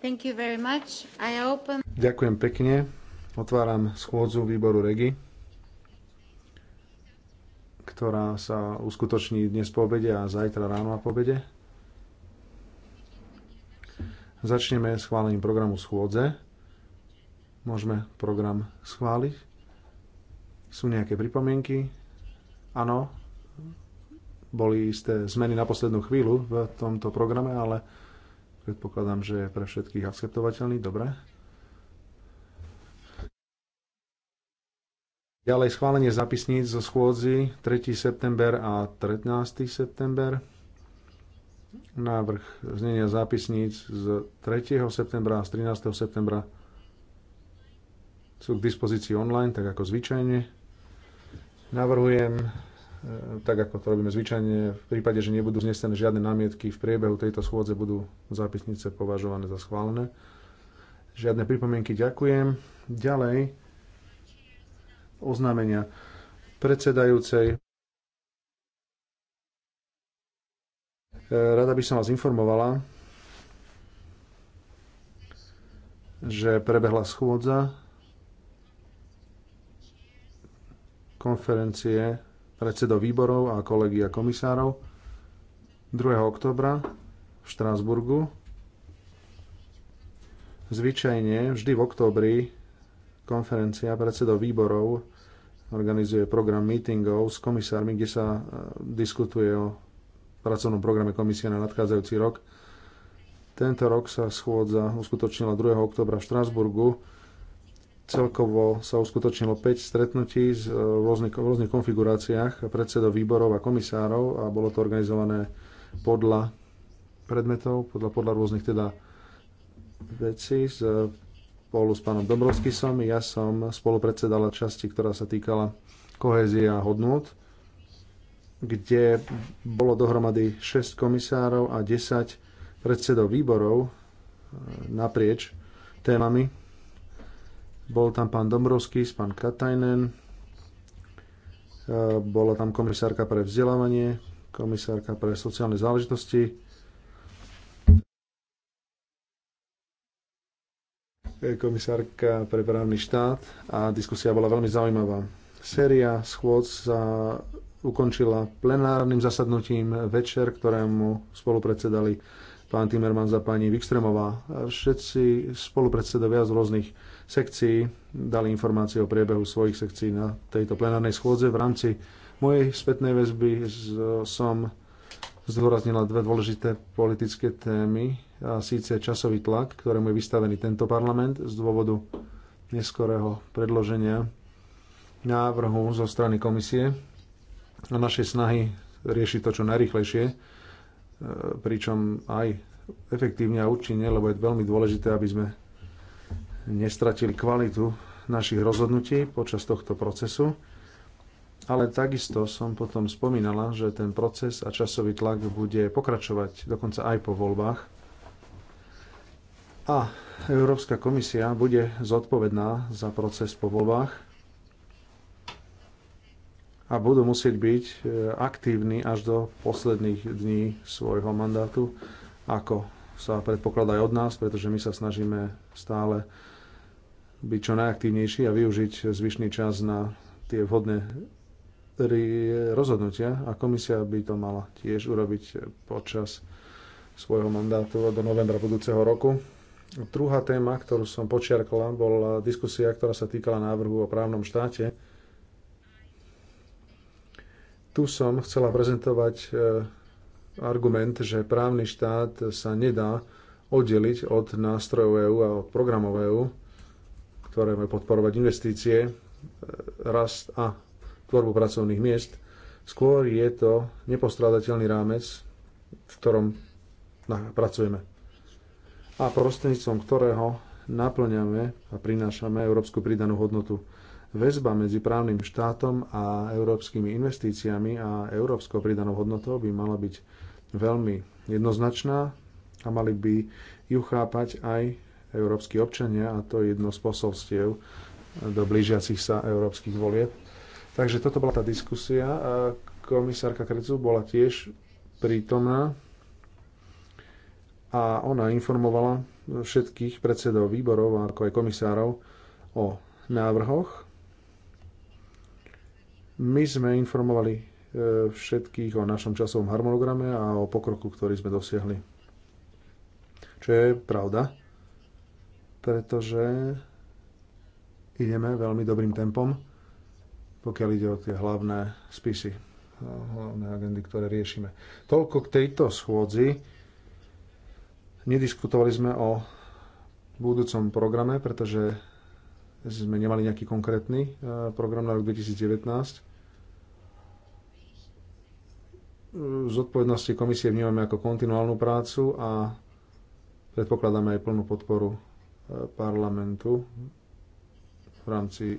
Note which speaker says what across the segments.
Speaker 1: Thank you very much. I open...
Speaker 2: Ďakujem pekne. Otváram schôdzu výboru REGI, ktorá sa uskutoční dnes po obede a zajtra ráno a po obede. Začneme schválením programu schôdze. Môžeme program schváliť. Sú nejaké pripomienky? Áno, boli isté zmeny na poslednú chvíľu v tomto programe, ale Predpokladám, že je pre všetkých akceptovateľný. Dobre. Ďalej schválenie zapisníc zo schôdzi 3. september a 13. september. Návrh znenia zápisníc z 3. septembra a z 13. septembra sú k dispozícii online, tak ako zvyčajne. Navrhujem E, tak ako to robíme zvyčajne, v prípade, že nebudú znesené žiadne námietky v priebehu tejto schôdze, budú zápisnice považované za schválené. Žiadne pripomienky, ďakujem. Ďalej, oznámenia predsedajúcej. E, rada by som vás informovala, že prebehla schôdza konferencie predsedov výborov a kolegia komisárov 2. oktobra v Štrásburgu. Zvyčajne vždy v oktobri konferencia predsedov výborov organizuje program meetingov s komisármi, kde sa e, diskutuje o pracovnom programe komisie na nadchádzajúci rok. Tento rok sa schôdza uskutočnila 2. oktobra v Štrásburgu Celkovo sa uskutočnilo 5 stretnutí e, v rôznych, v rôznych konfiguráciách predsedov výborov a komisárov a bolo to organizované podľa predmetov, podľa, podľa rôznych teda vecí. E, spolu s pánom Dobrovskisom ja som spolupredsedala časti, ktorá sa týkala kohézie a hodnot, kde bolo dohromady 6 komisárov a 10 predsedov výborov e, naprieč témami bol tam pán Dombrovský, pán Katajnen, e, bola tam komisárka pre vzdelávanie, komisárka pre sociálne záležitosti, e, komisárka pre právny štát a diskusia bola veľmi zaujímavá. Séria schôd sa ukončila plenárnym zasadnutím večer, ktorému spolupredsedali pán Timerman za pani Vikstremová. Všetci spolupredsedovia z rôznych sekcií dali informácie o priebehu svojich sekcií na tejto plenárnej schôdze. V rámci mojej spätnej väzby som zdôraznila dve dôležité politické témy, a síce časový tlak, ktorému je vystavený tento parlament z dôvodu neskorého predloženia návrhu zo strany komisie a našej snahy riešiť to čo najrychlejšie, e, pričom aj efektívne a účinne, lebo je veľmi dôležité, aby sme nestratili kvalitu našich rozhodnutí počas tohto procesu. Ale takisto som potom spomínala, že ten proces a časový tlak bude pokračovať dokonca aj po voľbách. A Európska komisia bude zodpovedná za proces po voľbách a budú musieť byť e, aktívni až do posledných dní svojho mandátu, ako sa predpokladá aj od nás, pretože my sa snažíme stále byť čo najaktívnejší a využiť zvyšný čas na tie vhodné rozhodnutia a komisia by to mala tiež urobiť počas svojho mandátu do novembra budúceho roku. Druhá téma, ktorú som počiarkla, bola diskusia, ktorá sa týkala návrhu o právnom štáte. Tu som chcela prezentovať e, argument, že právny štát sa nedá oddeliť od nástrojov EÚ a od programov EÚ ktoré majú podporovať investície, e, rast a tvorbu pracovných miest. Skôr je to nepostradateľný rámec, v ktorom pracujeme a prostredníctvom ktorého naplňame a prinášame európsku pridanú hodnotu. Väzba medzi právnym štátom a európskymi investíciami a európskou pridanou hodnotou by mala byť veľmi jednoznačná a mali by ju chápať aj európsky občania a to je jedno z posolstiev do blížiacich sa európskych volieb. Takže toto bola tá diskusia a komisárka Krecu bola tiež prítomná a ona informovala všetkých predsedov výborov ako aj komisárov o návrhoch. My sme informovali e, všetkých o našom časovom harmonograme a o pokroku, ktorý sme dosiahli. Čo je pravda pretože ideme veľmi dobrým tempom, pokiaľ ide o tie hlavné spisy, hlavné agendy, ktoré riešime. Toľko k tejto schôdzi. Nediskutovali sme o budúcom programe, pretože sme nemali nejaký konkrétny e, program na rok 2019 zodpovednosti komisie vnímame ako kontinuálnu prácu a predpokladáme aj plnú podporu parlamentu v rámci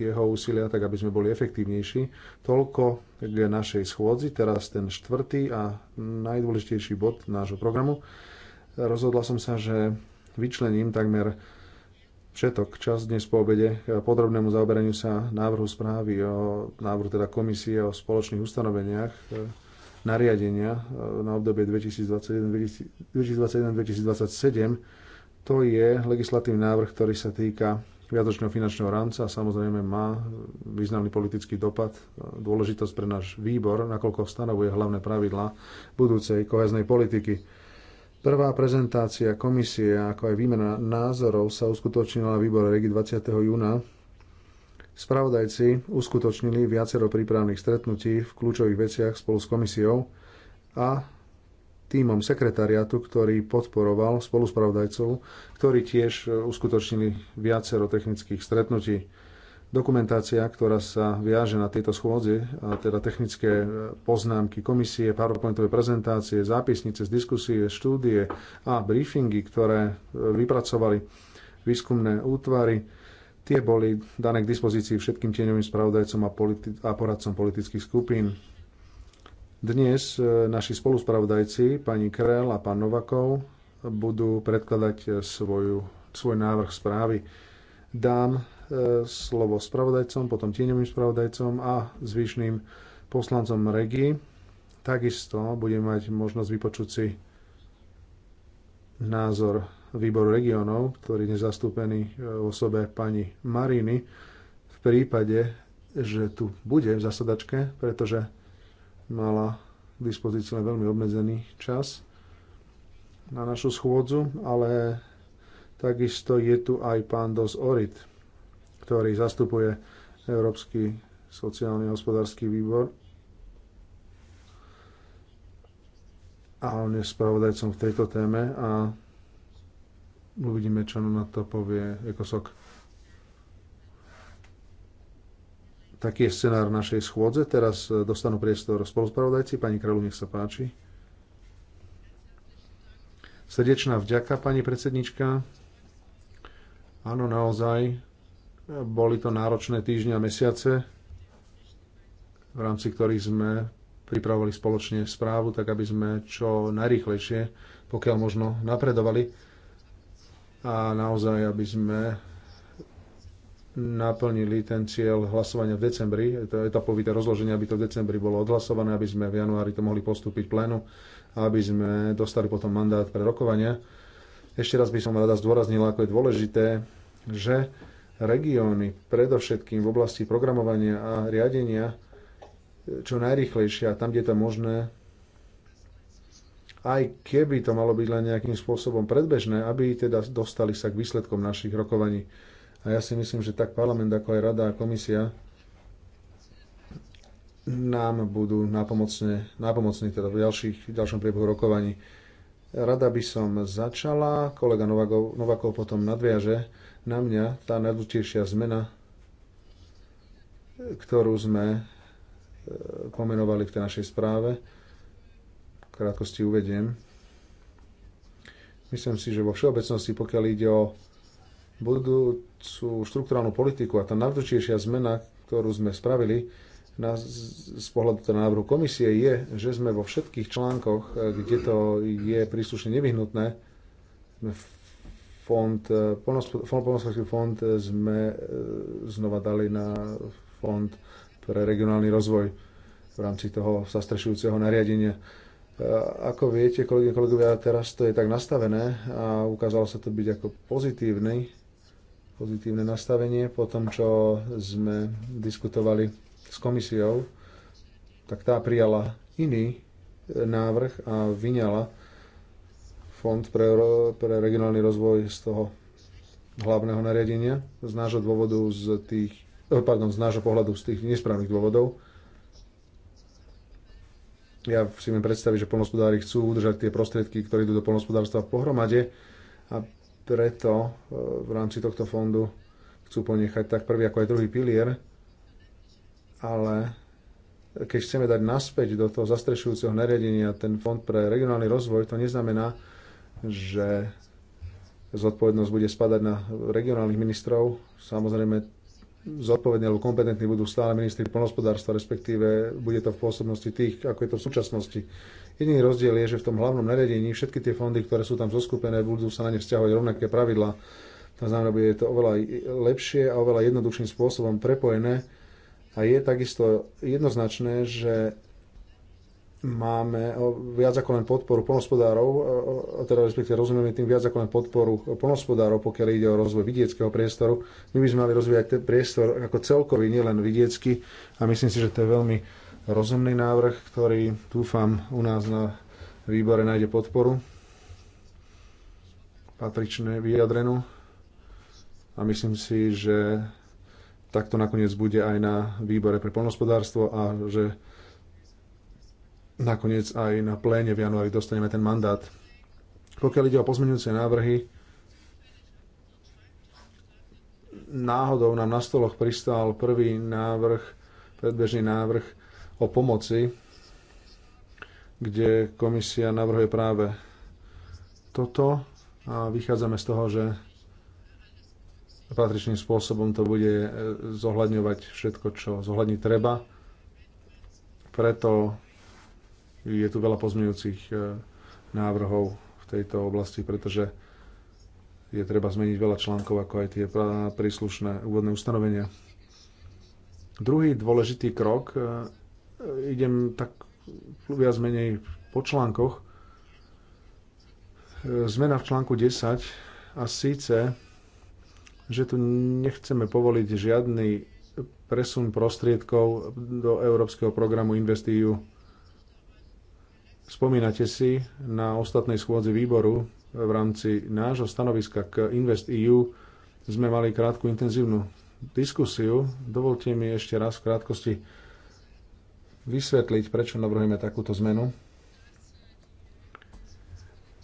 Speaker 2: jeho úsilia, tak aby sme boli efektívnejší. Toľko k našej schôdzi. Teraz ten štvrtý a najdôležitejší bod nášho programu. Rozhodla som sa, že vyčlením takmer všetok čas dnes po obede k podrobnému zaoberaniu sa návrhu správy o návrhu teda komisie o spoločných ustanoveniach e, nariadenia e, na obdobie 2021-2027 to je legislatívny návrh, ktorý sa týka viatočného finančného rámca a samozrejme má významný politický dopad, dôležitosť pre náš výbor, nakoľko stanovuje hlavné pravidlá budúcej koheznej politiky. Prvá prezentácia komisie, ako aj výmena názorov, sa uskutočnila na výbore Regi 20. júna. Spravodajci uskutočnili viacero prípravných stretnutí v kľúčových veciach spolu s komisiou a týmom sekretariatu, ktorý podporoval spoluspravodajcov, ktorí tiež e, uskutočnili viacero technických stretnutí. Dokumentácia, ktorá sa viaže na tieto schôdze, teda technické e, poznámky komisie, PowerPointové prezentácie, zápisnice z diskusie, štúdie a briefingy, ktoré e, vypracovali výskumné útvary, tie boli dané k dispozícii všetkým tieňovým spravodajcom a, politi- a poradcom politických skupín dnes e, naši spoluspravodajci, pani Krel a pán Novakov, budú predkladať e, svoju, svoj návrh správy. Dám e, slovo spravodajcom, potom tieňovým spravodajcom a zvyšným poslancom Regi. Takisto budem mať možnosť vypočuť si názor výboru regionov, ktorý je zastúpený v osobe pani Mariny, v prípade, že tu bude v zasadačke, pretože mala k dispozícii len veľmi obmedzený čas na našu schôdzu, ale takisto je tu aj pán Dos Orit, ktorý zastupuje Európsky sociálny a hospodársky výbor. A on je spravodajcom v tejto téme a uvidíme, čo nám na to povie Ekosok. Taký je scenár našej schôdze. Teraz e, dostanú priestor spoluspravodajci. Pani Kralu, nech sa páči. Srdečná vďaka, pani predsednička. Áno, naozaj. Boli to náročné týždňa a mesiace, v rámci ktorých sme pripravovali spoločne správu, tak aby sme čo najrýchlejšie, pokiaľ možno, napredovali a naozaj, aby sme naplnili ten cieľ hlasovania v decembri, to etapovité rozloženie, aby to v decembri bolo odhlasované, aby sme v januári to mohli postúpiť plénu, aby sme dostali potom mandát pre rokovania. Ešte raz by som rada zdôraznila, ako je dôležité, že regióny, predovšetkým v oblasti programovania a riadenia, čo najrychlejšie a tam, kde je to možné, aj keby to malo byť len nejakým spôsobom predbežné, aby teda dostali sa k výsledkom našich rokovaní a ja si myslím, že tak parlament, ako aj rada a komisia nám budú nápomocne, nápomocní teda v, ďalších, v ďalšom priebehu rokovaní. Rada by som začala, kolega Novakov, Novakov potom nadviaže na mňa tá najdôležitejšia zmena, ktorú sme e, pomenovali v tej našej správe. V krátkosti uvediem. Myslím si, že vo všeobecnosti, pokiaľ ide o budúcu štruktúrálnu politiku a tá najdôležitejšia zmena, ktorú sme spravili na, z pohľadu teda návrhu komisie je, že sme vo všetkých článkoch, eh, kde to je príslušne nevyhnutné, eh, eh, sme fond, fond, fond sme znova dali na fond pre regionálny rozvoj v rámci toho zastrešujúceho nariadenia. Ako viete, kolegy, kolegovia, teraz to je tak nastavené a ukázalo sa to byť ako pozitívny pozitívne nastavenie. Po tom, čo sme diskutovali s komisiou, tak tá prijala iný e, návrh a vyňala Fond pre, pre regionálny rozvoj z toho hlavného nariadenia, z nášho dôvodu, z tých, e, pardon, z nášho pohľadu, z tých nesprávnych dôvodov. Ja si mi predstaviť, že polnospodári chcú udržať tie prostriedky, ktoré idú do polnospodárstva pohromade a preto e, v rámci tohto fondu chcú ponechať tak prvý ako aj druhý pilier, ale keď chceme dať naspäť do toho zastrešujúceho nariadenia ten fond pre regionálny rozvoj, to neznamená, že zodpovednosť bude spadať na regionálnych ministrov. Samozrejme, zodpovední alebo kompetentní budú stále ministri plnohospodárstva, respektíve bude to v pôsobnosti tých, ako je to v súčasnosti Jediný rozdiel je, že v tom hlavnom nariadení všetky tie fondy, ktoré sú tam zoskupené, budú sa na ne vzťahovať rovnaké pravidlá. To znamená, že je to oveľa lepšie a oveľa jednoduchším spôsobom prepojené. A je takisto jednoznačné, že máme viac ako len podporu polnospodárov, teda respektíve rozumieme tým viac ako len podporu polnospodárov, pokiaľ ide o rozvoj vidieckého priestoru. My by sme mali rozvíjať ten priestor ako celkový, nielen vidiecky a myslím si, že to je veľmi rozumný návrh, ktorý dúfam u nás na výbore nájde podporu patrične vyjadrenú a myslím si, že takto nakoniec bude aj na výbore pre polnospodárstvo a že nakoniec aj na pléne v januári dostaneme ten mandát. Pokiaľ ide o pozmeňujúce návrhy, náhodou nám na stoloch pristal prvý návrh, predbežný návrh o pomoci, kde komisia navrhuje práve toto a vychádzame z toho, že patričným spôsobom to bude e, zohľadňovať všetko, čo zohľadniť treba. Preto je tu veľa pozmeňujúcich e, návrhov v tejto oblasti, pretože je treba zmeniť veľa článkov, ako aj tie príslušné úvodné ustanovenia. Druhý dôležitý krok e, idem tak viac menej po článkoch. Zmena v článku 10 a síce, že tu nechceme povoliť žiadny presun prostriedkov do Európskeho programu Investiu. Spomínate si na ostatnej schôdzi výboru v rámci nášho stanoviska k Invest EU sme mali krátku intenzívnu diskusiu. Dovolte mi ešte raz v krátkosti vysvetliť, prečo navrhujeme takúto zmenu.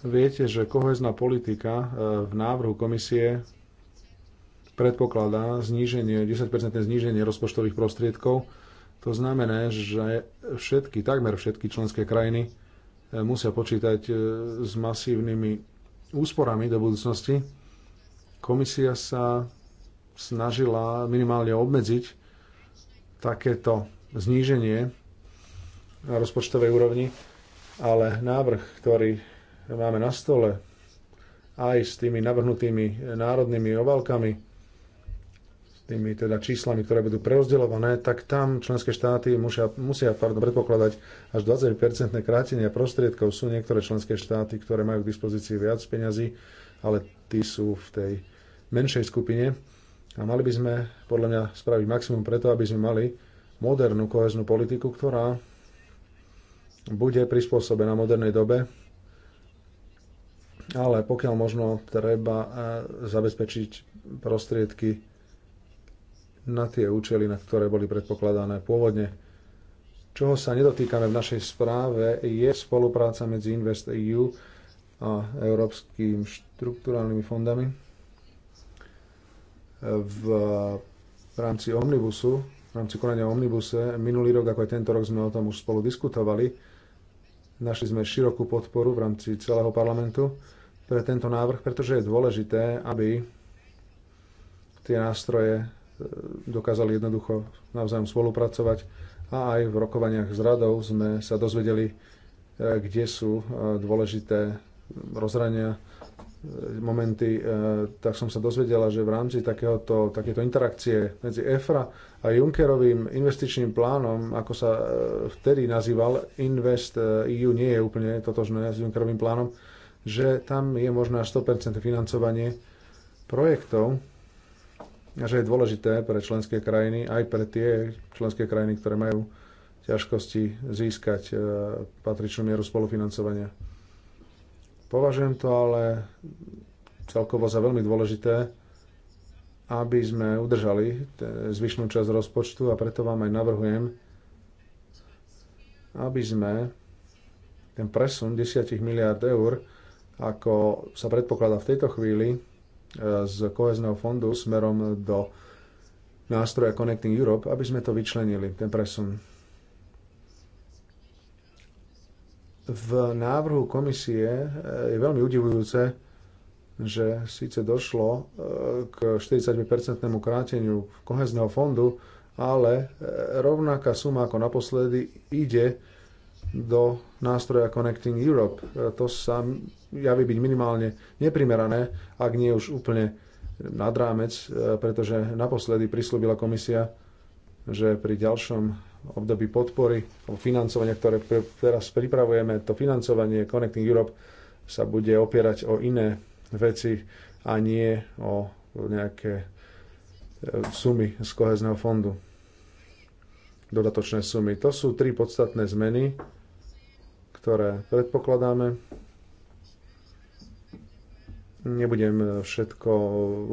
Speaker 2: Viete, že kohezná politika e, v návrhu komisie predpokladá zníženie, 10% zníženie rozpočtových prostriedkov. To znamená, že všetky, takmer všetky členské krajiny e, musia počítať e, s masívnymi úsporami do budúcnosti. Komisia sa snažila minimálne obmedziť takéto zníženie na rozpočtovej úrovni, ale návrh, ktorý máme na stole, aj s tými navrhnutými národnými obalkami, s tými teda číslami, ktoré budú preozdeľované, tak tam členské štáty musia, musia pardon, predpokladať až 20-percentné krátenia prostriedkov. Sú niektoré členské štáty, ktoré majú k dispozícii viac peňazí, ale tí sú v tej menšej skupine. A mali by sme podľa mňa spraviť maximum preto, aby sme mali modernú koheznú politiku, ktorá bude prispôsobená modernej dobe, ale pokiaľ možno treba eh, zabezpečiť prostriedky na tie účely, na ktoré boli predpokladané pôvodne. Čoho sa nedotýkame v našej správe je spolupráca medzi InvestEU a Európskym štruktúrálnymi fondami. V rámci Omnibusu, v rámci konania Omnibuse, minulý rok ako aj tento rok sme o tom už spolu diskutovali, Našli sme širokú podporu v rámci celého parlamentu pre tento návrh, pretože je dôležité, aby tie nástroje e, dokázali jednoducho navzájom spolupracovať a aj v rokovaniach s radou sme sa dozvedeli, e, kde sú e, dôležité rozhrania E, momenty, e, tak som sa dozvedela, že v rámci takéhoto, takéto interakcie medzi EFRA a Junckerovým investičným plánom, ako sa e, vtedy nazýval, Invest EU nie je úplne totožné s Junckerovým plánom, že tam je možné až 100% financovanie projektov, a že je dôležité pre členské krajiny, aj pre tie členské krajiny, ktoré majú ťažkosti získať patričnú mieru spolufinancovania. Považujem to ale celkovo za veľmi dôležité, aby sme udržali zvyšnú časť rozpočtu a preto vám aj navrhujem, aby sme ten presun 10 miliard eur, ako sa predpokladá v tejto chvíli, e, z kohezného fondu smerom do nástroja Connecting Europe, aby sme to vyčlenili, ten presun. v návrhu komisie e, je veľmi udivujúce, že síce došlo e, k 40% percentnému kráteniu kohezného fondu, ale e, rovnaká suma ako naposledy ide do nástroja Connecting Europe. To sa javí byť minimálne neprimerané, ak nie už úplne nad rámec, pretože naposledy prislúbila komisia, že pri ďalšom období podpory o financovania, ktoré pre, teraz pripravujeme, to financovanie Connecting Europe sa bude opierať o iné veci a nie o nejaké e, sumy z kohezného fondu. Dodatočné sumy. To sú tri podstatné zmeny, ktoré predpokladáme. Nebudem všetko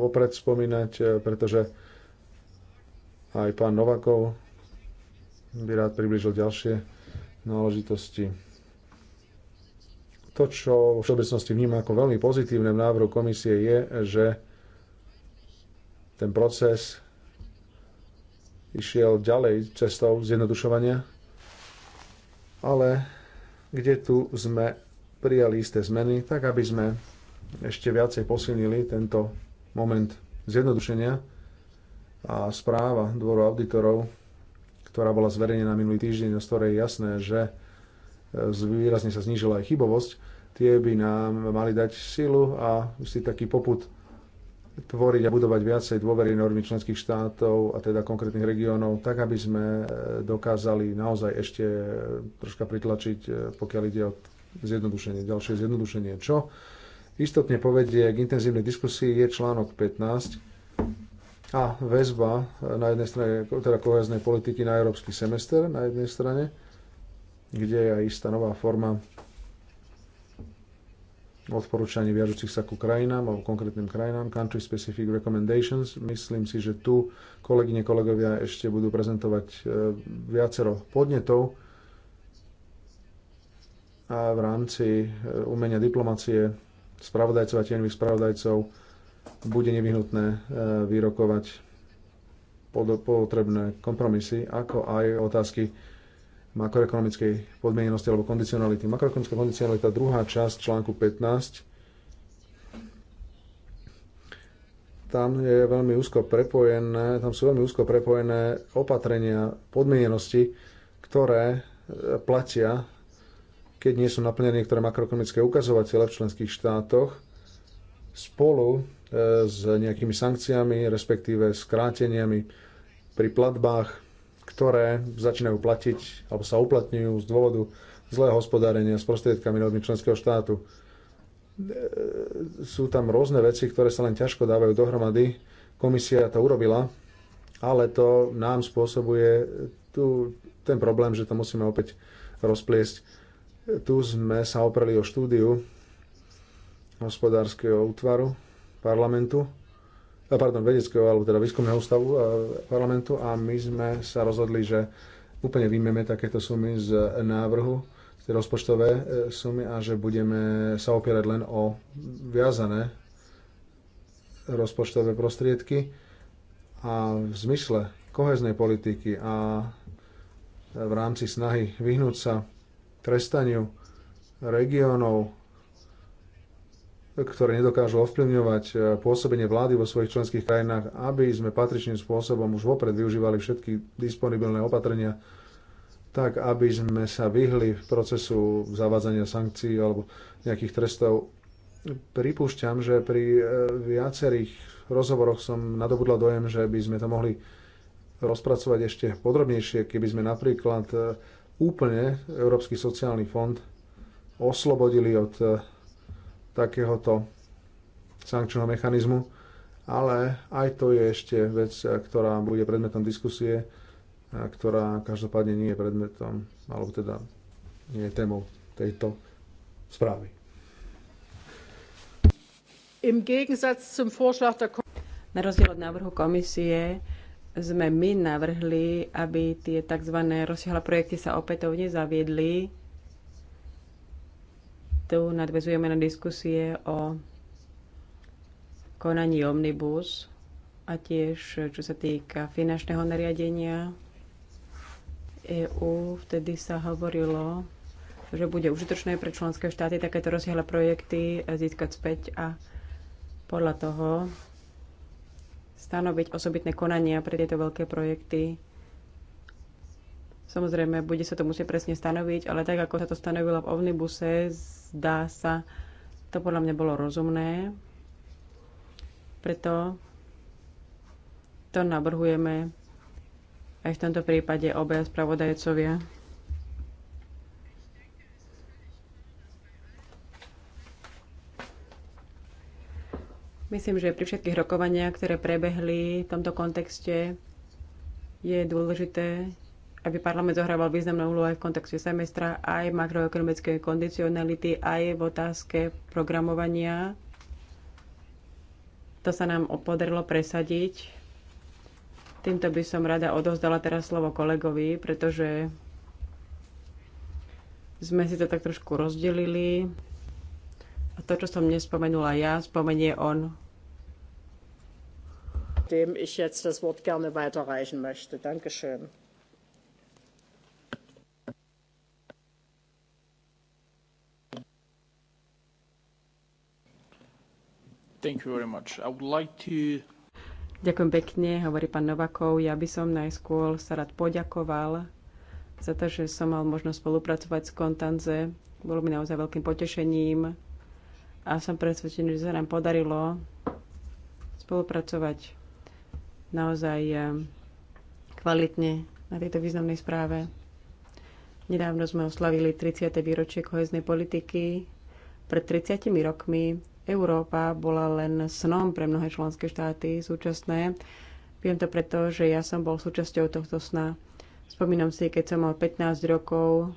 Speaker 2: opred spomínať, e, pretože aj pán Novakov by rád približil ďalšie náležitosti. To, čo v všeobecnosti vnímam ako veľmi pozitívne v návrhu komisie, je, že ten proces išiel ďalej cestou zjednodušovania, ale kde tu sme prijali isté zmeny, tak aby sme ešte viacej posilnili tento moment zjednodušenia a správa dvoru auditorov ktorá bola zverejnená minulý týždeň, z ktorej je jasné, že e, výrazne sa znížila aj chybovosť, tie by nám mali dať silu a si taký poput tvoriť a budovať viacej dôvery normy členských štátov a teda konkrétnych regiónov, tak aby sme e, dokázali naozaj ešte troška pritlačiť, e, pokiaľ ide o zjednodušenie, ďalšie zjednodušenie. Čo istotne povedie k intenzívnej diskusii je článok 15, a väzba na jednej strane teda koheznej politiky na európsky semester na jednej strane, kde je aj istá nová forma odporúčaní viažúcich sa ku krajinám alebo konkrétnym krajinám, country specific recommendations. Myslím si, že tu kolegyne, kolegovia ešte budú prezentovať e, viacero podnetov a v rámci e, umenia diplomacie spravodajcov a tieňových spravodajcov bude nevyhnutné e, vyrokovať potrebné kompromisy, ako aj otázky makroekonomickej podmienenosti alebo kondicionality. Makroekonomická kondicionalita, druhá časť článku 15, tam je veľmi úzko prepojené, tam sú veľmi úzko prepojené opatrenia podmienenosti, ktoré e, platia, keď nie sú naplnené niektoré makroekonomické ukazovatele v členských štátoch, spolu E, s nejakými sankciami, respektíve skráteniami pri platbách, ktoré začínajú platiť alebo sa uplatňujú z dôvodu zlého hospodárenia s prostriedkami na členského štátu. E, sú tam rôzne veci, ktoré sa len ťažko dávajú dohromady. Komisia to urobila, ale to nám spôsobuje tu ten problém, že to musíme opäť rozpliesť. Tu sme sa opreli o štúdiu hospodárskeho útvaru parlamentu, eh, pardon, vedeckého, alebo teda výskumného ústavu eh, parlamentu a my sme sa rozhodli, že úplne vymeme takéto sumy z návrhu, tie rozpočtové eh, sumy a že budeme sa opierať len o viazané rozpočtové prostriedky a v zmysle koheznej politiky a v rámci snahy vyhnúť sa trestaniu regiónov ktoré nedokážu ovplyvňovať e, pôsobenie vlády vo svojich členských krajinách, aby sme patričným spôsobom už vopred využívali všetky disponibilné opatrenia, tak aby sme sa vyhli v procesu zavádzania sankcií alebo nejakých trestov. Pripúšťam, že pri e, viacerých rozhovoroch som nadobudla dojem, že by sme to mohli rozpracovať ešte podrobnejšie, keby sme napríklad e, úplne Európsky sociálny fond oslobodili od takéhoto sankčného mechanizmu, ale aj to je ešte vec, ktorá bude predmetom diskusie, ktorá každopádne nie je predmetom, alebo teda nie je témou tejto správy.
Speaker 1: Na rozdiel od návrhu komisie sme my navrhli, aby tie tzv. rozsiahle projekty sa opätovne zaviedli tu nadvezujeme na diskusie o konaní Omnibus a tiež, čo sa týka finančného nariadenia EÚ, vtedy sa hovorilo, že bude užitočné pre členské štáty takéto rozsiahle projekty získať späť a podľa toho stanoviť osobitné konania pre tieto veľké projekty Samozrejme, bude sa to musieť presne stanoviť, ale tak, ako sa to stanovilo v omnibuse, zdá sa, to podľa mňa bolo rozumné. Preto to navrhujeme aj v tomto prípade obe spravodajcovia. Myslím, že pri všetkých rokovaniach, ktoré prebehli v tomto kontexte, je dôležité aby parlament zohrával významnú úlohu aj v kontexte semestra, aj makroekonomické kondicionality, aj v otázke programovania. To sa nám podarilo presadiť. Týmto by som rada odozdala teraz slovo kolegovi, pretože sme si to tak trošku rozdelili. A to, čo som nespomenula ja, spomenie on dem ich jetzt das Wort gerne weiterreichen möchte. Dankeschön.
Speaker 3: Thank you very much. I would like to...
Speaker 1: Ďakujem pekne, hovorí pán Novakov. Ja by som najskôr sa rád poďakoval za to, že som mal možnosť spolupracovať s Kontanze. Bolo mi naozaj veľkým potešením a som presvedčený, že sa nám podarilo spolupracovať naozaj eh, kvalitne na tejto významnej správe. Nedávno sme oslavili 30. výročie koheznej politiky. Pred 30 rokmi Európa bola len snom pre mnohé členské štáty súčasné. Viem to preto, že ja som bol súčasťou tohto sna. Spomínam si, keď som mal 15 rokov,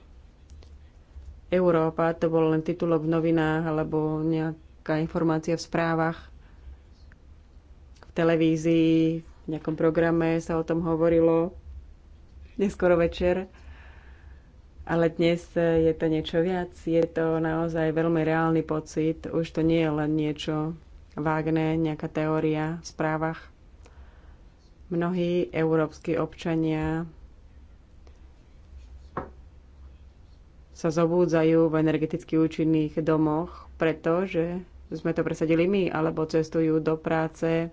Speaker 1: Európa to bol len titulok v novinách alebo nejaká informácia v správach, v televízii, v nejakom programe sa o tom hovorilo neskoro večer ale dnes e, je to niečo viac. Je to naozaj veľmi reálny pocit. Už to nie je len niečo vágne, nejaká teória v správach. Mnohí európsky občania sa zobúdzajú v energeticky účinných domoch, pretože sme to presadili my, alebo cestujú do práce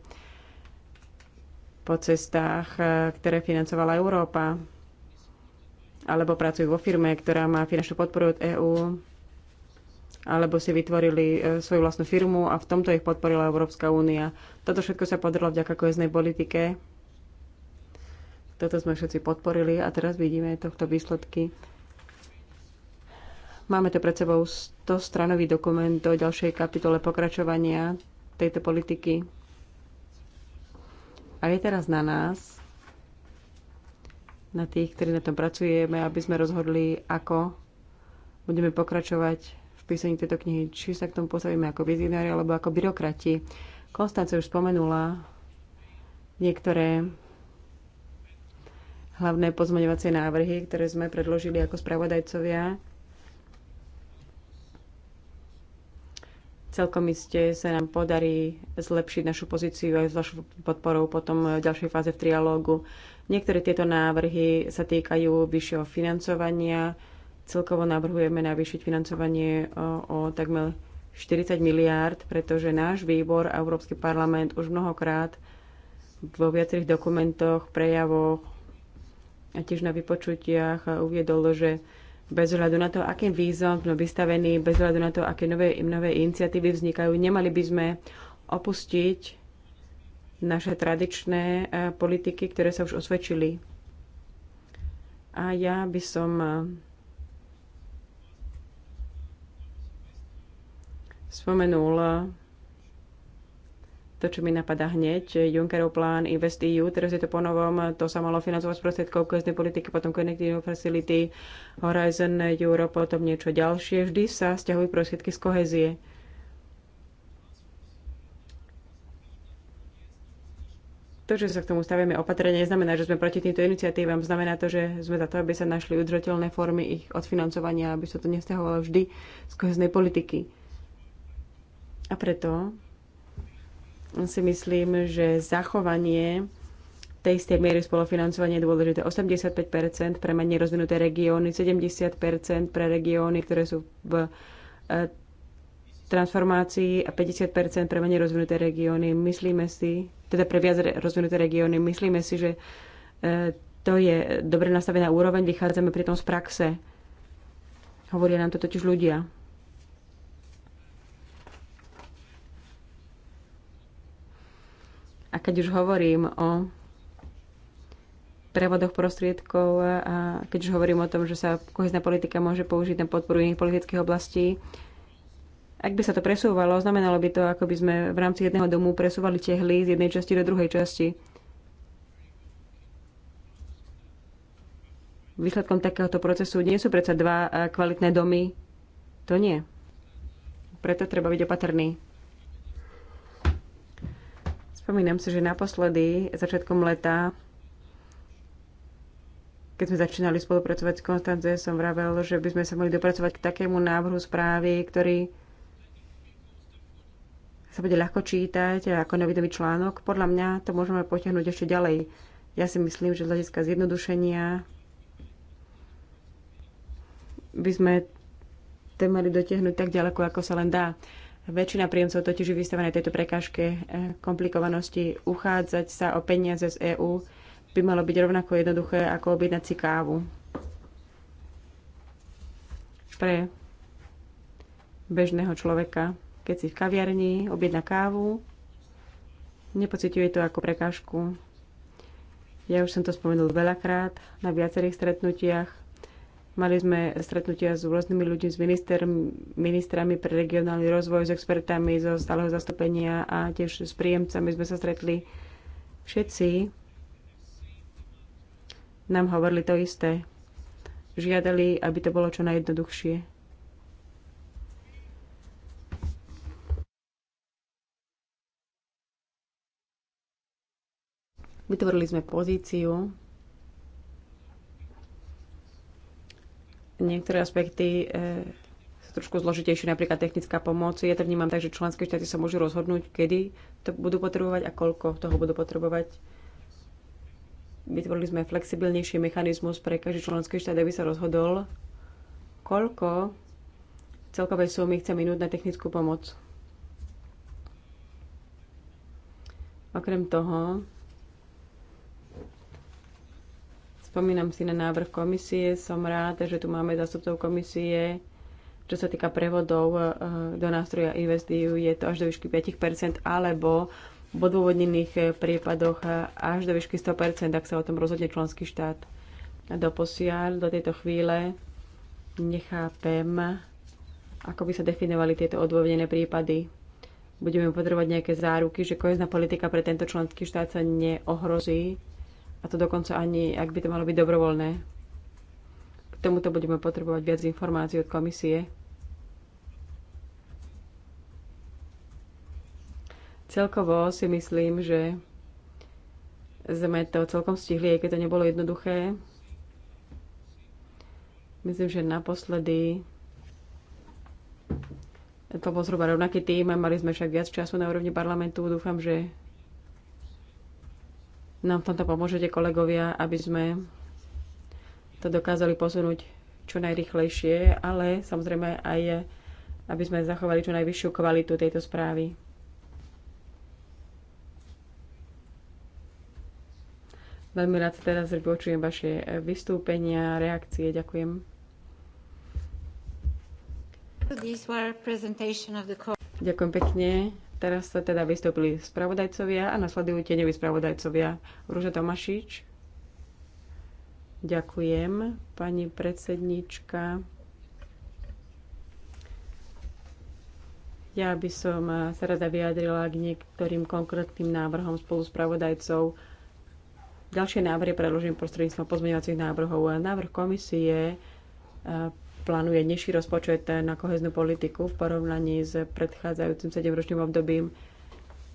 Speaker 1: po cestách, e, ktoré financovala Európa alebo pracujú vo firme, ktorá má finančnú podporu od EÚ, alebo si vytvorili e, svoju vlastnú firmu a v tomto ich podporila Európska únia. Toto všetko sa podarilo vďaka koheznej politike. Toto sme všetci podporili a teraz vidíme tohto výsledky. Máme tu pred sebou 100-stranový dokument do ďalšej kapitole pokračovania tejto politiky. A je teraz na nás, na tých, ktorí na tom pracujeme, aby sme rozhodli, ako budeme pokračovať v písaní tejto knihy. Či sa k tomu postavíme ako vizionári alebo ako byrokrati. Konstance už spomenula niektoré hlavné pozmeňovacie návrhy, ktoré sme predložili ako spravodajcovia Celkom iste sa nám podarí zlepšiť našu pozíciu aj s vašou podporou potom v ďalšej fáze v trialógu. Niektoré tieto návrhy sa týkajú vyššieho financovania. Celkovo navrhujeme navýšiť financovanie o, o takmer 40 miliárd, pretože náš výbor a Európsky parlament už mnohokrát vo viacerých dokumentoch, prejavoch a tiež na vypočutiach uviedol, že bez ohľadu na to, akým výzvom sme vystavení, bez ohľadu na to, aké nové, nové iniciatívy vznikajú, nemali by sme opustiť naše tradičné e, politiky, ktoré sa už osvedčili. A ja by som e, spomenul to, čo mi napadá hneď, Junckerov plán InvestEU, teraz je to ponovom, to sa malo financovať z prostriedkov kohezné politiky, potom Connecting Facility, Horizon Europe, potom niečo ďalšie. Vždy sa stiahujú prostriedky z kohezie. To, že sa k tomu stavíme opatrenie, neznamená, že sme proti týmto iniciatívam. Znamená to, že sme za to, aby sa našli udržateľné formy ich odfinancovania, aby sa to nestahovalo vždy z koheznej politiky. A preto si myslím, že zachovanie tej istej miery spolufinancovanie je dôležité. 85% pre menej rozvinuté regióny, 70% pre regióny, ktoré sú v e, transformácii a 50% pre menej rozvinuté regióny. Myslíme si, teda pre viac rozvinuté regióny, myslíme si, že e, to je dobre nastavená úroveň, vychádzame pritom z praxe. Hovoria nám to totiž ľudia. A keď už hovorím o prevodoch prostriedkov a keď už hovorím o tom, že sa kohezná politika môže použiť na podporu iných politických oblastí, ak by sa to presúvalo, znamenalo by to, ako by sme v rámci jedného domu presúvali tehly z jednej časti do druhej časti. Výsledkom takéhoto procesu nie sú predsa dva eh, kvalitné domy. To nie. Preto treba byť opatrný. Spomínam si, že naposledy začiatkom leta, keď sme začínali spolupracovať s Konstance, som vravel, že by sme sa mohli dopracovať k takému návrhu správy, ktorý sa bude ľahko čítať ako novinový článok. Podľa mňa to môžeme potiahnuť ešte ďalej. Ja si myslím, že z hľadiska zjednodušenia by sme to mali dotiahnuť tak ďaleko, ako sa len dá. Väčšina príjemcov totiž je vystavená tejto prekážke eh, komplikovanosti. Uchádzať sa o peniaze z EÚ by malo byť rovnako jednoduché ako objednať si kávu. Pre bežného človeka, keď si v kaviarni objedná kávu, nepociťuje to ako prekážku. Ja už som to spomenul veľakrát na viacerých stretnutiach Mali sme stretnutia s rôznymi ľuďmi, s minister, ministrami pre regionálny rozvoj, s expertami zo stáleho zastúpenia a tiež s príjemcami sme sa stretli. Všetci nám hovorili to isté. Žiadali, aby to bolo čo najjednoduchšie. Vytvorili sme pozíciu, Niektoré aspekty e, sú trošku zložitejšie, napríklad technická pomoc. Ja to vnímam tak, že členské štáty sa môžu rozhodnúť, kedy to budú potrebovať a koľko toho budú potrebovať. Vytvorili sme flexibilnejší mechanizmus pre každý členský štát, aby sa rozhodol, koľko celkovej sumy chce minúť na technickú pomoc. Okrem toho, Spomínam si na návrh komisie, som rád, že tu máme zastupcov komisie. Čo sa týka prevodov eh, do nástroja investiu, e je to až do výšky 5 alebo v odôvodnených eh, prípadoch eh, až do výšky 100 ak sa o tom rozhodne členský štát. Doposiaľ, do tejto chvíle nechápem, ako by sa definovali tieto odôvodnené prípady. Budeme potrebovať nejaké záruky, že kohezná politika pre tento členský štát sa neohrozí a to dokonca ani, ak by to malo byť dobrovoľné. K tomuto budeme potrebovať viac informácií od komisie. Celkovo si myslím, že sme to celkom stihli, aj keď to nebolo jednoduché. Myslím, že naposledy to bol zhruba rovnaký tým, mali sme však viac času na úrovni parlamentu. Dúfam, že nám v tomto pomôžete, kolegovia, aby sme to dokázali posunúť čo najrychlejšie, ale samozrejme aj, aby sme zachovali čo najvyššiu kvalitu tejto správy. Veľmi rád teraz vypočujem vaše vystúpenia, reakcie. Ďakujem. Ďakujem pekne Teraz sa teda vystúpili spravodajcovia a nasledujú tieňoví spravodajcovia. Rúža Tomašič. Ďakujem, pani predsednička. Ja by som sa rada vyjadrila k niektorým konkrétnym návrhom spolu pravodajcov. Ďalšie návrhy predložím prostredníctvom pozmeňovacích návrhov. Návrh komisie plánuje nižší rozpočet na koheznú politiku v porovnaní s predchádzajúcim 7-ročným obdobím.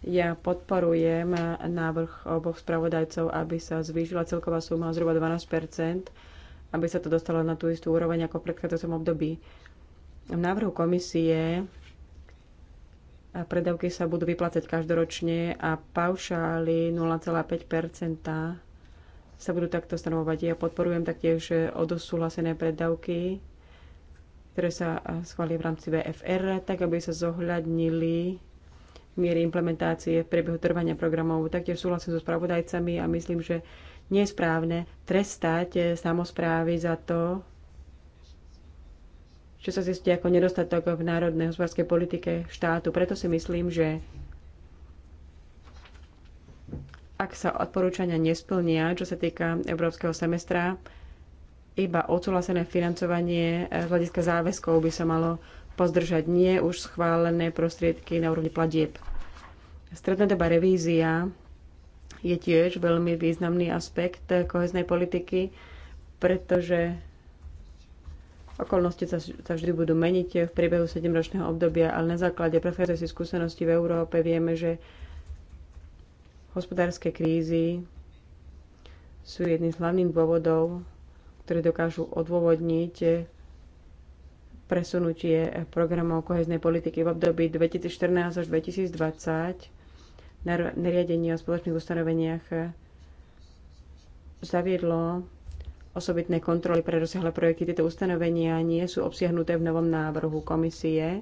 Speaker 1: Ja podporujem návrh oboch spravodajcov, aby sa zvýšila celková suma o zhruba 12 aby sa to dostalo na tú istú úroveň ako v predchádzajúcom období. V návrhu komisie predavky sa budú vyplácať každoročne a paušály 0,5 sa budú takto stanovovať. Ja podporujem taktiež odosúhlasené predávky ktoré sa schvália v rámci VFR, tak aby sa zohľadnili miery implementácie v priebehu trvania programov. Taktiež súhlasím so spravodajcami a myslím, že nie je správne trestať e, samozprávy za to, čo sa zistí ako nedostatok v národnej hospodárskej politike štátu. Preto si myslím, že ak sa odporúčania nesplnia, čo sa týka európskeho semestra, iba odsúhlasené financovanie e, z hľadiska záväzkov by sa malo pozdržať, nie už schválené prostriedky na úrovni platieb. Stredná doba revízia je tiež veľmi významný aspekt koheznej politiky, pretože okolnosti sa vždy budú meniť v priebehu 7-ročného obdobia, ale na základe prechádzajúcej skúsenosti v Európe vieme, že hospodárske krízy sú jedným z hlavných dôvodov ktoré dokážu odôvodniť presunutie programov koheznej politiky v období 2014 až 2020 Na nariadenie o spoločných ustanoveniach zaviedlo osobitné kontroly pre rozsiahle projekty. Tieto ustanovenia nie sú obsiahnuté v novom návrhu komisie,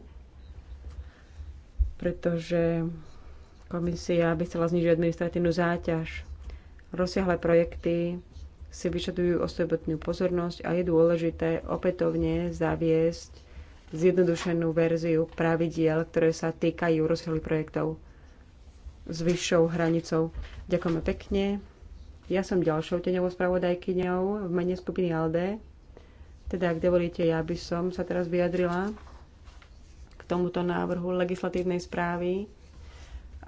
Speaker 1: pretože komisia by chcela znižiť administratívnu záťaž. Rozsiahle projekty si vyžadujú osobitnú pozornosť a je dôležité opätovne zaviesť zjednodušenú verziu pravidiel, ktoré sa týkajú rozsahu projektov s vyššou hranicou. Ďakujeme pekne. Ja som ďalšou teňovou spravodajkyňou v mene skupiny ALDE. Teda, ak dovolíte, ja by som sa teraz vyjadrila k tomuto návrhu legislatívnej správy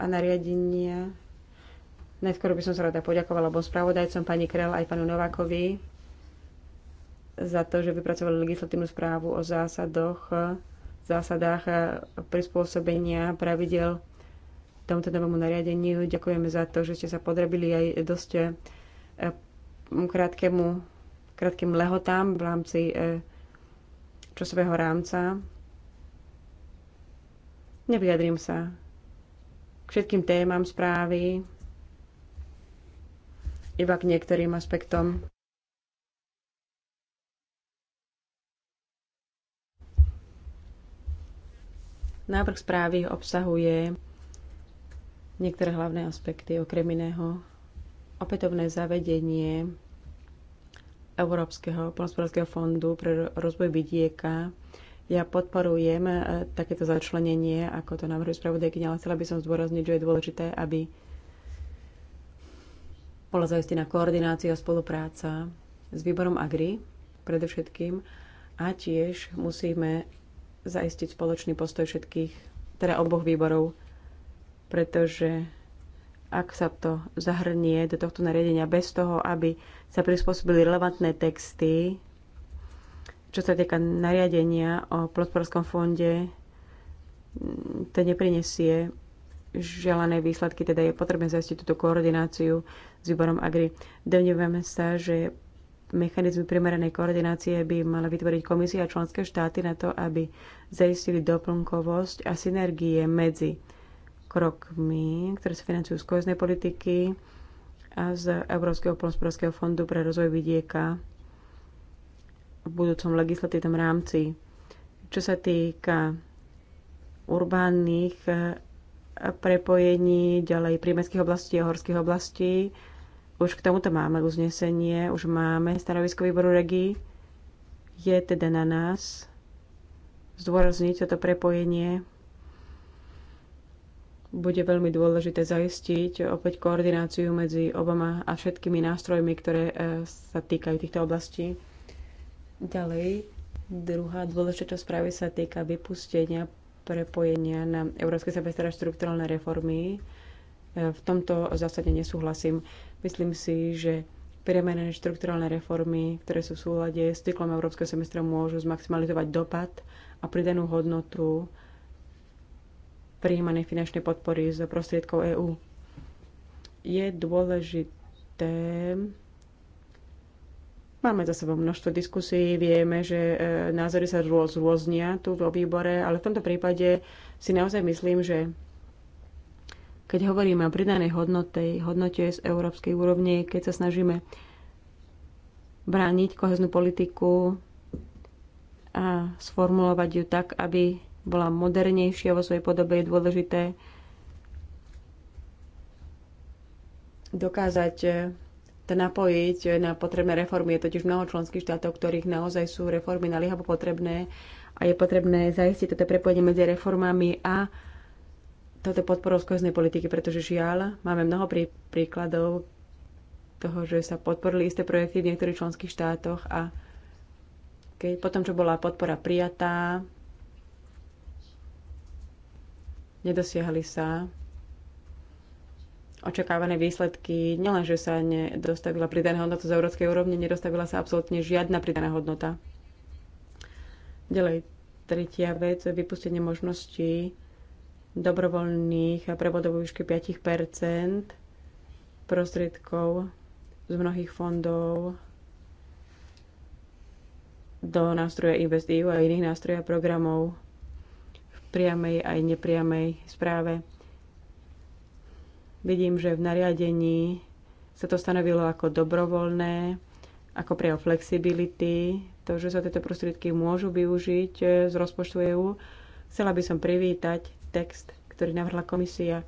Speaker 1: a nariadenia Najskôr by som sa rada poďakovala obom spravodajcom, pani Krel aj panu Novákovi, za to, že vypracovali legislatívnu správu o zásadoch, zásadách e, prispôsobenia pravidel tomuto novému nariadeniu. Ďakujeme za to, že ste sa podrobili aj dosť e, krátkemu, krátkým lehotám v rámci e, časového rámca. Nevyjadrím sa k všetkým témam správy, iba k niektorým aspektom. Návrh správy obsahuje niektoré hlavné aspekty, okrem iného opätovné zavedenie Európskeho polnospodárskeho fondu pre rozvoj vidieka. Ja podporujem eh, takéto začlenenie, ako to navrhuje spravodajkyňa, ale chcela by som zdôrazniť, že je dôležité, aby bola zaistená koordinácia a spolupráca s výborom Agri predovšetkým a tiež musíme zaistiť spoločný postoj všetkých, teda oboch výborov, pretože ak sa to zahrnie do tohto nariadenia bez toho, aby sa prispôsobili relevantné texty, čo sa týka nariadenia o plotporskom fonde, to neprinesie želané výsledky, teda je potrebné zajistiť túto koordináciu s výborom Agri. Domnievame sa, že mechanizmy primeranej koordinácie by mala vytvoriť komisia a členské štáty na to, aby zaistili doplnkovosť a synergie medzi krokmi, ktoré sa financujú z koheznej politiky a z Európskeho polnospodárskeho fondu pre rozvoj vidieka v budúcom legislatívnom rámci. Čo sa týka urbánnych prepojení ďalej prímeských oblastí a horských oblastí. Už k tomuto máme uznesenie, už máme stanovisko výboru regí. Je teda na nás zdôrazniť toto prepojenie. Bude veľmi dôležité zaistiť opäť koordináciu medzi oboma a všetkými nástrojmi, ktoré e, sa týkajú týchto oblastí. Ďalej, druhá dôležitá časť správy sa týka vypustenia prepojenia na európske semestra a štruktúralné reformy. E, v tomto zásade nesúhlasím. Myslím si, že premenené štrukturálne reformy, ktoré sú v súlade s cyklom Európskeho semestra, môžu zmaximalizovať dopad a pridanú hodnotu prijímanej finančnej podpory z prostriedkov EÚ. Je dôležité Máme za sebou množstvo diskusí, vieme, že e, názory sa rôz, rôznia tu vo výbore, ale v tomto prípade si naozaj myslím, že keď hovoríme o pridanej hodnote, hodnote z európskej úrovne, keď sa snažíme brániť koheznú politiku a sformulovať ju tak, aby bola modernejšia vo svojej podobe, je dôležité dokázať e, to napojiť na potrebné reformy. Je totiž mnoho členských štátov, ktorých naozaj sú reformy naliehavo potrebné a je potrebné zaistiť toto prepojenie medzi reformami a toto podporou skôznej politiky, pretože žiaľ, máme mnoho prí, príkladov toho, že sa podporili isté projekty v niektorých členských štátoch a keď potom, čo bola podpora prijatá, nedosiahli sa očakávané výsledky. Nielenže sa nedostavila pridaná hodnota z európskej úrovne, nedostavila sa absolútne žiadna pridaná hodnota. Ďalej, tretia vec, vypustenie možností dobrovoľných a prevodov výšky 5 prostriedkov z mnohých fondov do nástroja InvestEU a iných nástrojov a programov v priamej aj nepriamej správe. Vidím, že v nariadení sa to stanovilo ako dobrovoľné, ako pre flexibility, to, že sa tieto prostriedky môžu využiť e, z rozpočtu EÚ. Chcela by som privítať text, ktorý navrhla komisia.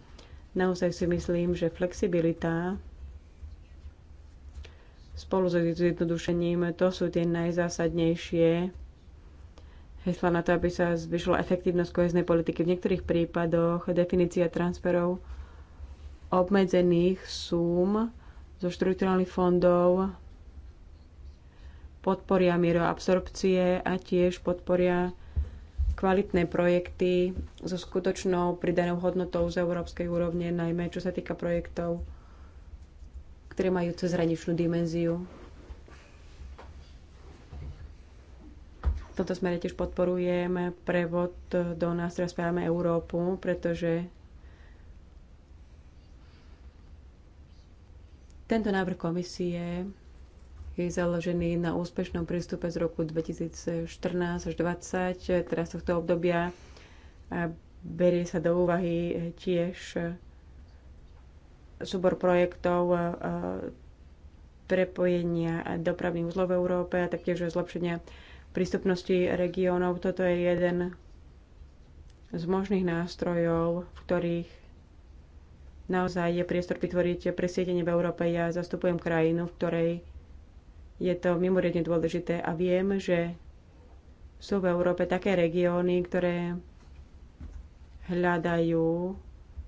Speaker 1: Naozaj si myslím, že flexibilita spolu so zjednodušením, to sú tie najzásadnejšie hesla na to, aby sa zvyšila efektívnosť koheznej politiky. V niektorých prípadoch definícia transferov obmedzených súm zo štrukturálnych fondov podporia mieru absorpcie a tiež podporia kvalitné projekty so skutočnou pridanou hodnotou z európskej úrovne, najmä čo sa týka projektov, ktoré majú cezhraničnú dimenziu. V tomto smere tiež podporujeme prevod do nástroja Spávame Európu, pretože Tento návrh komisie je založený na úspešnom prístupe z roku 2014 až 2020. Teraz tohto obdobia berie sa do úvahy tiež súbor projektov prepojenia dopravných uzlov v Európe a taktiež zlepšenia prístupnosti regiónov. Toto je jeden z možných nástrojov, v ktorých naozaj je priestor vytvoriť presiedenie v Európe. Ja zastupujem krajinu, v ktorej je to mimoriadne dôležité a viem, že sú v Európe také regióny, ktoré hľadajú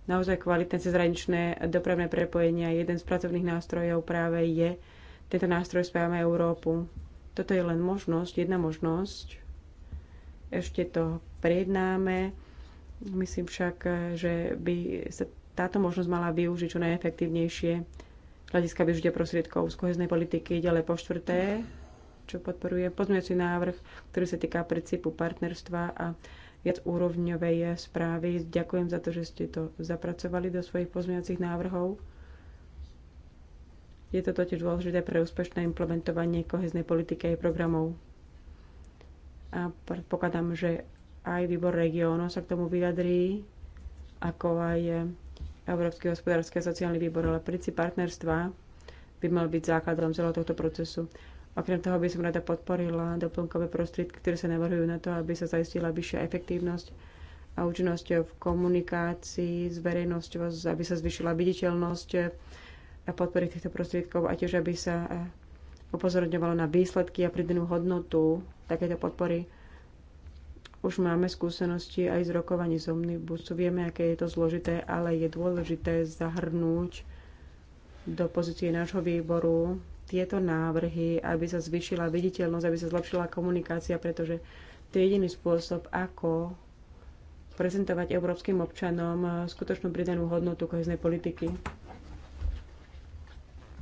Speaker 1: naozaj kvalitné cezhraničné dopravné prepojenia. Jeden z pracovných nástrojov práve je tento nástroj Spájame Európu. Toto je len možnosť, jedna možnosť. Ešte to prejednáme. Myslím však, že by sa táto možnosť mala využiť čo najefektívnejšie z hľadiska využitia prostriedkov z koheznej politiky. Ďalej po štvrté, čo podporuje pozmeňujúci návrh, ktorý sa týka princípu partnerstva a viac úrovňovej správy. Ďakujem za to, že ste to zapracovali do svojich pozmeňujúcich návrhov. Je to totiž dôležité pre úspešné implementovanie koheznej politiky a programov. A predpokladám, že aj výbor regiónov sa k tomu vyjadrí, ako aj Európsky hospodársky a sociálny výbor, ale princíp partnerstva by mal byť základom celého tohto procesu. Okrem toho by som rada podporila doplnkové prostriedky, ktoré sa navrhujú na to, aby sa zaistila vyššia efektívnosť a účinnosť v komunikácii s verejnosťou, aby sa zvyšila viditeľnosť a podpory týchto prostriedkov a tiež, aby sa upozorňovalo na výsledky a pridanú hodnotu takéto podpory. Už máme skúsenosti aj z rokovaní z Omnibusu, vieme, aké je to zložité, ale je dôležité zahrnúť do pozície nášho výboru tieto návrhy, aby sa zvyšila viditeľnosť, aby sa zlepšila komunikácia, pretože to je jediný spôsob, ako prezentovať európskym občanom skutočnú pridanú hodnotu koheznej politiky.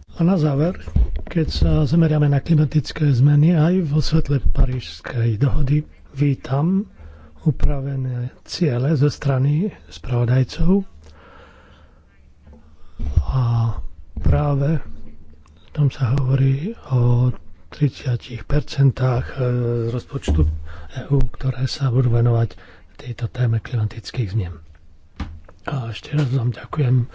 Speaker 3: A na záver, keď sa zameriame na klimatické zmeny aj vo svetle Parížskej dohody, vítam upravené ciele zo strany spravodajcov a práve tam sa hovorí o 30% e, rozpočtu EÚ, ktoré sa budú venovať tejto téme klimatických zmien. A ešte raz vám ďakujem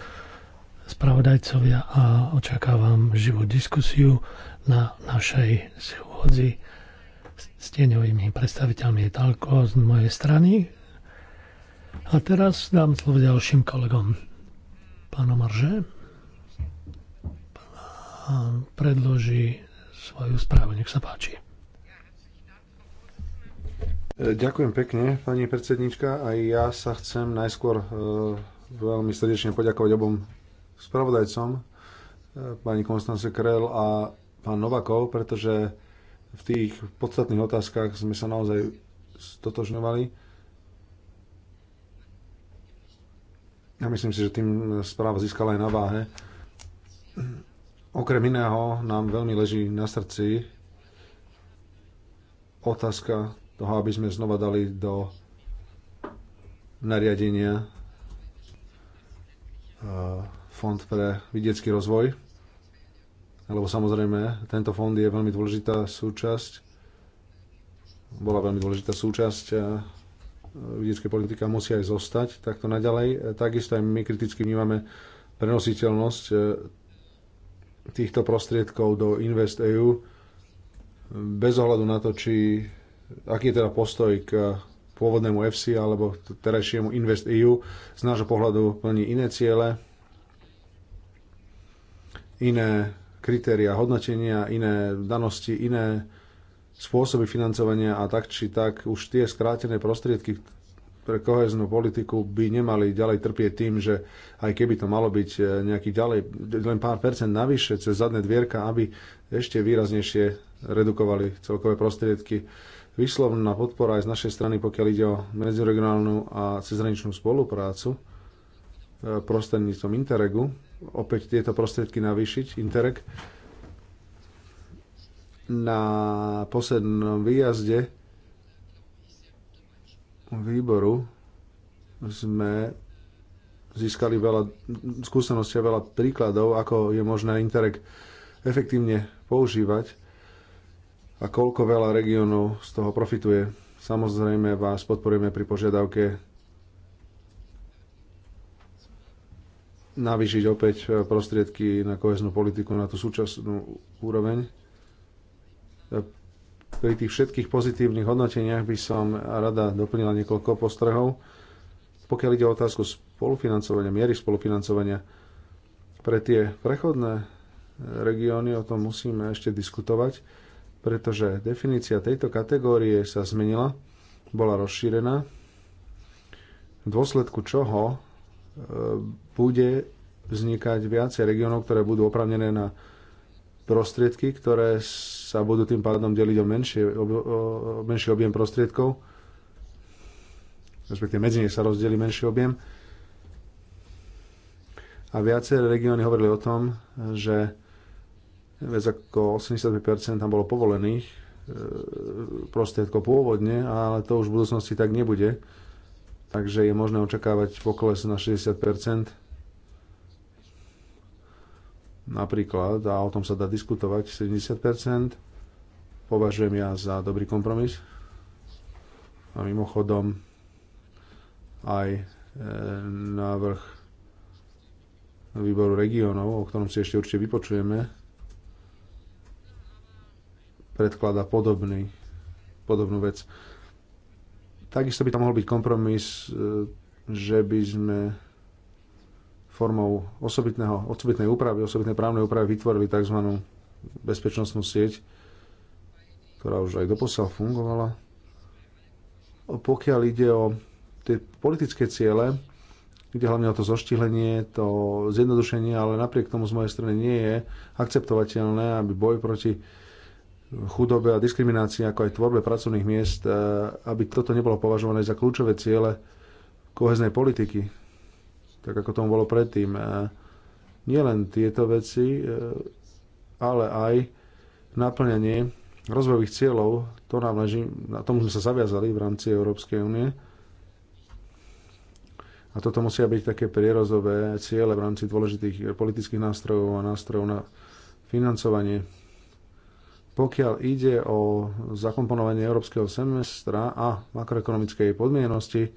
Speaker 3: spravodajcovia a očakávam živú diskusiu na našej schôdzi s tieňovými predstaviteľmi je toľko z mojej strany. A teraz dám slovo ďalším kolegom. Pána Marže predloží svoju správu. Nech sa páči.
Speaker 2: Ďakujem pekne, pani predsednička. Aj ja sa chcem najskôr e, veľmi srdečne poďakovať obom spravodajcom, e, pani Konstance Krel a pán Novakov, pretože v tých podstatných otázkach sme sa naozaj stotožňovali. Ja myslím si, že tým správa získala aj na váhe. Okrem iného nám veľmi leží na srdci otázka toho, aby sme znova dali do nariadenia eh, Fond pre vidiecký rozvoj lebo samozrejme tento fond je veľmi dôležitá súčasť, bola veľmi dôležitá súčasť a e, vidiecké politika musí aj zostať takto naďalej. Takisto aj my kriticky vnímame prenositeľnosť e, týchto prostriedkov do Invest EU bez ohľadu na to, či aký je teda postoj k pôvodnému FC alebo terajšiemu Invest EU. Z nášho pohľadu plní iné ciele, iné kritéria hodnotenia, iné danosti, iné spôsoby financovania a tak či tak už tie skrátené prostriedky pre koheznú politiku by nemali ďalej trpieť tým, že aj keby to malo byť e, nejaký ďalej, len pár percent navyše cez zadné dvierka, aby ešte výraznejšie redukovali celkové prostriedky. Výslovná podpora aj z našej strany, pokiaľ ide o medziregionálnu a cezhraničnú spoluprácu e, prostredníctvom Interregu, opäť tieto prostriedky navýšiť, Interreg. Na poslednom výjazde výboru sme získali veľa skúseností a veľa príkladov, ako je možné Interreg efektívne používať a koľko veľa regiónov z toho profituje. Samozrejme vás podporujeme pri požiadavke navýšiť opäť eh, prostriedky na koheznú politiku na tú súčasnú úroveň. Eh, pri tých všetkých pozitívnych hodnoteniach by som rada doplnila niekoľko postrehov. Pokiaľ ide o otázku spolufinancovania, miery spolufinancovania, pre tie prechodné eh, regióny o tom musíme ešte diskutovať, pretože definícia tejto kategórie sa zmenila, bola rozšírená, v dôsledku čoho bude vznikať viacej regiónov, ktoré budú opravnené na prostriedky, ktoré sa budú tým pádom deliť o menšie, o, o, menší objem prostriedkov, respektíve medzi nich sa rozdeli menší objem. A viaceré regióny hovorili o tom, že viac ako 85% tam bolo povolených e, prostriedkov pôvodne, ale to už v budúcnosti tak nebude. Takže je možné očakávať pokles na 60 napríklad, a o tom sa dá diskutovať, 70%, považujem ja za dobrý kompromis. A mimochodom aj e, návrh výboru regionov, o ktorom si ešte určite vypočujeme, predklada podobný, podobnú vec. Takisto by tam mohol byť kompromis, e, že by sme formou osobitného, osobitnej úpravy, osobitnej právnej úpravy vytvorili tzv. bezpečnostnú sieť, ktorá už aj doposiaľ fungovala. Pokiaľ ide o tie politické ciele, ide hlavne o to zoštihlenie, to zjednodušenie, ale napriek tomu z mojej strany nie je akceptovateľné, aby boj proti chudobe a diskriminácii, ako aj tvorbe pracovných miest, eh, aby toto nebolo považované za kľúčové ciele koheznej politiky tak ako tomu bolo predtým. Eh, nie len tieto veci, eh, ale aj naplňanie rozvojových cieľov, to nám leží, na tom sme sa zaviazali v rámci Európskej únie. A toto musia byť také prierozové ciele v rámci dôležitých politických nástrojov a nástrojov na financovanie. Pokiaľ ide o zakomponovanie európskeho semestra a makroekonomickej podmienosti,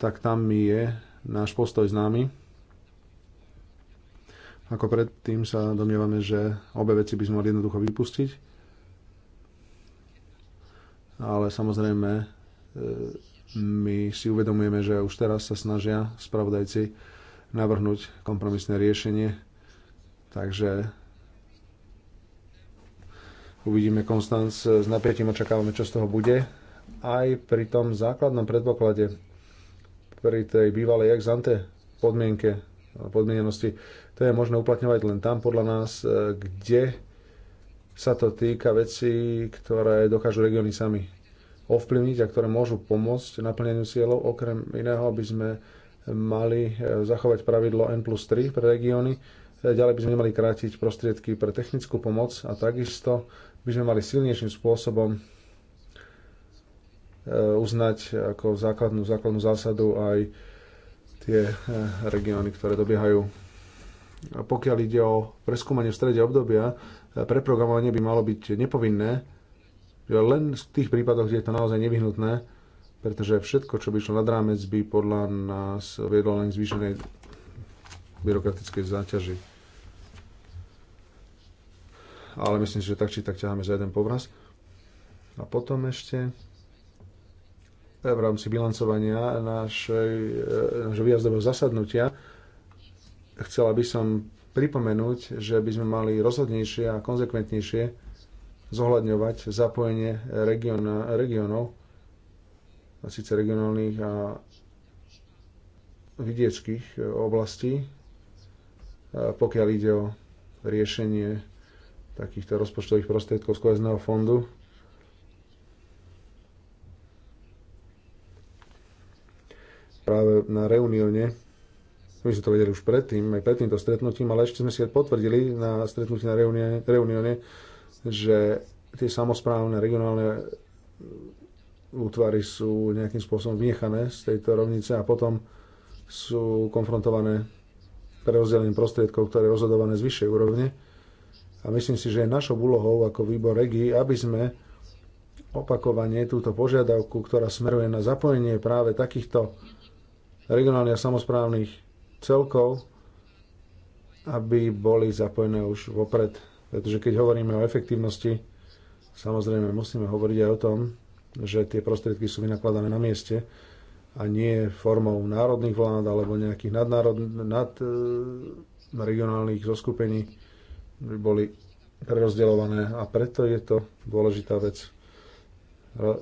Speaker 2: tak tam mi je náš postoj známy. Ako predtým sa domnievame, že obe veci by sme mali jednoducho vypustiť. Ale samozrejme, e, my si uvedomujeme, že už teraz sa snažia spravodajci navrhnúť kompromisné riešenie. Takže uvidíme, Konstanc, s napätím očakávame, čo z toho bude. Aj pri tom základnom predpoklade pri tej bývalej ex ante podmienke, podmienenosti, to je možné uplatňovať len tam podľa nás, e, kde sa to týka vecí, ktoré dokážu regióny sami ovplyvniť a ktoré môžu pomôcť naplneniu cieľov. Okrem iného aby sme mali e, zachovať pravidlo N plus 3 pre regióny, e, ďalej by sme nemali krátiť prostriedky pre technickú pomoc a takisto by sme mali silnejším spôsobom Eh, uznať ako základnú, základnú zásadu aj tie eh, regióny, ktoré dobiehajú. A pokiaľ ide o preskúmanie v strede obdobia, eh, preprogramovanie by malo byť nepovinné, len v tých prípadoch, kde je to naozaj nevyhnutné, pretože všetko, čo by išlo nad rámec, by podľa nás viedlo len zvýšenej byrokratickej záťaži. Ale myslím si, že tak či tak ťaháme za jeden povraz. A potom ešte v rámci bilancovania nášho eh, výjazdového zasadnutia. Chcela by som pripomenúť, že by sme mali rozhodnejšie a konzekventnejšie zohľadňovať zapojenie regionov, a síce regionálnych a vidieckých eh, oblastí, eh, pokiaľ ide o riešenie takýchto rozpočtových prostriedkov z kohezného fondu, práve na reunióne. My sme to vedeli už predtým, aj pred týmto stretnutím, ale ešte sme si potvrdili na stretnutí na reunióne, že tie samozprávne regionálne útvary sú nejakým spôsobom vynechané z tejto rovnice a potom sú konfrontované prerozdelením prostriedkov, ktoré je rozhodované z vyššej úrovne. A myslím si, že je našou úlohou ako výbor REGI, aby sme opakovane túto požiadavku, ktorá smeruje na zapojenie práve takýchto regionálnych a samozprávnych celkov, aby boli zapojené už vopred. Pretože keď hovoríme o efektívnosti, samozrejme musíme hovoriť aj o tom, že tie prostriedky sú vynakladané na mieste a nie formou národných vlád alebo nejakých nadnárod, nad, eh, regionálnych zoskupení by boli prerozdeľované a preto je to dôležitá vec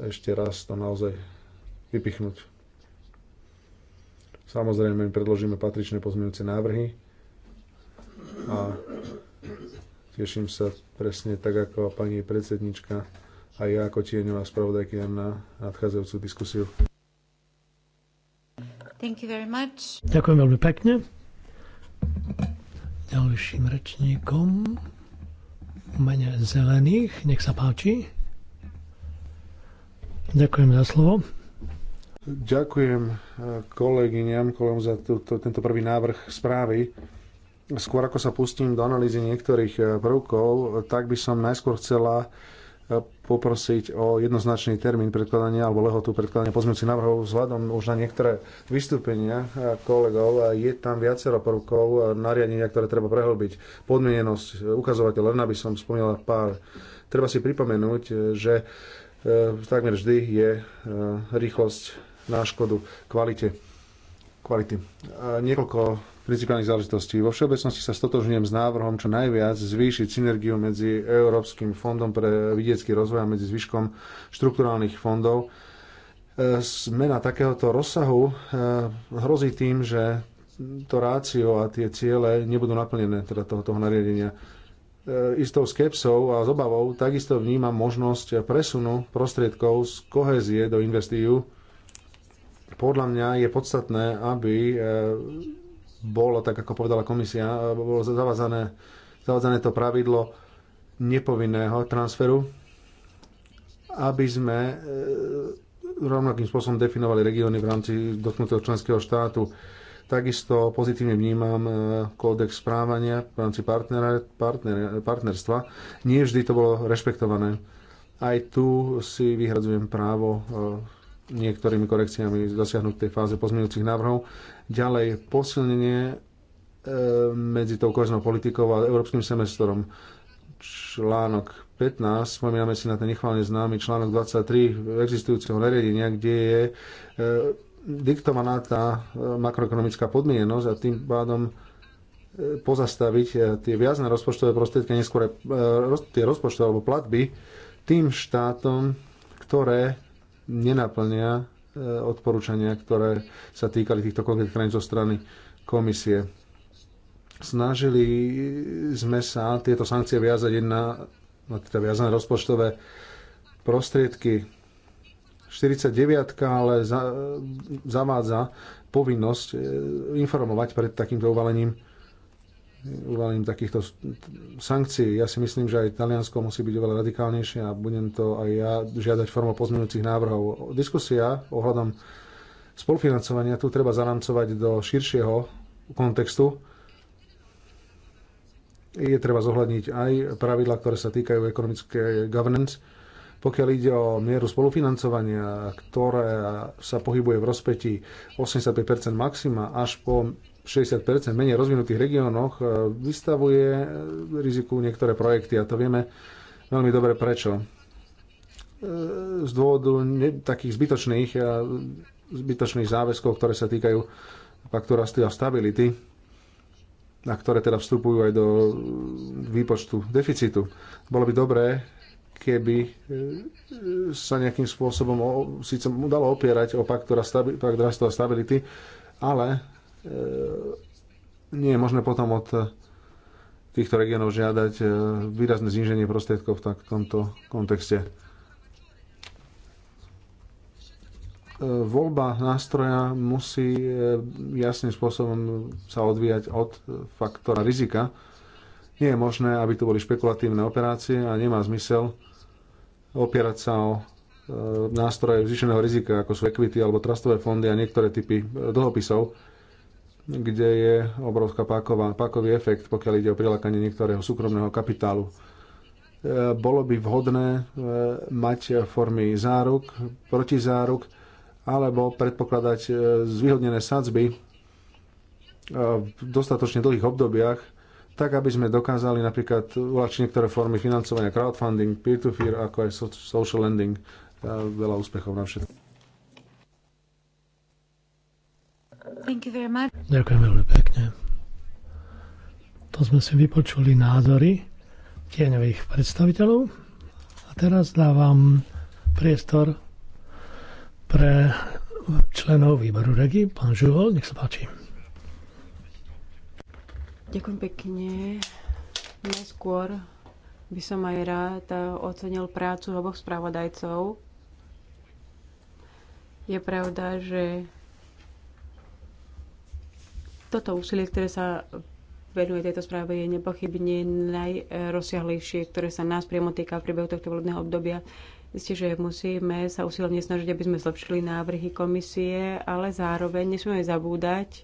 Speaker 2: ešte raz to naozaj vypichnúť. Samozrejme, predložíme patričné pozmeňujúce návrhy a teším sa presne tak, ako pani predsednička a ja ako tieňová spravodajkynia na nadchádzajúcu
Speaker 3: diskusiu.
Speaker 1: Thank you very much.
Speaker 3: Ďakujem veľmi pekne. Ďalším rečníkom mene zelených, nech sa páči. Ďakujem za slovo.
Speaker 2: Ďakujem eh, kolegyňam, kolegom za túto, tento prvý návrh správy. Skôr ako sa pustím do analýzy niektorých eh, prvkov, tak by som najskôr chcela eh, poprosiť o jednoznačný termín predkladania alebo lehotu predkladania pozmeňujúcich návrhov vzhľadom už na niektoré vystúpenia kolegov. Je tam viacero prvkov nariadenia, ktoré treba prehlbiť. Podmienenosť ukazovateľ, len aby som spomínala pár. Treba si pripomenúť, že takmer vždy je rýchlosť na škodu kvalite. kvality. niekoľko principiálnych záležitostí. Vo všeobecnosti sa stotožňujem s návrhom čo najviac zvýšiť synergiu medzi Európskym fondom pre vidiecký rozvoj a medzi zvyškom štrukturálnych fondov. E, zmena takéhoto rozsahu e, hrozí tým, že to rácio a tie ciele nebudú naplnené teda toho, toho nariadenia. E, istou skepsou a s obavou takisto vnímam možnosť presunu prostriedkov z kohézie do investíciu podľa mňa je podstatné, aby e, bolo, tak ako povedala komisia, e, bolo zavadzané, zavazané to pravidlo nepovinného transferu, aby sme e, rovnakým spôsobom definovali regióny v rámci dotknutého členského štátu. Takisto pozitívne vnímam kódex správania v rámci partnera, partner, partnerstva. Nie vždy to bolo rešpektované. Aj tu si vyhradzujem právo niektorými korekciami dosiahnuť tej fáze pozmeňujúcich návrhov. Ďalej posilnenie e, medzi tou koheznou politikou a európskym semestrom. Článok 15, spomíname si na ten nechválne známy článok 23 existujúceho nariadenia, kde je e, diktovaná tá e, makroekonomická podmienenosť a tým pádom pozastaviť tie viazné rozpočtové prostriedky, neskôr tie rozpočtové alebo platby tým štátom, ktoré nenaplnia e, odporúčania, ktoré sa týkali týchto konkrétnych krajín zo strany komisie. Snažili sme sa tieto sankcie viazať na, no, teda viazané rozpočtové prostriedky. 49. ale za, zavádza povinnosť e, informovať pred takýmto uvalením uvalím takýchto sankcií. Ja si myslím, že aj Taliansko musí byť oveľa radikálnejšie a budem to aj ja žiadať formou pozmeňujúcich návrhov. Diskusia ohľadom spolufinancovania tu treba zarámcovať do širšieho kontextu. Je treba zohľadniť aj pravidla, ktoré sa týkajú ekonomické governance, pokiaľ ide o mieru spolufinancovania, ktoré sa pohybuje v rozpetí 85% maxima až po 60% menej rozvinutých regiónoch e, vystavuje riziku niektoré projekty a to vieme veľmi dobre prečo. E, z dôvodu takých zbytočných, e, zbytočných záväzkov, ktoré sa týkajú paktu rastu a stability, na ktoré teda vstupujú aj do výpočtu deficitu. Bolo by dobré, keby sa nejakým spôsobom síce dalo opierať o paktu rastu a stability, ale E, nie je možné potom od týchto regiónov žiadať e, výrazné zníženie prostriedkov v tomto kontexte. E, voľba nástroja musí jasným spôsobom sa odvíjať od faktora rizika. Nie je možné, aby tu boli špekulatívne operácie a nemá zmysel opierať sa o nástroje zvýšeného rizika, ako sú equity alebo trustové fondy a niektoré typy dlhopisov, kde je obrovská páková, pákový efekt, pokiaľ ide o prilákanie niektorého súkromného kapitálu. E, bolo by vhodné e, mať formy záruk, protizáruk alebo predpokladať e, zvýhodnené sadzby v dostatočne dlhých obdobiach, tak aby sme dokázali napríklad uľahčiť niektoré formy financovania, crowdfunding, peer-to-peer, -peer, ako aj social lending. Veľa úspechov na všetko.
Speaker 3: Ďakujem veľmi pekne. To sme si vypočuli názory tieňových predstaviteľov. A teraz dávam priestor pre členov výboru regi. Pán Žuhol, nech sa páči.
Speaker 1: Ďakujem pekne. Neskôr by som aj rád ocenil prácu oboch spravodajcov. Je pravda, že toto úsilie, ktoré sa venuje tejto správe, je nepochybne najrozsiahlejšie, ktoré sa nás priamo týka v priebehu tohto volebného obdobia. Isté, že musíme sa usilovne snažiť, aby sme zlepšili návrhy komisie, ale zároveň nesmieme zabúdať, e,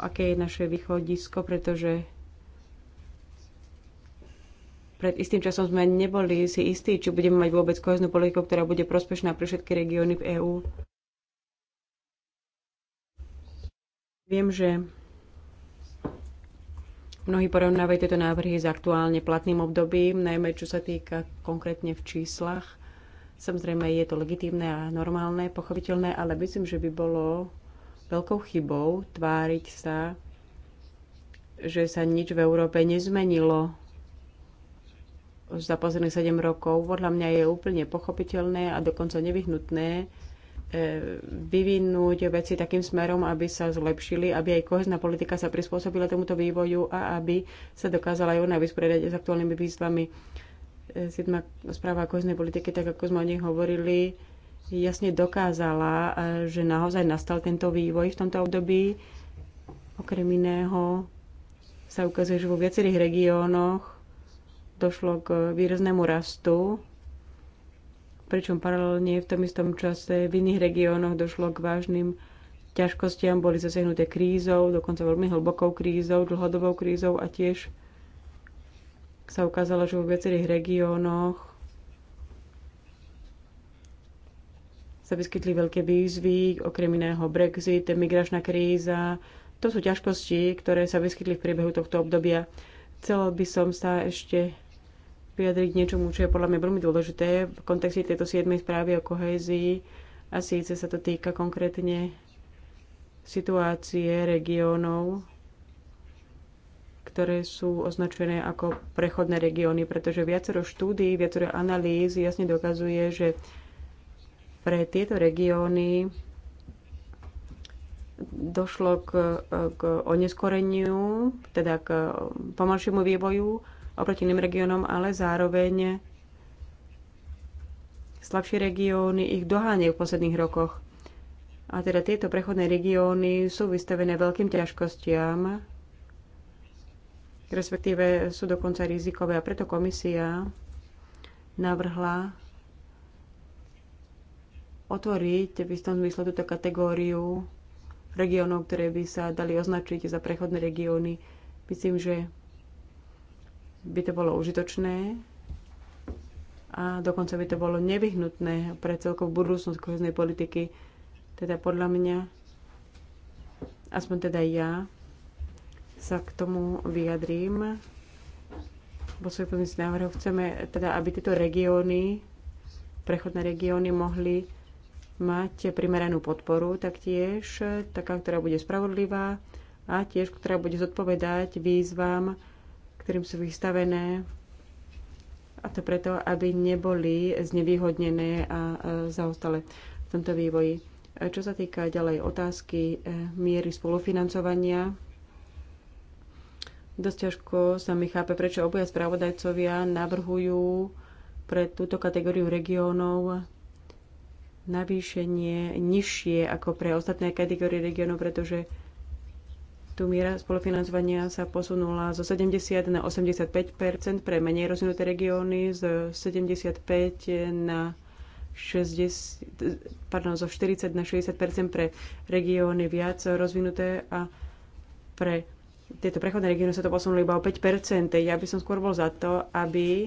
Speaker 1: aké je naše východisko, pretože pred istým časom sme neboli si istí, či budeme mať vôbec koheznú politiku, ktorá bude prospešná pre všetky regióny v EÚ. Viem, že mnohí porovnávajú tieto návrhy s aktuálne platným obdobím, najmä čo sa týka konkrétne v číslach. Samozrejme, je to legitímne a normálne, pochopiteľné, ale myslím, že by bolo veľkou chybou tváriť sa, že sa nič v Európe nezmenilo za posledných 7 rokov. Podľa mňa je úplne pochopiteľné a dokonca nevyhnutné vyvinúť veci takým smerom, aby sa zlepšili, aby aj kohezná politika sa prispôsobila tomuto vývoju a aby sa dokázala aj ona vysporiadať s aktuálnymi výzvami. Siedma správa koheznej politiky, tak ako sme o nej hovorili, jasne dokázala, že naozaj nastal tento vývoj v tomto období. Okrem iného sa ukazuje, že vo viacerých regiónoch došlo k výraznému rastu pričom paralelne v tom istom čase v iných regiónoch došlo k vážnym ťažkostiam, boli zasiahnuté krízou, dokonca veľmi hlbokou krízou, dlhodobou krízou a tiež sa ukázalo, že vo viacerých regiónoch sa vyskytli veľké výzvy, okrem iného Brexit, migračná kríza. To sú ťažkosti, ktoré sa vyskytli v priebehu tohto obdobia. Chcelo by som sa ešte vyjadriť niečomu, čo je podľa mňa veľmi dôležité v kontexte tejto 7. správy o kohézii a síce sa to týka konkrétne situácie regiónov, ktoré sú označené ako prechodné regióny, pretože viacero štúdí, viacero analýz jasne dokazuje, že pre tieto regióny došlo k, k oneskoreniu, teda k pomalšiemu vývoju oproti iným regiónom, ale zároveň slabšie regióny ich doháňajú v posledných rokoch. A teda tieto prechodné regióny sú vystavené veľkým ťažkostiam, respektíve sú dokonca rizikové. A preto komisia navrhla otvoriť v istom zmysle túto kategóriu regiónov, ktoré by sa dali označiť za prechodné regióny. Myslím, že by to bolo užitočné a dokonca by to bolo nevyhnutné pre celkovú budúcnosť koheznej politiky. Teda podľa mňa, aspoň teda ja, sa k tomu vyjadrím. Vo svojich pozícii návrhu chceme, teda, aby tieto regióny, prechodné regióny mohli mať primeranú podporu taktiež, taká, ktorá bude spravodlivá a tiež, ktorá bude zodpovedať výzvam ktorým sú vystavené a to preto, aby neboli znevýhodnené a zaostale v tomto vývoji. Čo sa týka ďalej otázky e, miery spolufinancovania, dosť ťažko sa mi chápe, prečo oboja správodajcovia navrhujú pre túto kategóriu regiónov navýšenie nižšie ako pre ostatné kategórie regiónov, pretože tu miera spolufinancovania sa posunula zo 70 na 85 pre menej rozvinuté regióny, z 75 na 60, pardon, zo 40 na 60 pre regióny viac rozvinuté a pre tieto prechodné regióny sa to posunulo iba o 5 Ja by som skôr bol za to, aby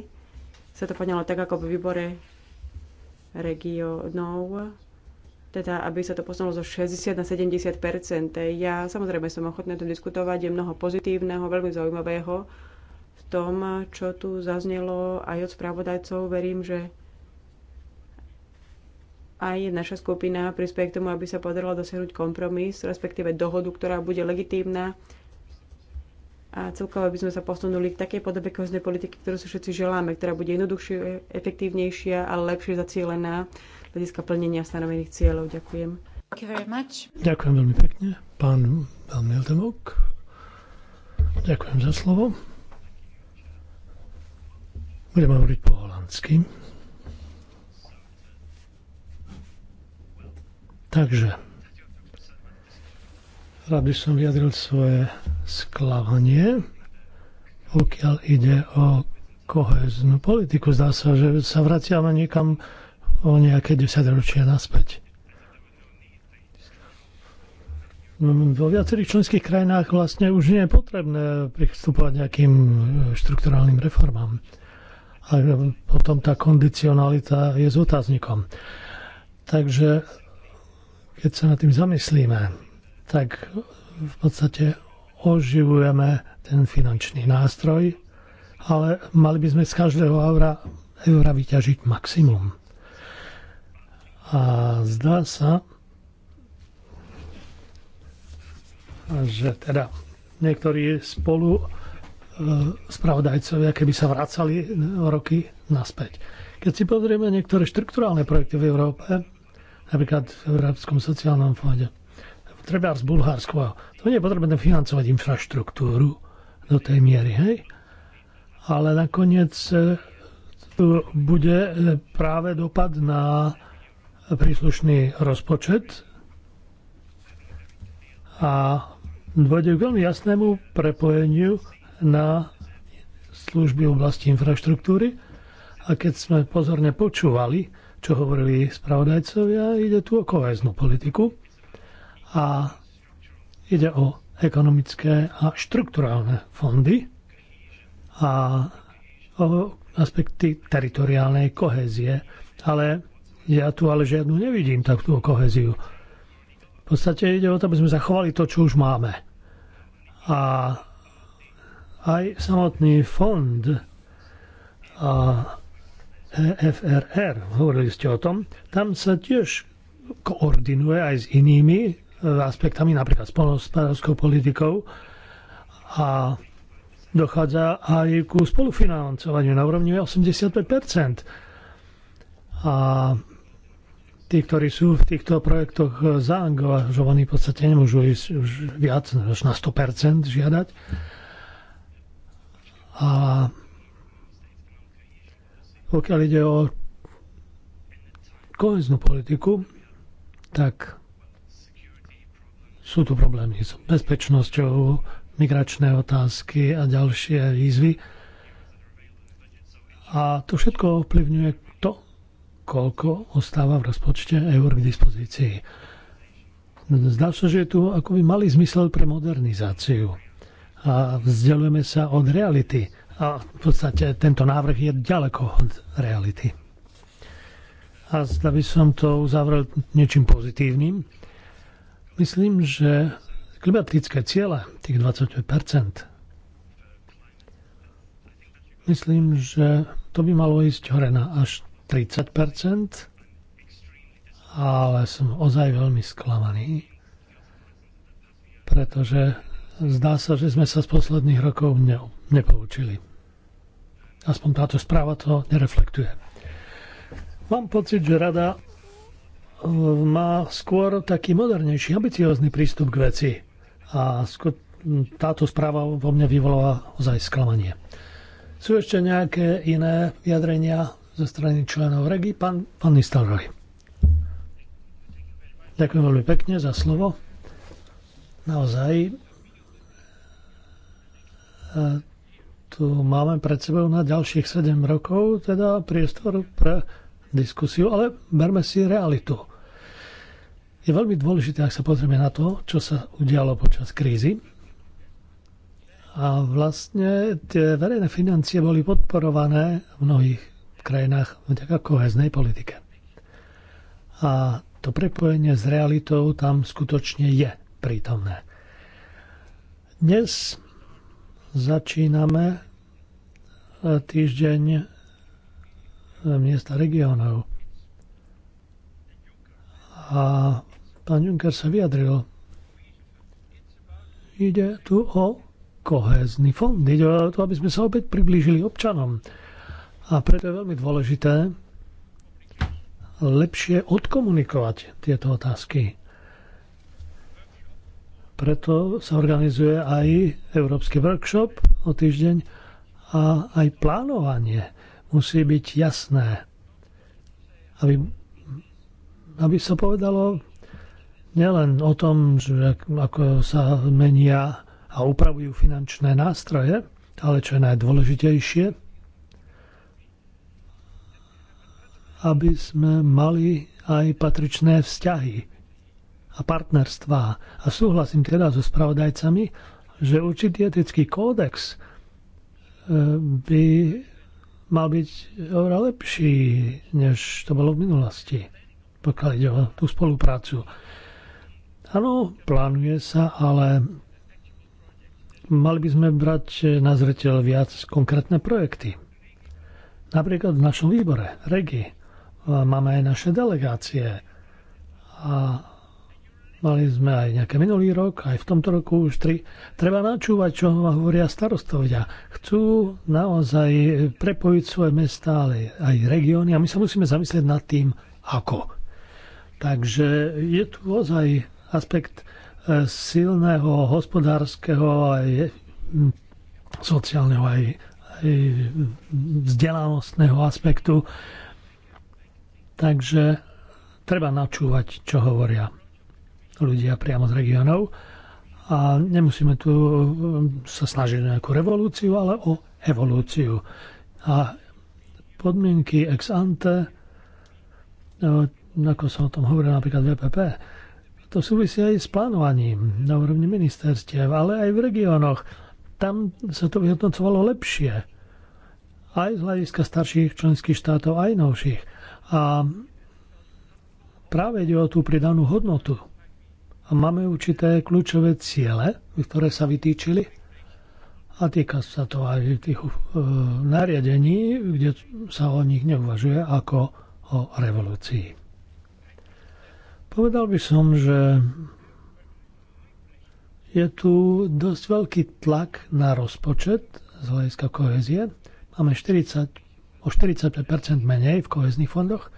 Speaker 1: sa to poňalo tak, ako v výbore regiónov teda aby sa to posunulo zo 60 na 70 Ja samozrejme som ochotná to diskutovať, je mnoho pozitívneho, veľmi zaujímavého v tom, čo tu zaznelo aj od správodajcov. Verím, že aj naša skupina prispieje k tomu, aby sa podarilo dosiahnuť kompromis, respektíve dohodu, ktorá bude legitímna a celkovo by sme sa posunuli k takej podobe kohezné politiky, ktorú si všetci želáme, ktorá bude jednoduchšia, efektívnejšia a lepšie zacielená hľadiska plnenia stanovených cieľov. Ďakujem.
Speaker 3: Ďakujem veľmi pekne. Pán Miltenok. Ďakujem za slovo. Budem hovoriť po holandsky. Takže, rád by som vyjadril svoje sklávanie, pokiaľ ide o koheznú politiku. Zdá sa, že sa vraciame niekam o nejaké 10 ročia naspäť. No, vo viacerých členských krajinách vlastne už nie je potrebné pristupovať nejakým e, štrukturálnym reformám. A e, potom tá kondicionalita je s otáznikom. Takže keď sa nad tým zamyslíme, tak v podstate oživujeme ten finančný nástroj, ale mali by sme z každého eura, eura vyťažiť maximum. A zdá sa, že teda niektorí spolu e, spravodajcovia, keby sa vracali roky naspäť. Keď si pozrieme niektoré štrukturálne projekty v Európe, napríklad v Európskom sociálnom fonde, treba z Bulharsko, to nie je potrebné financovať infraštruktúru do tej miery, hej? Ale nakoniec e, tu bude e, práve dopad na príslušný rozpočet a dôjde k veľmi jasnému prepojeniu na služby v oblasti infraštruktúry. A keď sme pozorne počúvali, čo hovorili spravodajcovia, ide tu o koheznú politiku a ide o ekonomické a štrukturálne fondy a o aspekty teritoriálnej kohézie. Ale ja tu ale žiadnu nevidím takú koheziu. V podstate ide o to, aby sme zachovali to, čo už máme. A aj samotný fond a EFRR, hovorili ste o tom, tam sa tiež koordinuje aj s inými e, aspektami, napríklad spolnospodárskou politikou a dochádza aj ku spolufinancovaniu na úrovni 85 A tí, ktorí sú v týchto projektoch eh, zaangažovaní, v podstate nemôžu ísť už viac, až na 100% žiadať. A pokiaľ ide o koheznú politiku, tak sú tu problémy s bezpečnosťou, migračné otázky a ďalšie výzvy. A to všetko ovplyvňuje koľko ostáva v rozpočte eur k dispozícii. Zdá sa, že je tu akoby malý zmysel pre modernizáciu. A vzdelujeme sa od reality. A v podstate tento návrh je ďaleko od reality. A zda by som to uzavrel niečím pozitívnym. Myslím, že klimatické ciele, tých 25 myslím, že to by malo ísť hore na až 30 ale som ozaj veľmi sklamaný, pretože zdá sa, že sme sa z posledných rokov ne, nepoučili. Aspoň táto správa to nereflektuje. Mám pocit, že rada e, má skôr taký modernejší, ambiciózny prístup k veci. A táto správa vo mne vyvolala ozaj sklamanie. Sú ešte nejaké iné vyjadrenia zo strany členov REGI, pán, pán Nistelrooy. Ďakujem veľmi pekne za slovo. Naozaj e, tu máme pred sebou na ďalších 7 rokov teda priestor pre diskusiu, ale berme si realitu. Je veľmi dôležité, ak sa pozrieme na to, čo sa udialo počas krízy. A vlastne tie verejné financie boli podporované v mnohých krajinách vďaka koheznej politike. A to prepojenie s realitou tam skutočne je prítomné. Dnes začíname týždeň miesta regionov. A pán Juncker sa vyjadril, ide tu o kohezný fond. Ide o to, aby sme sa opäť priblížili občanom a preto je veľmi dôležité lepšie odkomunikovať tieto otázky. Preto sa organizuje aj Európsky workshop o týždeň a aj plánovanie musí byť jasné, aby, aby sa povedalo nielen o tom, že ako sa menia a upravujú finančné nástroje, ale čo je najdôležitejšie, aby sme mali aj patričné vzťahy a partnerstvá. A súhlasím teda so spravodajcami, že určitý etický kódex e, by mal byť oveľa lepší, než to bolo v minulosti, pokiaľ ide o tú spoluprácu. Áno, plánuje sa, ale mali by sme brať na zreteľ viac konkrétne projekty. Napríklad v našom výbore, REGI, máme aj naše delegácie. A mali sme aj nejaké minulý rok, aj v tomto roku už tri. Treba načúvať, čo hovoria starostovia. Chcú naozaj prepojiť svoje mesta, ale aj regióny a my sa musíme zamyslieť nad tým, ako. Takže je tu ozaj aspekt e, silného hospodárskeho aj sociálneho aj, aj vzdelanostného aspektu Takže treba načúvať, čo hovoria ľudia priamo z regionov. A nemusíme tu um, sa snažiť o nejakú revolúciu, ale o evolúciu. A podmienky ex ante, no, ako som o tom hovoril napríklad VPP, to súvisí aj s plánovaním na úrovni ministerstiev, ale aj v regiónoch. Tam sa to vyhodnocovalo lepšie. Aj z hľadiska starších členských štátov, aj novších. A práve ide o tú pridanú hodnotu. A máme určité kľúčové ciele, ktoré sa vytýčili. A týka sa to aj tých e, nariadení, kde sa o nich neuvažuje ako o revolúcii. Povedal by som, že je tu dosť veľký tlak na rozpočet z hľadiska kohezie. Máme 40 o 45 menej v kohezných fondoch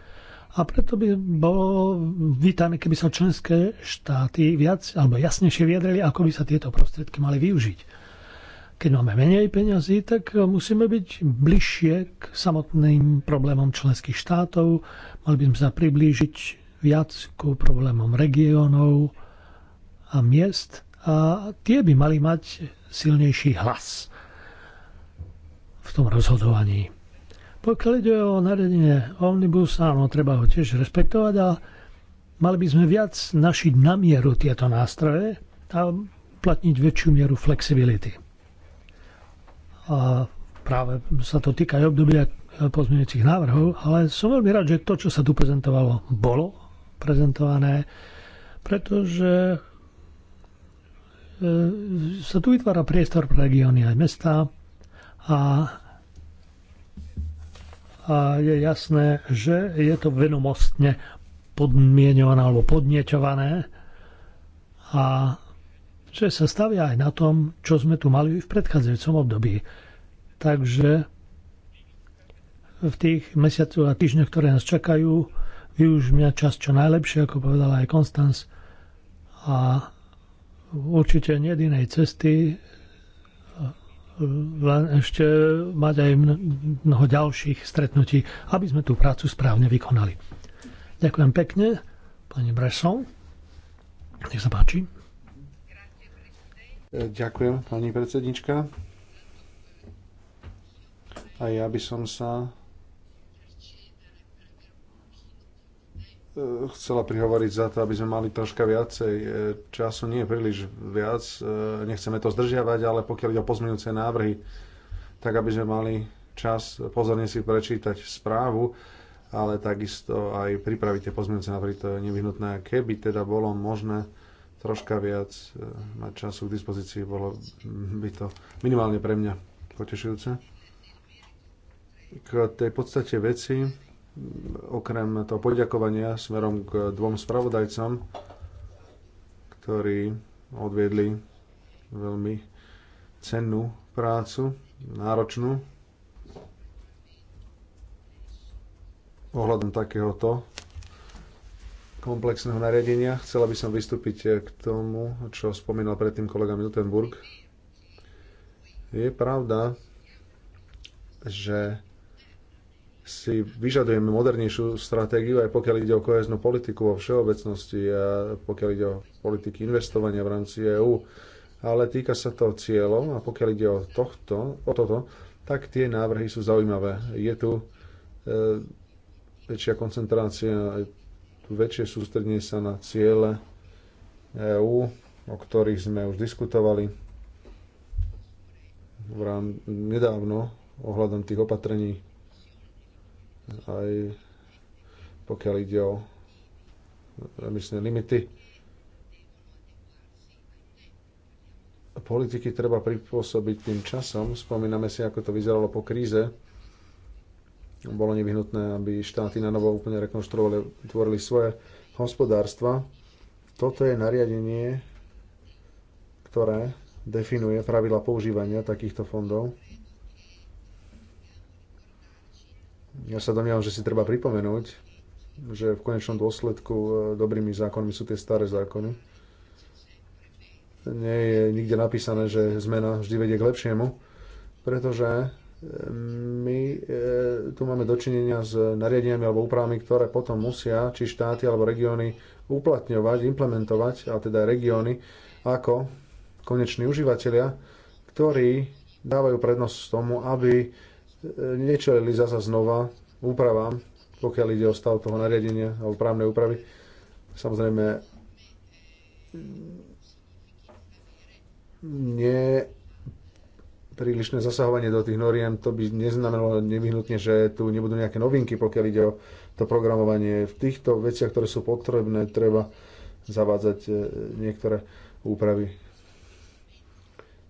Speaker 3: a preto by bolo vítané, keby sa členské štáty viac alebo jasnejšie vyjadrili, ako by sa tieto prostriedky mali využiť. Keď máme menej peňazí, tak musíme byť bližšie k samotným problémom členských štátov, mali by sme sa priblížiť viac ku problémom regiónov a miest a tie by mali mať silnejší hlas v tom rozhodovaní. Pokiaľ ide o naredenie Omnibus, áno, treba ho tiež rešpektovať a mali by sme viac našiť na mieru tieto nástroje a uplatniť väčšiu mieru flexibility. A práve sa to týka aj obdobia pozmeňujúcich návrhov, ale som veľmi rád, že to, čo sa tu prezentovalo, bolo prezentované, pretože e, sa tu vytvára priestor pre regióny aj mesta a a je jasné, že je to venomostne podmienované alebo podnieťované a že sa stavia aj na tom, čo sme tu mali v predchádzajúcom období. Takže v tých mesiacoch a týždňoch, ktoré nás čakajú, využíme čas čo najlepšie, ako povedala aj Konstanc. A určite nie jedinej cesty, len ešte mať aj mnoho ďalších stretnutí, aby sme tú prácu správne vykonali. Ďakujem pekne, pani Bresson. Nech sa páči.
Speaker 2: Ďakujem, pani predsednička. A ja by som sa E, chcela prihovoriť za to, aby sme mali troška viacej e, času, nie príliš viac, e, nechceme to zdržiavať, ale pokiaľ ide o pozmeňujúce návrhy, tak aby sme mali čas pozorne si prečítať správu, ale takisto aj pripraviť tie pozmeňujúce návrhy, to je nevyhnutné. Keby teda bolo možné troška viac mať času k dispozícii, bolo by to minimálne pre mňa potešujúce. K tej podstate veci, okrem toho poďakovania smerom k dvom spravodajcom, ktorí odviedli veľmi cennú prácu, náročnú, ohľadom takéhoto komplexného nariadenia. Chcela by som vystúpiť k tomu, čo spomínal predtým kolega Miltenburg. Je pravda, že si vyžadujeme modernejšiu stratégiu, aj pokiaľ ide o koheznú politiku vo všeobecnosti a pokiaľ ide o politiky investovania v rámci EÚ. Ale týka sa to cieľov a pokiaľ ide o, tohto, o toto, tak tie návrhy sú zaujímavé. Je tu e, väčšia koncentrácia, tu väčšie sústredenie sa na ciele EÚ, o ktorých sme už diskutovali v rám, nedávno ohľadom tých opatrení aj pokiaľ ide o emisné limity. Politiky treba pripôsobiť tým časom. Spomíname si, ako to vyzeralo po kríze. Bolo nevyhnutné, aby štáty na novo úplne rekonštruovali, tvorili svoje hospodárstva. Toto je nariadenie, ktoré definuje pravidla používania takýchto fondov Ja sa domnievam, že si treba pripomenúť, že v konečnom dôsledku e, dobrými zákonmi sú tie staré zákony. Nie je nikde napísané, že zmena vždy vedie k lepšiemu, pretože e, my e, tu máme dočinenia s nariadeniami alebo úpravami, ktoré potom musia či štáty alebo regióny uplatňovať, implementovať, a teda regióny, ako koneční užívateľia, ktorí dávajú prednosť tomu, aby E, nečelili zasa znova úpravám, pokiaľ ide o stav toho nariadenia alebo právnej úpravy. Samozrejme, nie prílišné zasahovanie do tých noriem, to by neznamenalo nevyhnutne, že tu nebudú nejaké novinky, pokiaľ ide o to programovanie. V týchto veciach, ktoré sú potrebné, treba zavádzať e, niektoré úpravy.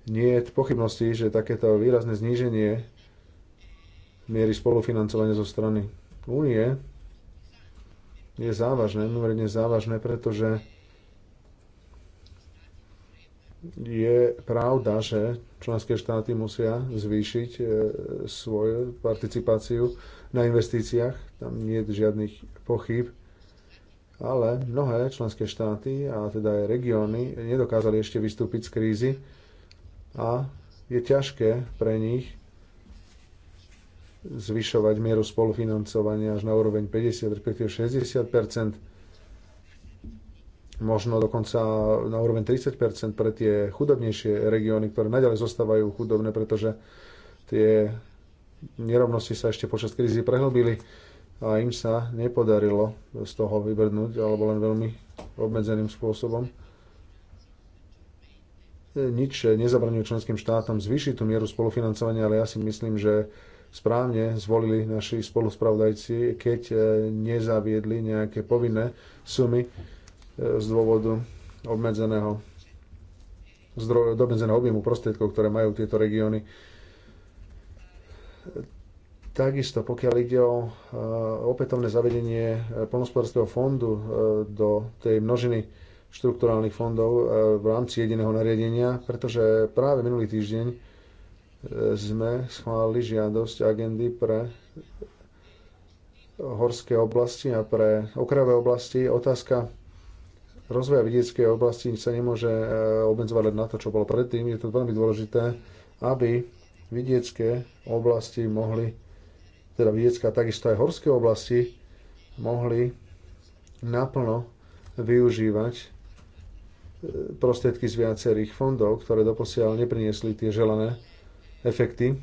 Speaker 2: Nie je pochybnosti, že takéto výrazné zníženie miery spolufinancovania zo strany únie je závažné, mimoriadne závažné, pretože je pravda, že členské štáty musia zvýšiť e, svoju participáciu na investíciách. Tam nie je žiadnych pochyb. Ale mnohé členské štáty a teda aj regióny nedokázali ešte vystúpiť z krízy a je ťažké pre nich zvyšovať mieru spolufinancovania až na úroveň 50, respektíve 60 možno dokonca na úroveň 30 pre tie chudobnejšie regióny, ktoré naďalej zostávajú chudobné, pretože tie nerovnosti sa ešte počas krízy prehlbili a im sa nepodarilo z toho vybrnúť, alebo len veľmi obmedzeným spôsobom. Nič nezabraňuje členským štátom zvýšiť tú mieru spolufinancovania, ale ja si myslím, že správne zvolili naši spoluspravodajci, keď e, nezaviedli nejaké povinné sumy e, z dôvodu obmedzeného, zdroj, obmedzeného objemu prostriedkov, ktoré majú tieto regióny. Takisto, pokiaľ ide o e, opätovné zavedenie polnospodárskeho fondu do tej množiny štrukturálnych fondov v rámci jediného nariadenia, pretože práve minulý týždeň sme schválili žiadosť agendy pre horské oblasti a pre okrajové oblasti. Otázka rozvoja vidieckej oblasti sa nemôže e, obmedzovať len na to, čo bolo predtým. Je to veľmi dôležité, aby vidiecké oblasti mohli, teda vidiecká takisto aj horské oblasti, mohli naplno využívať e, prostriedky z viacerých fondov, ktoré doposiaľ nepriniesli tie želané efekty.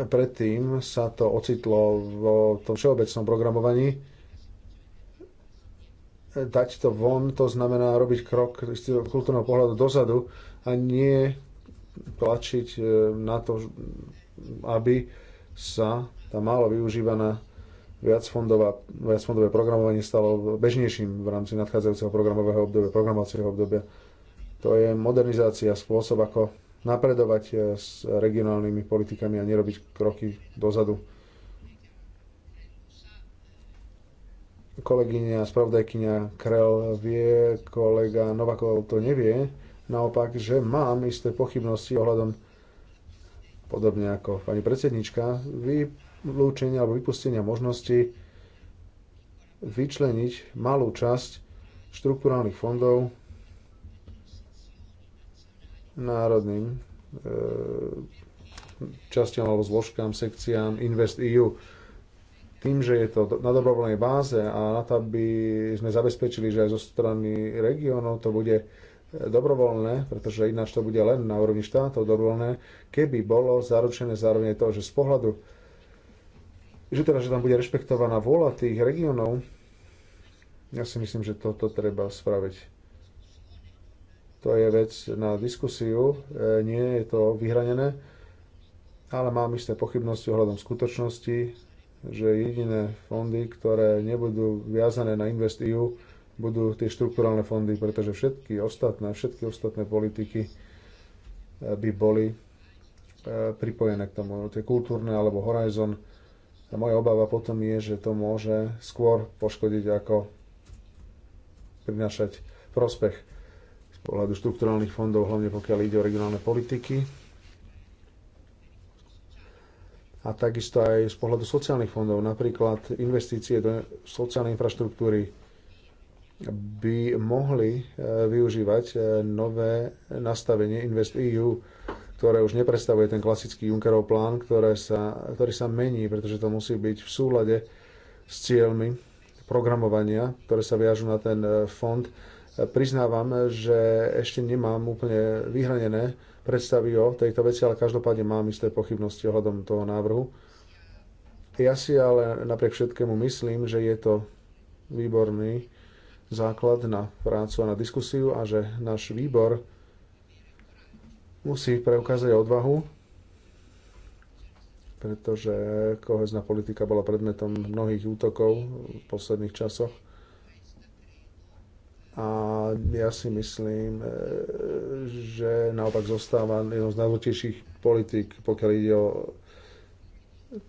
Speaker 2: Predtým sa to ocitlo v tom všeobecnom programovaní. Dať to von, to znamená robiť krok z kultúrneho pohľadu dozadu a nie tlačiť e, na to, aby sa tá málo využívaná viacfondová, viacfondové programovanie stalo bežnejším v rámci nadchádzajúceho programového obdobia, programovacieho obdobia. To je modernizácia, spôsob, ako napredovať eh, s regionálnymi politikami a nerobiť kroky dozadu. Kolegyňa, spravodajkyňa Krell vie, kolega Novakov to nevie. Naopak, že mám isté pochybnosti ohľadom, podobne ako pani predsednička, vylúčenia alebo vypustenia možnosti vyčleniť malú časť štruktúrálnych fondov národným e, častiam alebo zložkám, sekciám Invest EU. Tým, že je to na dobrovoľnej báze a na to, aby sme zabezpečili, že aj zo strany regiónov to bude e, dobrovoľné, pretože ináč to bude len na úrovni štátov dobrovoľné, keby bolo zaručené zároveň to, že z pohľadu, že teda, že tam bude rešpektovaná vôľa tých regiónov, ja si myslím, že toto treba spraviť. To je vec na diskusiu, e, nie je to vyhranené, ale mám isté pochybnosti ohľadom skutočnosti, že jediné fondy, ktoré nebudú viazané na InvestEU, budú tie štrukturálne fondy, pretože všetky ostatné, všetky ostatné politiky e, by boli e, pripojené k tomu, tie kultúrne alebo Horizon. A moja obava potom je, že to môže skôr poškodiť ako prinášať prospech pohľadu štrukturálnych fondov, hlavne pokiaľ ide o regionálne politiky. A takisto aj z pohľadu sociálnych fondov, napríklad investície do sociálnej infraštruktúry by mohli e, využívať e, nové nastavenie InvestEU, ktoré už nepredstavuje ten klasický Junckerov plán, ktoré sa, ktorý sa mení, pretože to musí byť v súlade s cieľmi programovania, ktoré sa viažú na ten e, fond Priznávam, že ešte nemám úplne vyhranené predstavy o tejto veci, ale každopádne mám isté pochybnosti ohľadom toho návrhu. Ja si ale napriek všetkému myslím, že je to výborný základ na prácu a na diskusiu a že náš výbor musí preukázať odvahu, pretože kohezná politika bola predmetom mnohých útokov v posledných časoch a ja si myslím, e, že naopak zostáva jednou z najdôležitejších politik, pokiaľ ide o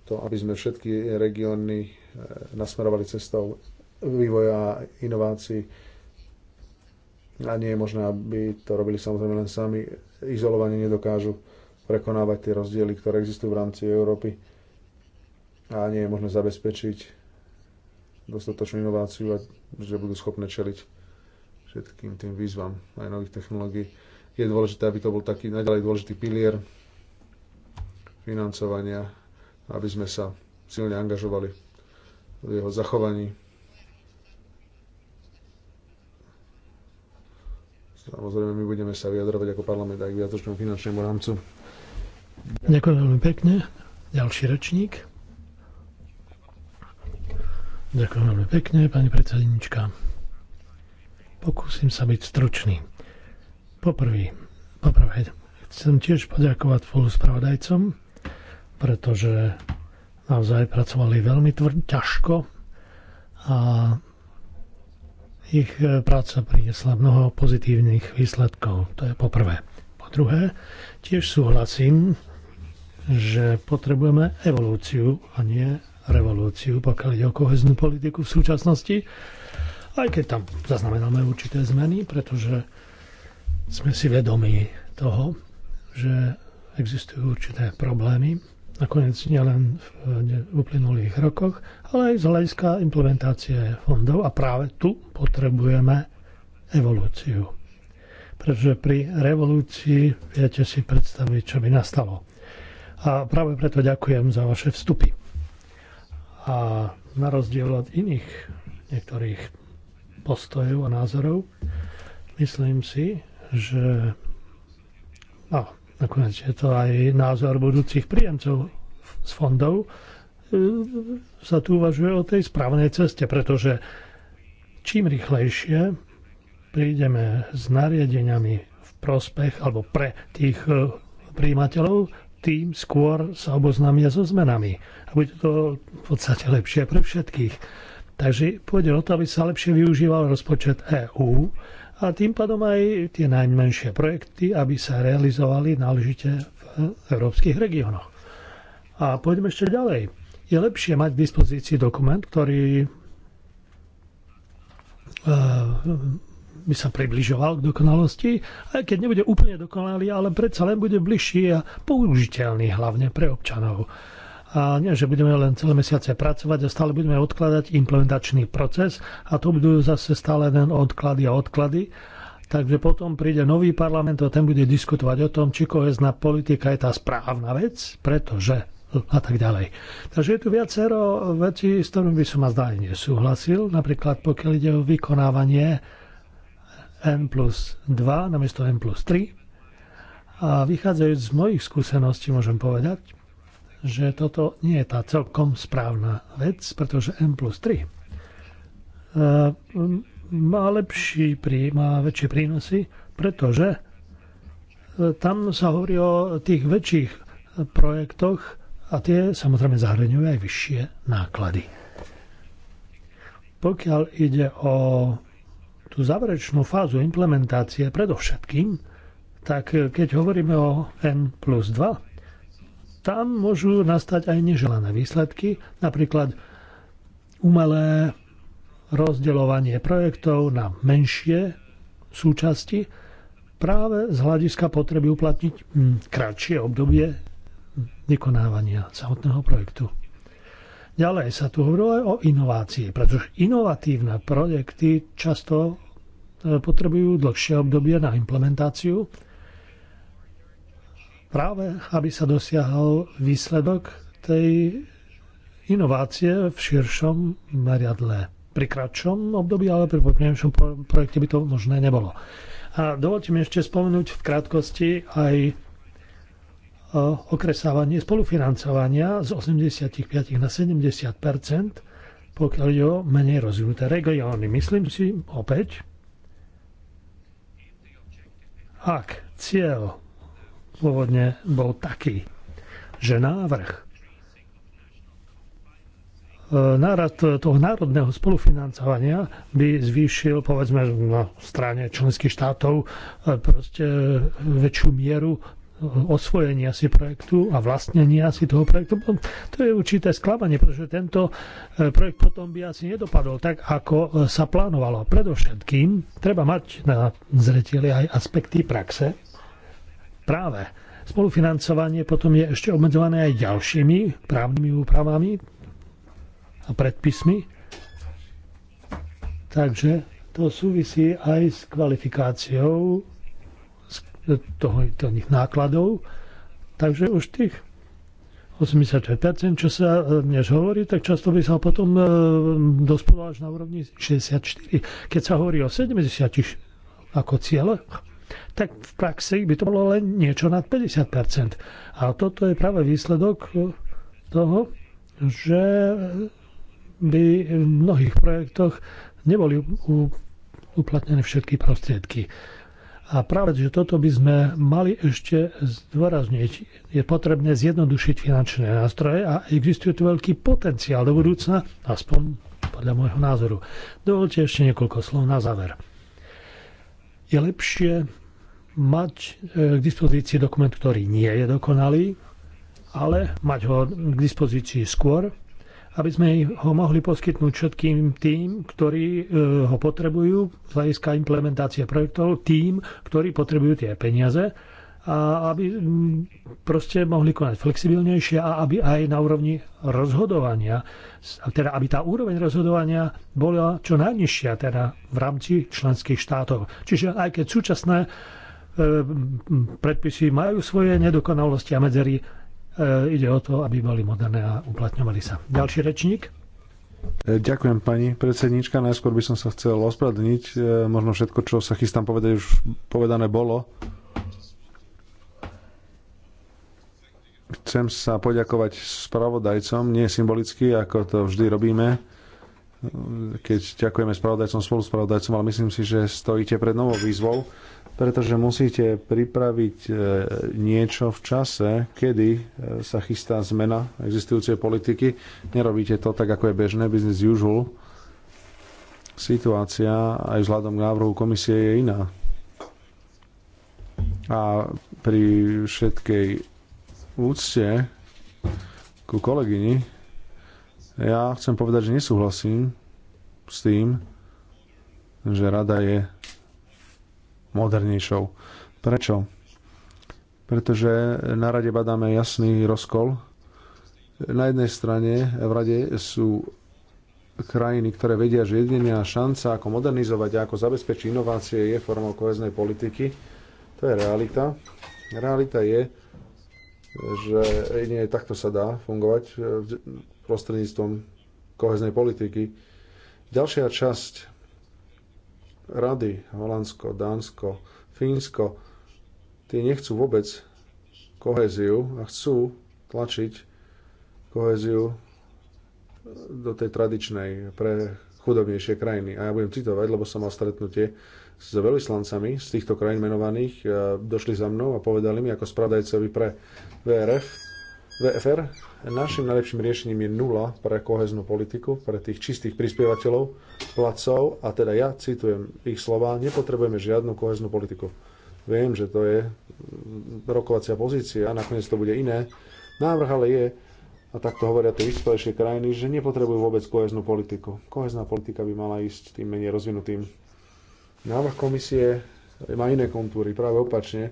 Speaker 2: to, aby sme všetky regióny e, nasmerovali cestou vývoja a inovácií. A nie je možné, aby to robili samozrejme len sami. Izolovanie nedokážu prekonávať tie rozdiely, ktoré existujú v rámci Európy. A nie je možné zabezpečiť dostatočnú inováciu, a že budú schopné čeliť všetkým tým výzvam aj nových technológií. Je dôležité, aby to bol taký naďalej dôležitý pilier financovania, aby sme sa silne angažovali v jeho zachovaní. Samozrejme, my budeme sa vyjadrovať ako parlament aj k viacročnému finančnému rámcu.
Speaker 3: Ďakujem veľmi pekne. Ďalší rečník. Ďakujem veľmi pekne, pani predsedníčka. Pokúsim sa byť stručný. Poprvý, poprvé, chcem tiež poďakovať spoluspravodajcom, pretože naozaj pracovali veľmi tvrd, ťažko a ich e, práca priniesla mnoho pozitívnych výsledkov. To je poprvé. Po druhé, tiež súhlasím, že potrebujeme evolúciu a nie revolúciu, pokiaľ ide o koheznú politiku v súčasnosti aj keď tam zaznamenáme určité zmeny, pretože sme si vedomi toho, že existujú určité problémy, nakoniec nielen v uplynulých rokoch, ale aj z hľadiska implementácie fondov a práve tu potrebujeme evolúciu. Pretože pri revolúcii viete si predstaviť, čo by nastalo. A práve preto ďakujem za vaše vstupy. A na rozdiel od iných niektorých postojov a názorov. Myslím si, že no, nakoniec je to aj názor budúcich príjemcov z fondov, e, sa tu uvažuje o tej správnej ceste, pretože čím rýchlejšie prídeme s nariadeniami v prospech alebo pre tých e, príjimateľov, tým skôr sa oboznámia so zmenami. A bude to v podstate lepšie pre všetkých. Takže pôjde o to, aby sa lepšie využíval rozpočet EÚ a tým pádom aj tie najmenšie projekty, aby sa realizovali náležite v európskych regiónoch. A pôjdeme ešte ďalej. Je lepšie mať k dispozícii dokument, ktorý eh, by sa približoval k dokonalosti, aj keď nebude úplne dokonalý, ale predsa len bude bližší a použiteľný hlavne pre občanov a nie, že budeme len celé mesiace pracovať a stále budeme odkladať implementačný proces a to budú zase stále len odklady a odklady. Takže potom príde nový parlament a ten bude diskutovať o tom, či kohezná politika je tá správna vec, pretože a tak ďalej. Takže je tu viacero vecí, s ktorými by som ma zdá nesúhlasil. Napríklad pokiaľ ide o vykonávanie N plus 2 namiesto N plus 3. A vychádzajúc z mojich skúseností môžem povedať, že toto nie je tá celkom správna vec, pretože M plus 3 eh, má lepší prí, má väčšie prínosy, pretože eh, tam sa hovorí o tých väčších projektoch a tie samozrejme zahrňujú aj vyššie náklady. Pokiaľ ide o tú záverečnú fázu implementácie predovšetkým, tak keď hovoríme o N plus 2, tam môžu nastať aj neželané výsledky, napríklad umelé rozdeľovanie projektov na menšie súčasti práve z hľadiska potreby uplatniť hm, kratšie obdobie vykonávania samotného projektu. Ďalej sa tu hovorilo aj o inovácii, pretože inovatívne projekty často e, potrebujú dlhšie obdobie na implementáciu práve aby sa dosiahol výsledok tej inovácie v širšom meriadle. Pri kratšom období, ale pri prvnejšom projekte by to možné nebolo. A dovolte mi ešte spomenúť v krátkosti aj e, okresávanie spolufinancovania z 85 na 70 pokiaľ ide o menej rozvinuté regióny. Myslím si opäť, ak cieľ pôvodne bol taký, že návrh e, nárad toho národného spolufinancovania by zvýšil, povedzme, na strane členských štátov e, proste e, väčšiu mieru osvojenia si projektu a vlastnenia si toho projektu. To je určité sklamanie, pretože tento projekt potom by asi nedopadol tak, ako sa plánovalo. Predovšetkým treba mať na zreteli aj aspekty praxe práve. Spolufinancovanie potom je ešte obmedzované aj ďalšími právnymi úpravami a predpismi. Takže to súvisí aj s kvalifikáciou toho, toho nákladov. Takže už tých 85%, čo sa eh, dnes hovorí, tak často by sa potom e, až na úrovni 64. Keď sa hovorí o 70 ako cieľoch, tak v praxi by to bolo len niečo nad 50 A toto je práve výsledok toho, že by v mnohých projektoch neboli uplatnené všetky prostriedky. A práve, že toto by sme mali ešte zdôrazniť. Je potrebné zjednodušiť finančné nástroje a existuje tu veľký potenciál do budúcna, aspoň podľa môjho názoru. Dovolte ešte niekoľko slov na záver. Je lepšie mať e, k dispozícii dokument, ktorý nie je dokonalý, ale mať ho k dispozícii skôr, aby sme ho mohli poskytnúť všetkým tým, ktorí e, ho potrebujú z hľadiska implementácie projektov, tým, ktorí potrebujú tie peniaze a aby proste mohli konať flexibilnejšie a aby aj na úrovni rozhodovania, teda aby tá úroveň rozhodovania bola čo najnižšia teda v rámci členských štátov. Čiže aj keď súčasné E, predpisy majú svoje nedokonalosti a medzery. E, ide o to, aby boli moderné a uplatňovali sa. Ďalší rečník.
Speaker 2: E, ďakujem pani predsednička. Najskôr by som sa chcel ospravedlniť. Možno všetko, čo sa chystám povedať, už povedané bolo. Chcem sa poďakovať spravodajcom, nie symbolicky, ako to vždy robíme, keď ďakujeme spravodajcom, spoluspravodajcom, ale myslím si, že stojíte pred novou výzvou pretože musíte pripraviť e, niečo v čase, kedy e, sa chystá zmena existujúcej politiky. Nerobíte to tak, ako je bežné, business usual. Situácia aj vzhľadom k návrhu komisie je iná. A pri všetkej úcte ku kolegyni, ja chcem povedať, že nesúhlasím s tým, že rada je modernejšou. Prečo? Pretože na rade badáme jasný rozkol. Na jednej strane v rade sú krajiny, ktoré vedia, že jediná šanca, ako modernizovať a ako zabezpečiť inovácie, je formou koheznej politiky. To je realita. Realita je, že jedine takto sa dá fungovať prostredníctvom koheznej politiky. Ďalšia časť rady, Holandsko, Dánsko, Fínsko, tie nechcú vôbec kohéziu a chcú tlačiť kohéziu do tej tradičnej pre chudobnejšie krajiny. A ja budem citovať, lebo som mal stretnutie s veľvyslancami z týchto krajín menovaných. E, došli za mnou a povedali mi ako spravdajcovi pre VRF, VFR. Našim najlepším riešením je nula pre koheznú politiku, pre tých čistých prispievateľov, placov a teda ja citujem ich slova, nepotrebujeme žiadnu koheznú politiku. Viem, že to je mm, rokovacia pozícia a nakoniec to bude iné. Návrh ale je, a takto hovoria tie vyspelejšie krajiny, že nepotrebujú vôbec koheznú politiku. Kohezná politika by mala ísť tým menej rozvinutým. Návrh komisie má iné kontúry, práve opačne,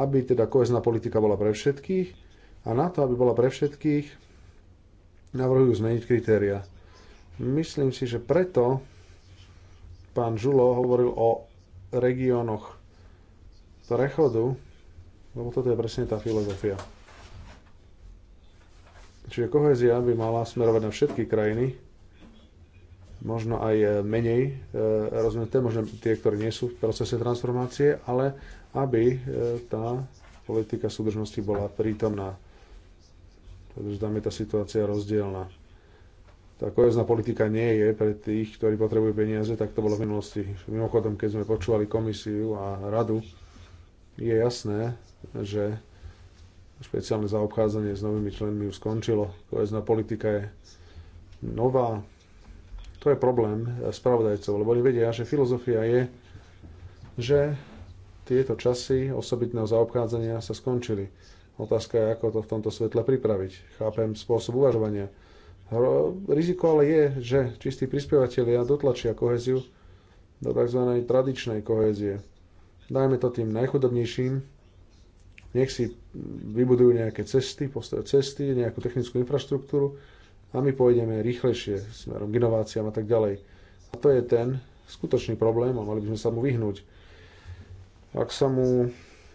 Speaker 2: aby teda kohezná politika bola pre všetkých, a na to, aby bola pre všetkých, navrhujú zmeniť kritéria. Myslím si, že preto pán Žulo hovoril o regiónoch prechodu, lebo toto je presne tá filozofia. Čiže kohézia by mala smerovať na všetky krajiny, možno aj e, menej e, rozvinuté, možno tie, ktoré nie sú v procese transformácie, ale aby e, tá politika súdržnosti bola prítomná pretože tam je tá situácia rozdielna. Tá kohezná politika nie je pre tých, ktorí potrebujú peniaze, tak to bolo v minulosti. Mimochodom, keď sme počúvali komisiu a radu, je jasné, že špeciálne zaobchádzanie s novými členmi už skončilo. Kohezná politika je nová. To je problém spravodajcov, lebo oni vedia, že filozofia je, že tieto časy osobitného zaobchádzania sa skončili Otázka je, ako to v tomto svetle pripraviť. Chápem spôsob uvažovania. Riziko ale je, že čistí prispievateľia dotlačia koheziu do tzv. tradičnej kohézie. Dajme to tým najchudobnejším, nech si vybudujú nejaké cesty, postavia cesty, nejakú technickú infraštruktúru a my pôjdeme rýchlejšie smerom k inováciám a tak ďalej. A to je ten skutočný problém a mali by sme sa mu vyhnúť. Ak sa mu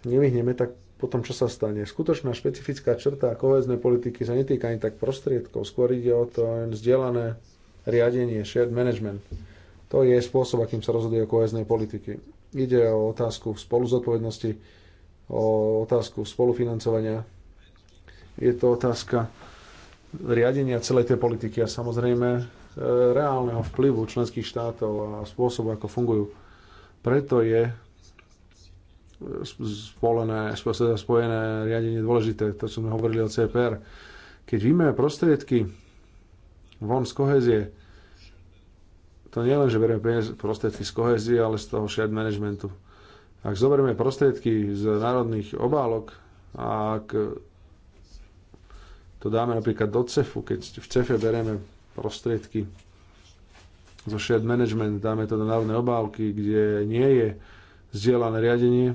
Speaker 2: nevyhneme, tak po tom, čo sa stane. Skutočná špecifická črta koheznej politiky sa netýka ani tak prostriedkov, skôr ide o to len vzdielané riadenie, shared management. To je spôsob, akým sa rozhoduje o koheznej politiky. Ide o otázku spoluzodpovednosti, o otázku spolufinancovania. Je to otázka riadenia celej tej politiky a samozrejme e, reálneho vplyvu členských štátov a spôsobu, ako fungujú. Preto je spolené, spojené riadenie dôležité, to čo sme hovorili o CPR. Keď víme prostriedky von z kohezie, to nie len, že berieme prostriedky z kohezie, ale z toho shared managementu. Ak zoberieme prostriedky z národných obálok a ak to dáme napríklad do CEFu, keď v CEFe berieme prostriedky zo shared management, dáme to do národnej obálky, kde nie je zdieľané riadenie,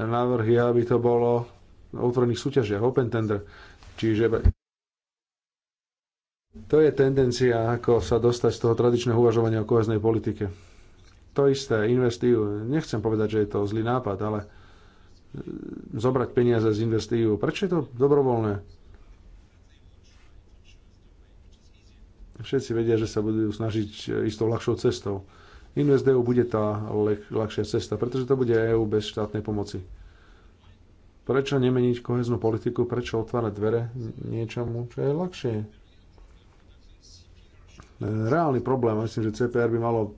Speaker 2: návrhy, aby to bolo v otvorených súťažiach, open tender. Čiže to je tendencia, ako sa dostať z toho tradičného uvažovania o koheznej politike. To isté, investív. Nechcem povedať, že je to zlý nápad, ale e, zobrať peniaze z investiu, Prečo je to dobrovoľné? Všetci vedia, že sa budú snažiť e, tou ľahšou cestou. InvestEU bude tá ľahšia cesta, pretože to bude EÚ bez štátnej pomoci. Prečo nemeniť koheznú politiku, prečo otvárať dvere niečomu, čo je ľahšie? Reálny problém, myslím, že CPR by malo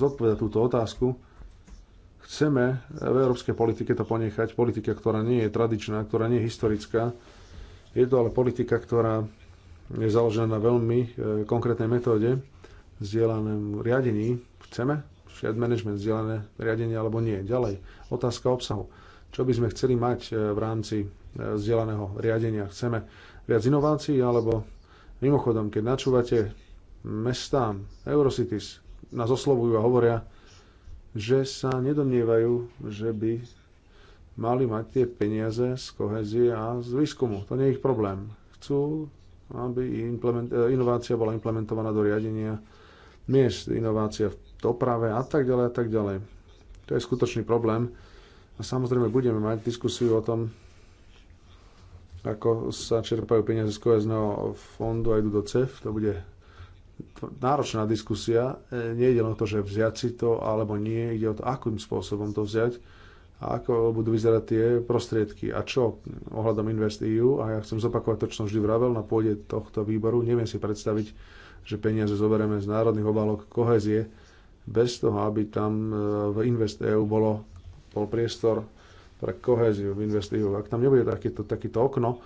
Speaker 2: zodpovedať túto otázku. Chceme v európskej politike to ponechať, politika, ktorá nie je tradičná, ktorá nie je historická. Je to ale politika, ktorá je založená na veľmi e, konkrétnej metóde zdieľanému riadení. Chceme shared management, vzdielané riadenie alebo nie. Ďalej, otázka obsahu. Čo by sme chceli mať e, v rámci e, vzdielaného riadenia? Chceme viac inovácií alebo mimochodom, keď načúvate mestám, Eurocities, nás oslovujú a hovoria, že sa nedomnievajú, že by mali mať tie peniaze z kohezie a z výskumu. To nie je ich problém. Chcú, aby implement, e, inovácia bola implementovaná do riadenia miest, inovácia v doprave a tak ďalej a tak ďalej. To je skutočný problém a samozrejme budeme mať diskusiu o tom, ako sa čerpajú peniaze z kohezného fondu a idú do CEF. To bude náročná diskusia. E, nejde len o to, že vziať si to alebo nie, ide o to, akým spôsobom to vziať a ako budú vyzerať tie prostriedky a čo ohľadom InvestEU a ja chcem zopakovať to, čo som vždy vravel na pôde tohto výboru. Neviem si predstaviť, že peniaze zoberieme z národných obálok kohezie, bez toho, aby tam e, v Invest EU bolo, bol priestor pre koheziu v Invest EU. Ak tam nebude takýto, takýto okno,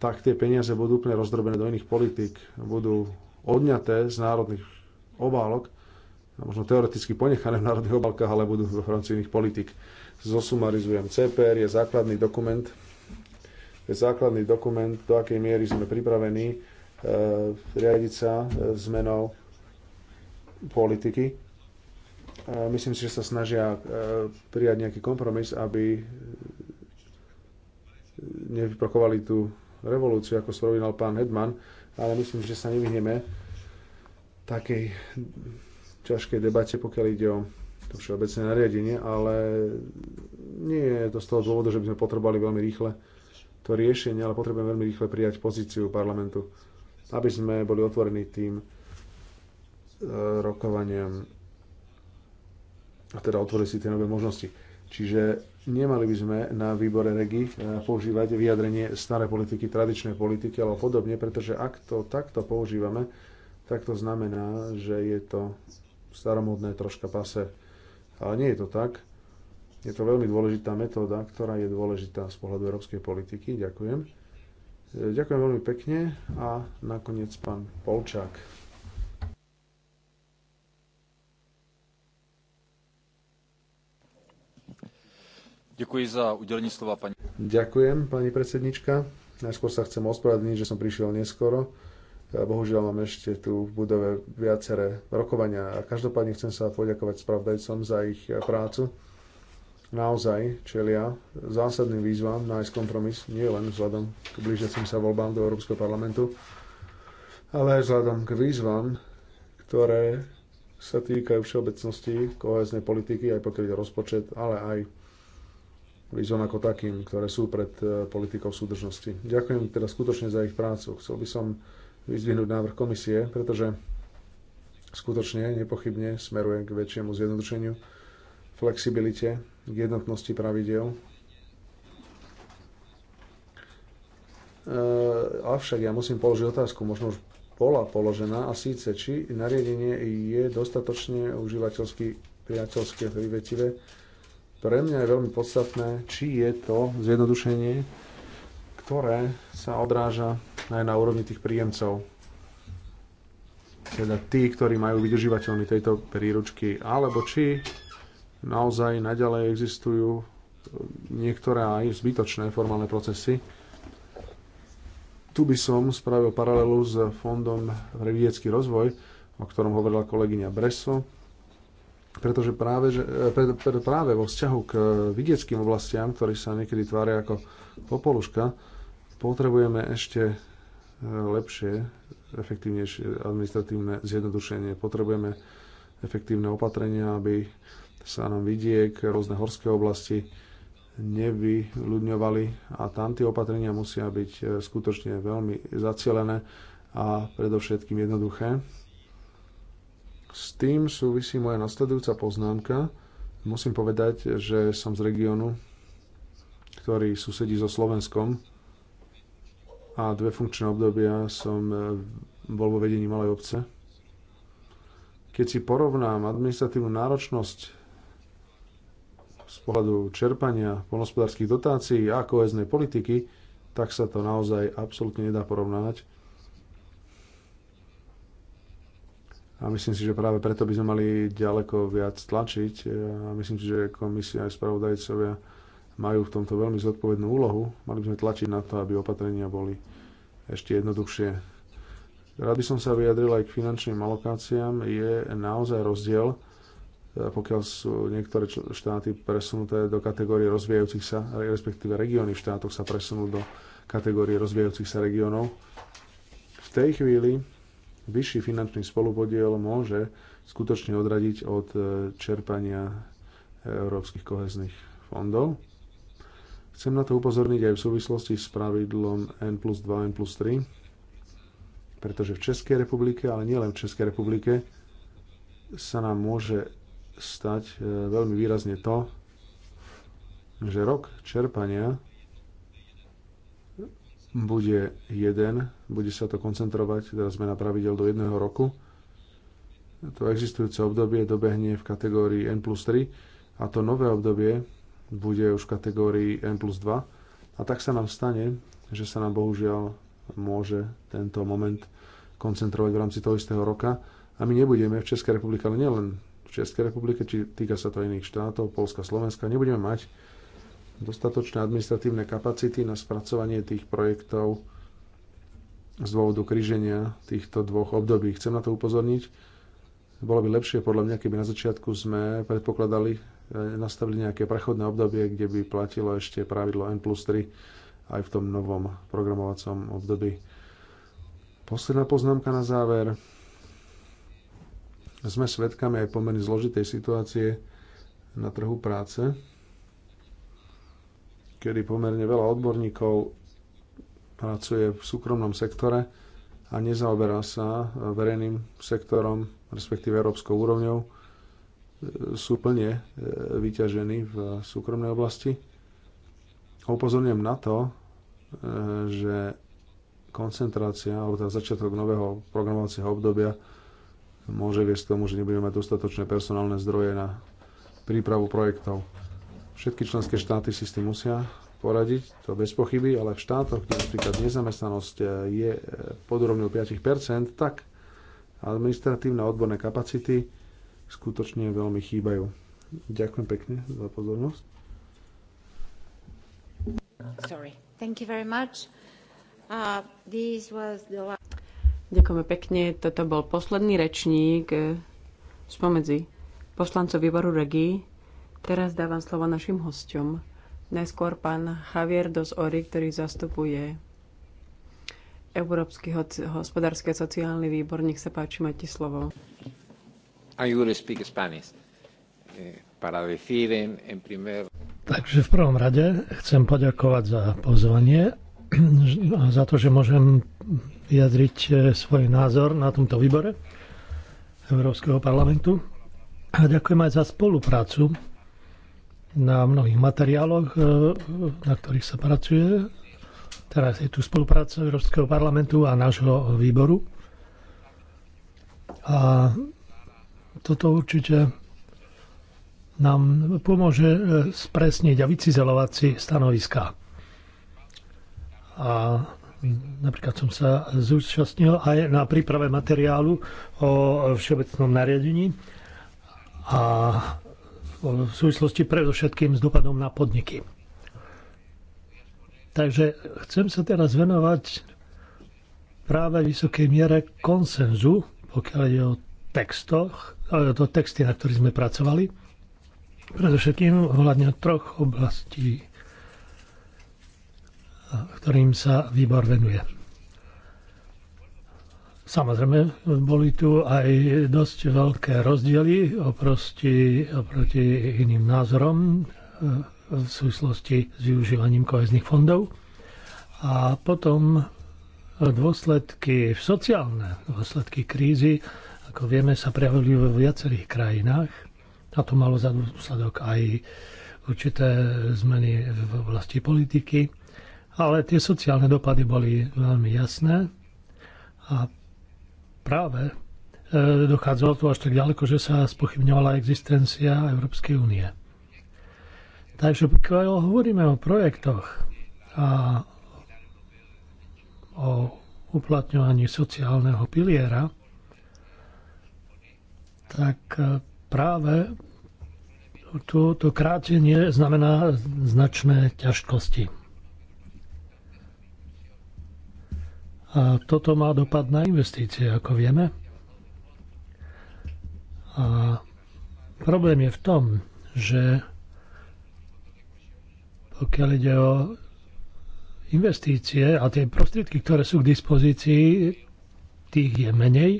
Speaker 2: tak tie peniaze budú úplne rozdrobené do iných politík, budú odňaté z národných obálok, a možno teoreticky ponechané v národných obálkach, ale budú v rámci iných politik. Zosumarizujem. CPR je základný dokument, je základný dokument, do akej miery sme pripravení E, riadiť sa e, zmenou politiky. Myslím si, že sa snažia e, prijať nejaký kompromis, aby nevyprokovali tú revolúciu, ako spomínal pán Hedman, ale myslím, že sa nevyhneme takej ťažkej debate, pokiaľ ide o to všeobecné nariadenie, ale nie je to z toho dôvodu, že by sme potrebovali veľmi rýchle to riešenie, ale potrebujeme veľmi rýchle prijať pozíciu parlamentu aby sme boli otvorení tým e, rokovaniam a teda otvorili si tie nové možnosti. Čiže nemali by sme na výbore REGI e, používať vyjadrenie staré politiky, tradičnej politiky alebo podobne, pretože ak to takto používame, tak to znamená, že je to staromodné troška pase. Ale nie je to tak. Je to veľmi dôležitá metóda, ktorá je dôležitá z pohľadu európskej politiky. Ďakujem. Ďakujem veľmi pekne a nakoniec pán Polčák.
Speaker 1: Ďakujem za udelenie slova, pani.
Speaker 2: Ďakujem, pani predsednička. Najskôr sa chcem ospravedlniť, že som prišiel neskoro. Bohužiaľ mám ešte tu v budove viaceré rokovania. A každopádne chcem sa poďakovať spravodajcom za ich prácu naozaj čelia zásadným výzvam nájsť kompromis, nie len vzhľadom k blížiacim sa voľbám do Európskeho parlamentu, ale aj vzhľadom k výzvam, ktoré sa týkajú všeobecnosti koheznej politiky, aj pokiaľ ide rozpočet, ale aj výzvam ako takým, ktoré sú pred e, politikou súdržnosti. Ďakujem teda skutočne za ich prácu. Chcel by som vyzdvihnúť návrh komisie, pretože skutočne nepochybne smeruje k väčšiemu zjednodušeniu flexibilite, k jednotnosti pravidel. Eh, avšak ja musím položiť otázku, možno už bola položená, a síce, či nariadenie je dostatočne užívateľsky priateľské, privetivé. Pre mňa je veľmi podstatné, či je to zjednodušenie, ktoré sa odráža aj na úrovni tých príjemcov. Teda tí, ktorí majú byť užívateľmi tejto príručky, alebo či naozaj naďalej existujú e, niektoré aj zbytočné formálne procesy. Tu by som spravil paralelu s Fondom pre rozvoj, o ktorom hovorila kolegyňa Breso, pretože práve, že, e, pre, pre, práve vo vzťahu k vidieckým oblastiam, ktorí sa niekedy tvária ako popoluška, potrebujeme ešte e, lepšie, efektívnejšie administratívne zjednodušenie. Potrebujeme efektívne opatrenia, aby sa nám vidiek, rôzne horské oblasti nevyľudňovali a tam tie opatrenia musia byť e, skutočne veľmi zacielené a predovšetkým jednoduché. S tým súvisí moja nasledujúca poznámka. Musím povedať, že som z regiónu, ktorý susedí so Slovenskom a dve funkčné obdobia som e, bol vo vedení malej obce. Keď si porovnám administratívnu náročnosť z pohľadu čerpania polnospodárských dotácií a koheznej politiky, tak sa to naozaj absolútne nedá porovnať. A myslím si, že práve preto by sme mali ďaleko viac tlačiť. A myslím si, že komisia aj spravodajcovia majú v tomto veľmi zodpovednú úlohu. Mali by sme tlačiť na to, aby opatrenia boli ešte jednoduchšie. Rád by som sa vyjadril aj k finančným alokáciám. Je naozaj rozdiel E, pokiaľ sú niektoré štáty presunuté do kategórie rozvíjajúcich sa, respektíve regióny v štátoch sa presunú do kategórie rozvíjajúcich sa regiónov. V tej chvíli vyšší finančný spolupodiel môže skutočne odradiť od e, čerpania e, európskych kohezných fondov. Chcem na to upozorniť aj v súvislosti s pravidlom N plus 2, N plus 3, pretože v Českej republike, ale nielen v Českej republike, sa nám môže stať e, veľmi výrazne to, že rok čerpania bude jeden, bude sa to koncentrovať, teraz sme na pravidel do jedného roku. To existujúce obdobie dobehne v kategórii N plus 3 a to nové obdobie bude už v kategórii N plus 2 a tak sa nám stane, že sa nám bohužiaľ môže tento moment koncentrovať v rámci toho istého roka a my nebudeme v Českej republike, ale nielen v Českej republike, či týka sa to iných štátov, Polska, Slovenska, nebudeme mať dostatočné administratívne kapacity na spracovanie tých projektov z dôvodu kryženia týchto dvoch období. Chcem na to upozorniť. Bolo by lepšie, podľa mňa, keby na začiatku sme predpokladali, e, nastavili nejaké prechodné obdobie, kde by platilo ešte pravidlo N plus 3 aj v tom novom programovacom období. Posledná poznámka na záver sme svedkami aj pomerne zložitej situácie na trhu práce, kedy pomerne veľa odborníkov pracuje v súkromnom sektore a nezaoberá sa verejným sektorom, respektíve európskou úrovňou, sú plne e, vyťažení v súkromnej oblasti. upozorňujem na to, e, že koncentrácia, alebo teda začiatok nového programovacieho obdobia môže viesť k tomu, že nebudeme mať dostatočné personálne zdroje na prípravu projektov. Všetky členské štáty si s tým musia poradiť, to bez pochyby, ale v štátoch, kde napríklad nezamestnanosť eh, je eh, pod úrovňou 5%, tak administratívne odborné kapacity skutočne veľmi chýbajú. Ďakujem pekne za pozornosť.
Speaker 1: Sorry. Thank you very much. Uh, this was the last... Ďakujeme pekne. Toto bol posledný rečník eh, spomedzi poslancov výboru Regi. Teraz dávam slovo našim hostom. Najskôr pán Javier Dos Ori, ktorý zastupuje Európsky hospodársky a sociálny výbor. Nech sa páči, máte slovo.
Speaker 3: Eh, Takže v prvom rade chcem poďakovať za pozvanie a za to, že môžem vyjadriť e, svoj názor na tomto výbore Európskeho parlamentu. A ďakujem aj za spoluprácu na mnohých materiáloch, e, na ktorých sa pracuje. Teraz je tu spolupráca Európskeho parlamentu a nášho výboru. A toto určite nám pomôže e, spresniť a vycizelovať si stanoviská a napríklad som sa zúčastnil aj na príprave materiálu o všeobecnom nariadení a v súvislosti predovšetkým s dopadom na podniky. Takže chcem sa teraz venovať práve vysokej miere konsenzu, pokiaľ ide o textoch, to texty, na ktorých sme pracovali. Predovšetkým hľadne troch oblastí ktorým sa výbor venuje. Samozrejme, boli tu aj dosť veľké rozdiely oproti, oproti iným názorom eh, v súvislosti s využívaním kohezných fondov. A potom eh, dôsledky sociálne, dôsledky krízy, ako vieme, sa prejavili vo viacerých krajinách. A to malo za dôsledok aj určité zmeny v oblasti politiky ale tie sociálne dopady boli veľmi jasné a práve e, dochádzalo to až tak ďaleko, že sa spochybňovala existencia Európskej únie. Takže pokiaľ hovoríme o projektoch a o uplatňovaní sociálneho piliera, tak e, práve toto krátenie znamená značné ťažkosti. A toto má dopad na investície, ako vieme. A problém je v tom, že pokiaľ ide o investície a tie prostriedky, ktoré sú k dispozícii, tých je menej.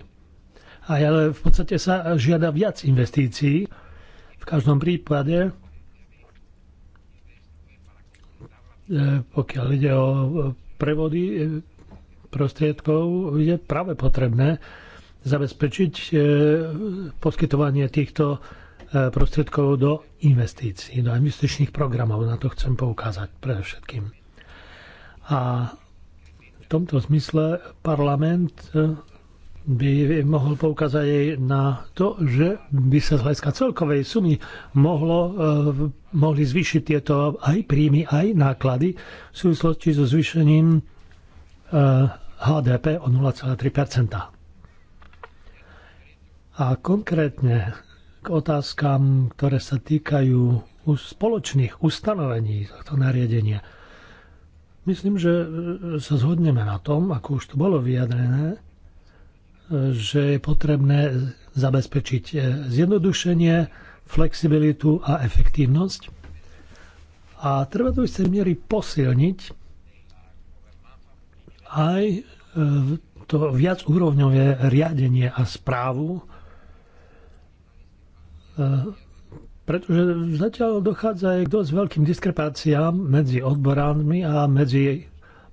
Speaker 3: A ale v podstate sa žiada viac investícií. V každom prípade, e, pokiaľ ide o prevody prostriedkov je práve potrebné zabezpečiť e, poskytovanie týchto e, prostriedkov do investícií, do investičných programov. Na to chcem poukázať predovšetkým. A v tomto zmysle parlament e, by mohol poukázať aj na to, že by sa z hľadiska celkovej sumy mohlo, mohli zvýšiť tieto aj príjmy, aj náklady v súvislosti so zvýšením HDP eh, o 0,3 A konkrétne k otázkam, ktoré sa týkajú spoločných ustanovení tohto nariadenia. Myslím, že eh, sa zhodneme na tom, ako už tu bolo vyjadrené, eh, že je potrebné zabezpečiť zjednodušenie, flexibilitu a efektívnosť. A treba do istej miery posilniť aj e, to viacúrovňové riadenie a správu, e, pretože zatiaľ dochádza aj k dosť veľkým diskrepáciám medzi odboránmi a medzi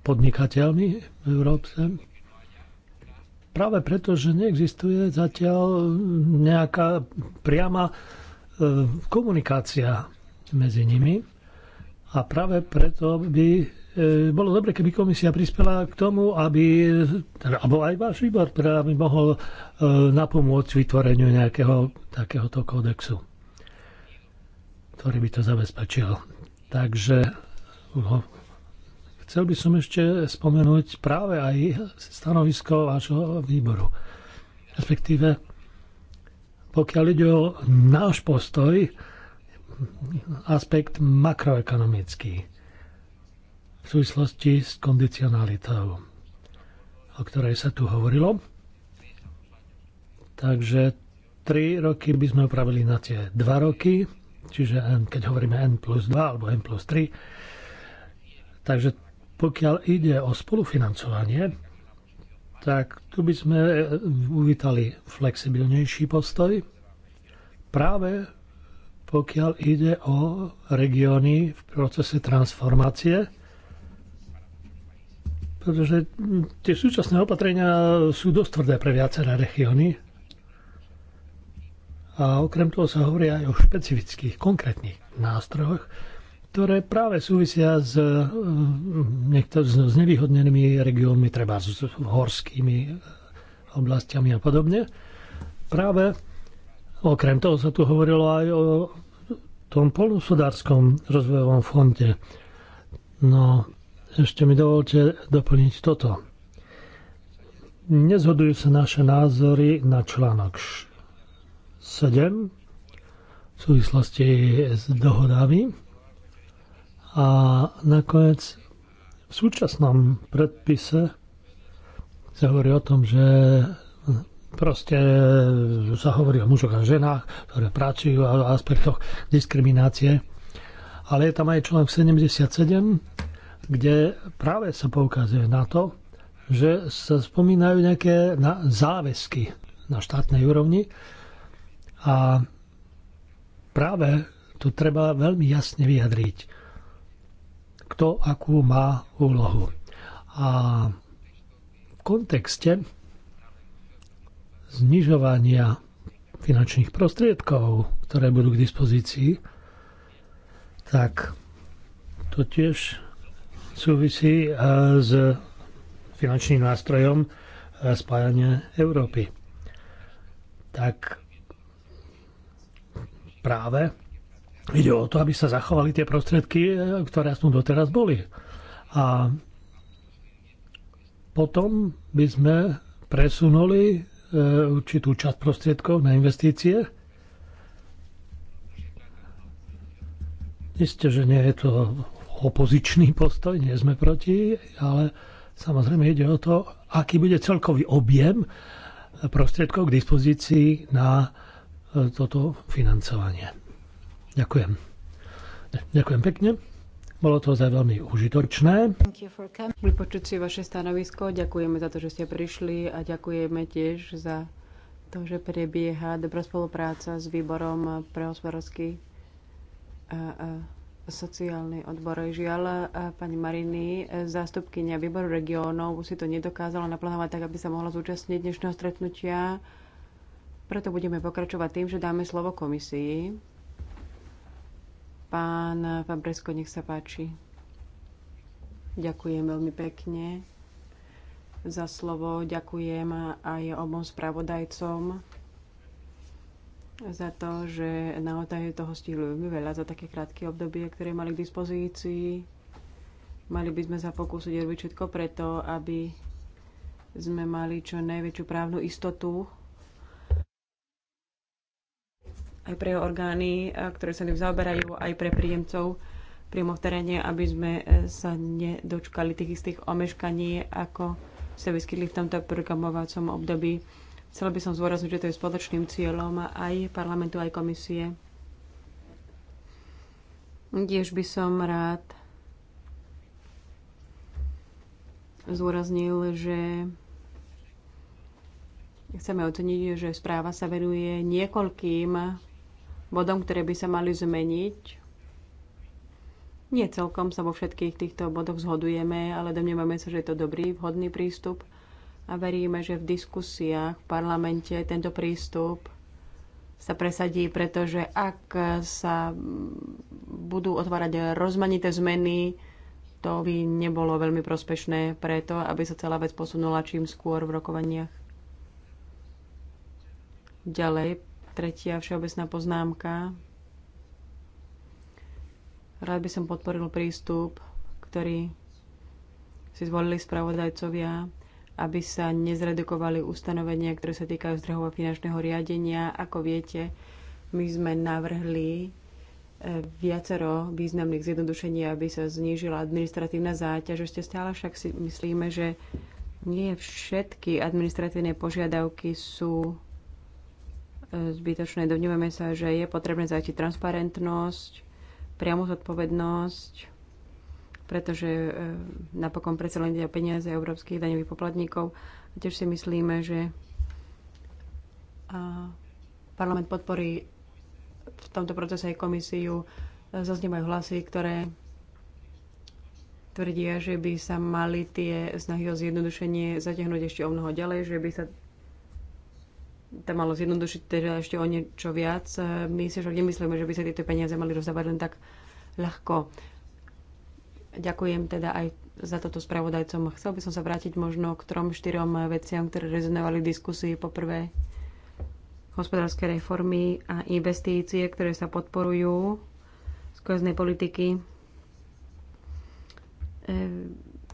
Speaker 3: podnikateľmi v Európe. Práve preto, že neexistuje zatiaľ nejaká priama e, komunikácia medzi nimi a práve preto by E, bolo dobre, keby komisia prispela k tomu, aby, teda, alebo aj váš výbor, ktorý teda, by mohol e, napomôcť vytvoreniu nejakého takéhoto kódexu, ktorý by to zabezpečil. Takže no, chcel by som ešte spomenúť práve aj stanovisko vášho výboru. Respektíve, pokiaľ ide o náš postoj, aspekt makroekonomický v súvislosti s kondicionalitou, o ktorej sa tu hovorilo. Takže 3 roky by sme upravili na tie 2 roky, čiže N, keď hovoríme N plus 2 alebo N plus 3. Takže pokiaľ ide o spolufinancovanie, tak tu by sme uvítali flexibilnejší postoj, práve pokiaľ ide o regióny v procese transformácie, pretože tie súčasné opatrenia sú dosť tvrdé pre viaceré regióny. A okrem toho sa hovorí aj o špecifických, konkrétnych nástrojoch, ktoré práve súvisia s, e, s nevýhodnenými regiónmi, treba s horskými e, oblastiami a podobne. Práve okrem toho sa tu hovorilo aj o tom polnohospodárskom rozvojovom fonde. No, ešte mi dovolte doplniť toto. Nezhodujú sa naše názory na článok 7 v súvislosti s dohodami a nakoniec v súčasnom predpise sa hovorí o tom, že proste sa hovorí o mužoch a ženách, ktoré pracujú a o aspektoch diskriminácie. Ale je tam aj článok 77, kde práve sa poukazuje na to, že sa spomínajú nejaké záväzky na štátnej úrovni a práve tu treba veľmi jasne vyjadriť, kto akú má úlohu. A v kontexte znižovania finančných prostriedkov, ktoré budú k dispozícii, tak to tiež súvisí eh, s finančným nástrojom eh, spájania Európy. Tak práve ide o to, aby sa zachovali tie prostriedky, eh, ktoré sú doteraz boli. A potom by sme presunuli určitú časť prostriedkov na investície. Isté, že nie je to opozičný postoj, nie sme proti, ale samozrejme ide o to, aký bude celkový objem prostriedkov k dispozícii na e, toto financovanie. Ďakujem. Ďakujem pekne. Bolo to za veľmi užitočné.
Speaker 1: Vypočuť si vaše stanovisko. Ďakujeme za to, že ste prišli a ďakujeme tiež za to, že prebieha dobrá spolupráca s výborom pre hospodársky sociálnej odbore. Žiaľ, e, pani Mariny, e, zástupkynia výboru regiónov si to nedokázala naplánovať tak, aby sa mohla zúčastniť dnešného stretnutia. Preto budeme pokračovať tým, že dáme slovo komisii. Pán Fabresko, nech sa páči. Ďakujem veľmi pekne za slovo. Ďakujem aj obom spravodajcom za to, že naozaj toho stihli veľmi veľa za také krátke obdobie, ktoré mali k dispozícii. Mali by sme sa pokúsiť robiť všetko preto, aby sme mali čo najväčšiu právnu istotu aj pre orgány, ktoré sa tým zaoberajú, aj pre príjemcov priamo v teréne, aby sme e, sa nedočkali tých istých omeškaní, ako sa vyskytli v tomto programovacom období Chcela by som zvorazniť, že to je spoločným cieľom aj parlamentu, aj komisie. Tiež by som rád zdôraznil, že chceme oceniť, že správa sa venuje niekoľkým bodom, ktoré by sa mali zmeniť. Nie celkom sa vo všetkých týchto bodoch zhodujeme, ale domnievame sa, že je to dobrý, vhodný prístup a veríme, že v diskusiách v parlamente tento prístup sa presadí, pretože ak sa budú otvárať rozmanité zmeny, to by nebolo veľmi prospešné preto, aby sa celá vec posunula čím skôr v rokovaniach. Ďalej, tretia všeobecná poznámka. Rád by som podporil prístup, ktorý si zvolili spravodajcovia aby sa nezredukovali ustanovenia, ktoré sa týkajú zdrojov a finančného riadenia. Ako viete, my sme navrhli e, viacero významných zjednodušení, aby sa znížila administratívna záťaž. Ešte stále však si myslíme, že nie všetky administratívne požiadavky sú e, zbytočné. Dovnívame sa, že je potrebné zajtiť transparentnosť, priamu zodpovednosť, pretože e, napokon predsa len ide o peniaze európskych daňových poplatníkov. A tiež si myslíme, že parlament podporí v tomto procese aj komisiu. E, Zaznievajú hlasy, ktoré tvrdia, že by sa mali tie snahy o zjednodušenie zatiahnuť ešte o mnoho ďalej, že by sa tam malo zjednodušiť teda ešte o niečo viac. E, my si však nemyslíme, že by sa tieto peniaze mali rozdávať len tak ľahko. Ďakujem teda aj za toto spravodajcom. Chcel by som sa vrátiť možno k trom, štyrom veciam, ktoré rezonovali v diskusii. Poprvé, hospodárske reformy a investície, ktoré sa podporujú z kojeznej politiky. E,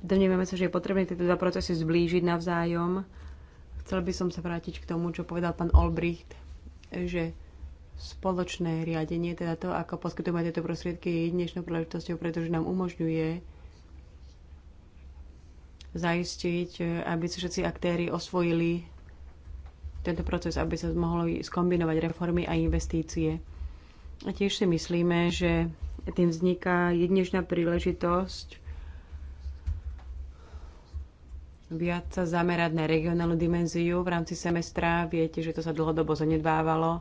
Speaker 1: domnievame sa, že je potrebné tieto dva procesy zblížiť navzájom. Chcel by som sa vrátiť k tomu, čo povedal pán Olbricht, že spoločné riadenie, teda to, ako poskytujeme tieto prostriedky, je jedinečnou príležitosťou, pretože nám umožňuje zaistiť, aby sa všetci aktéry osvojili tento proces, aby sa mohli skombinovať reformy a investície. A tiež si myslíme, že tým vzniká jedinečná príležitosť viac sa zamerať na regionálnu dimenziu v rámci semestra. Viete, že to sa dlhodobo zanedbávalo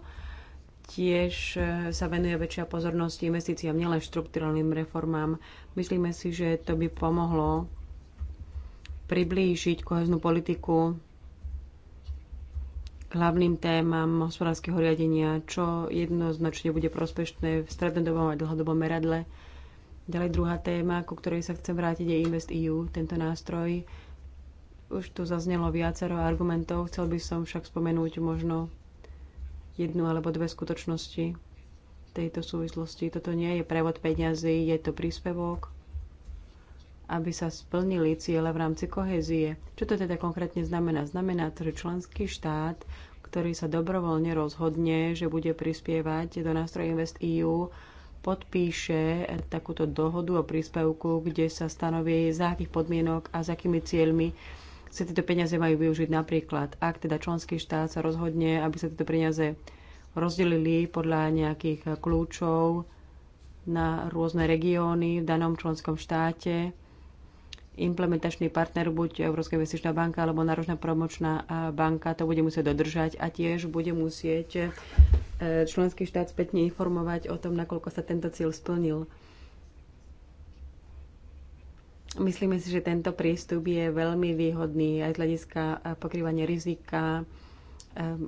Speaker 1: Tiež e, sa venuje väčšia pozornosť investíciám, nielen štruktúrnym reformám. Myslíme si, že to by pomohlo priblížiť koheznú politiku k hlavným témam hospodárskeho riadenia, čo jednoznačne bude prospešné v strednodobom a dlhodobom meradle. Ďalej druhá téma, ku ktorej sa chcem vrátiť, je Invest EU, tento nástroj. Už tu zaznelo viacero argumentov, chcel by som však spomenúť možno jednu alebo dve skutočnosti tejto súvislosti. Toto nie je prevod peňazí, je to príspevok, aby sa splnili ciele v rámci kohézie. Čo to teda konkrétne znamená? Znamená to, že členský štát, ktorý sa dobrovoľne rozhodne, že bude prispievať do nástroja EU, e podpíše takúto dohodu o príspevku, kde sa stanoví, za akých podmienok a za akými cieľmi sa tieto peniaze majú využiť napríklad, ak teda členský štát sa rozhodne, aby sa tieto peniaze rozdelili podľa nejakých kľúčov na rôzne regióny v danom členskom štáte. Implementačný partner, buď Európska investičná banka alebo Národná promočná banka, to bude musieť dodržať a tiež bude musieť e, členský štát spätne informovať o tom, nakoľko sa tento cieľ splnil. Myslíme si, že tento prístup je veľmi výhodný aj z hľadiska eh, pokrývania rizika, eh,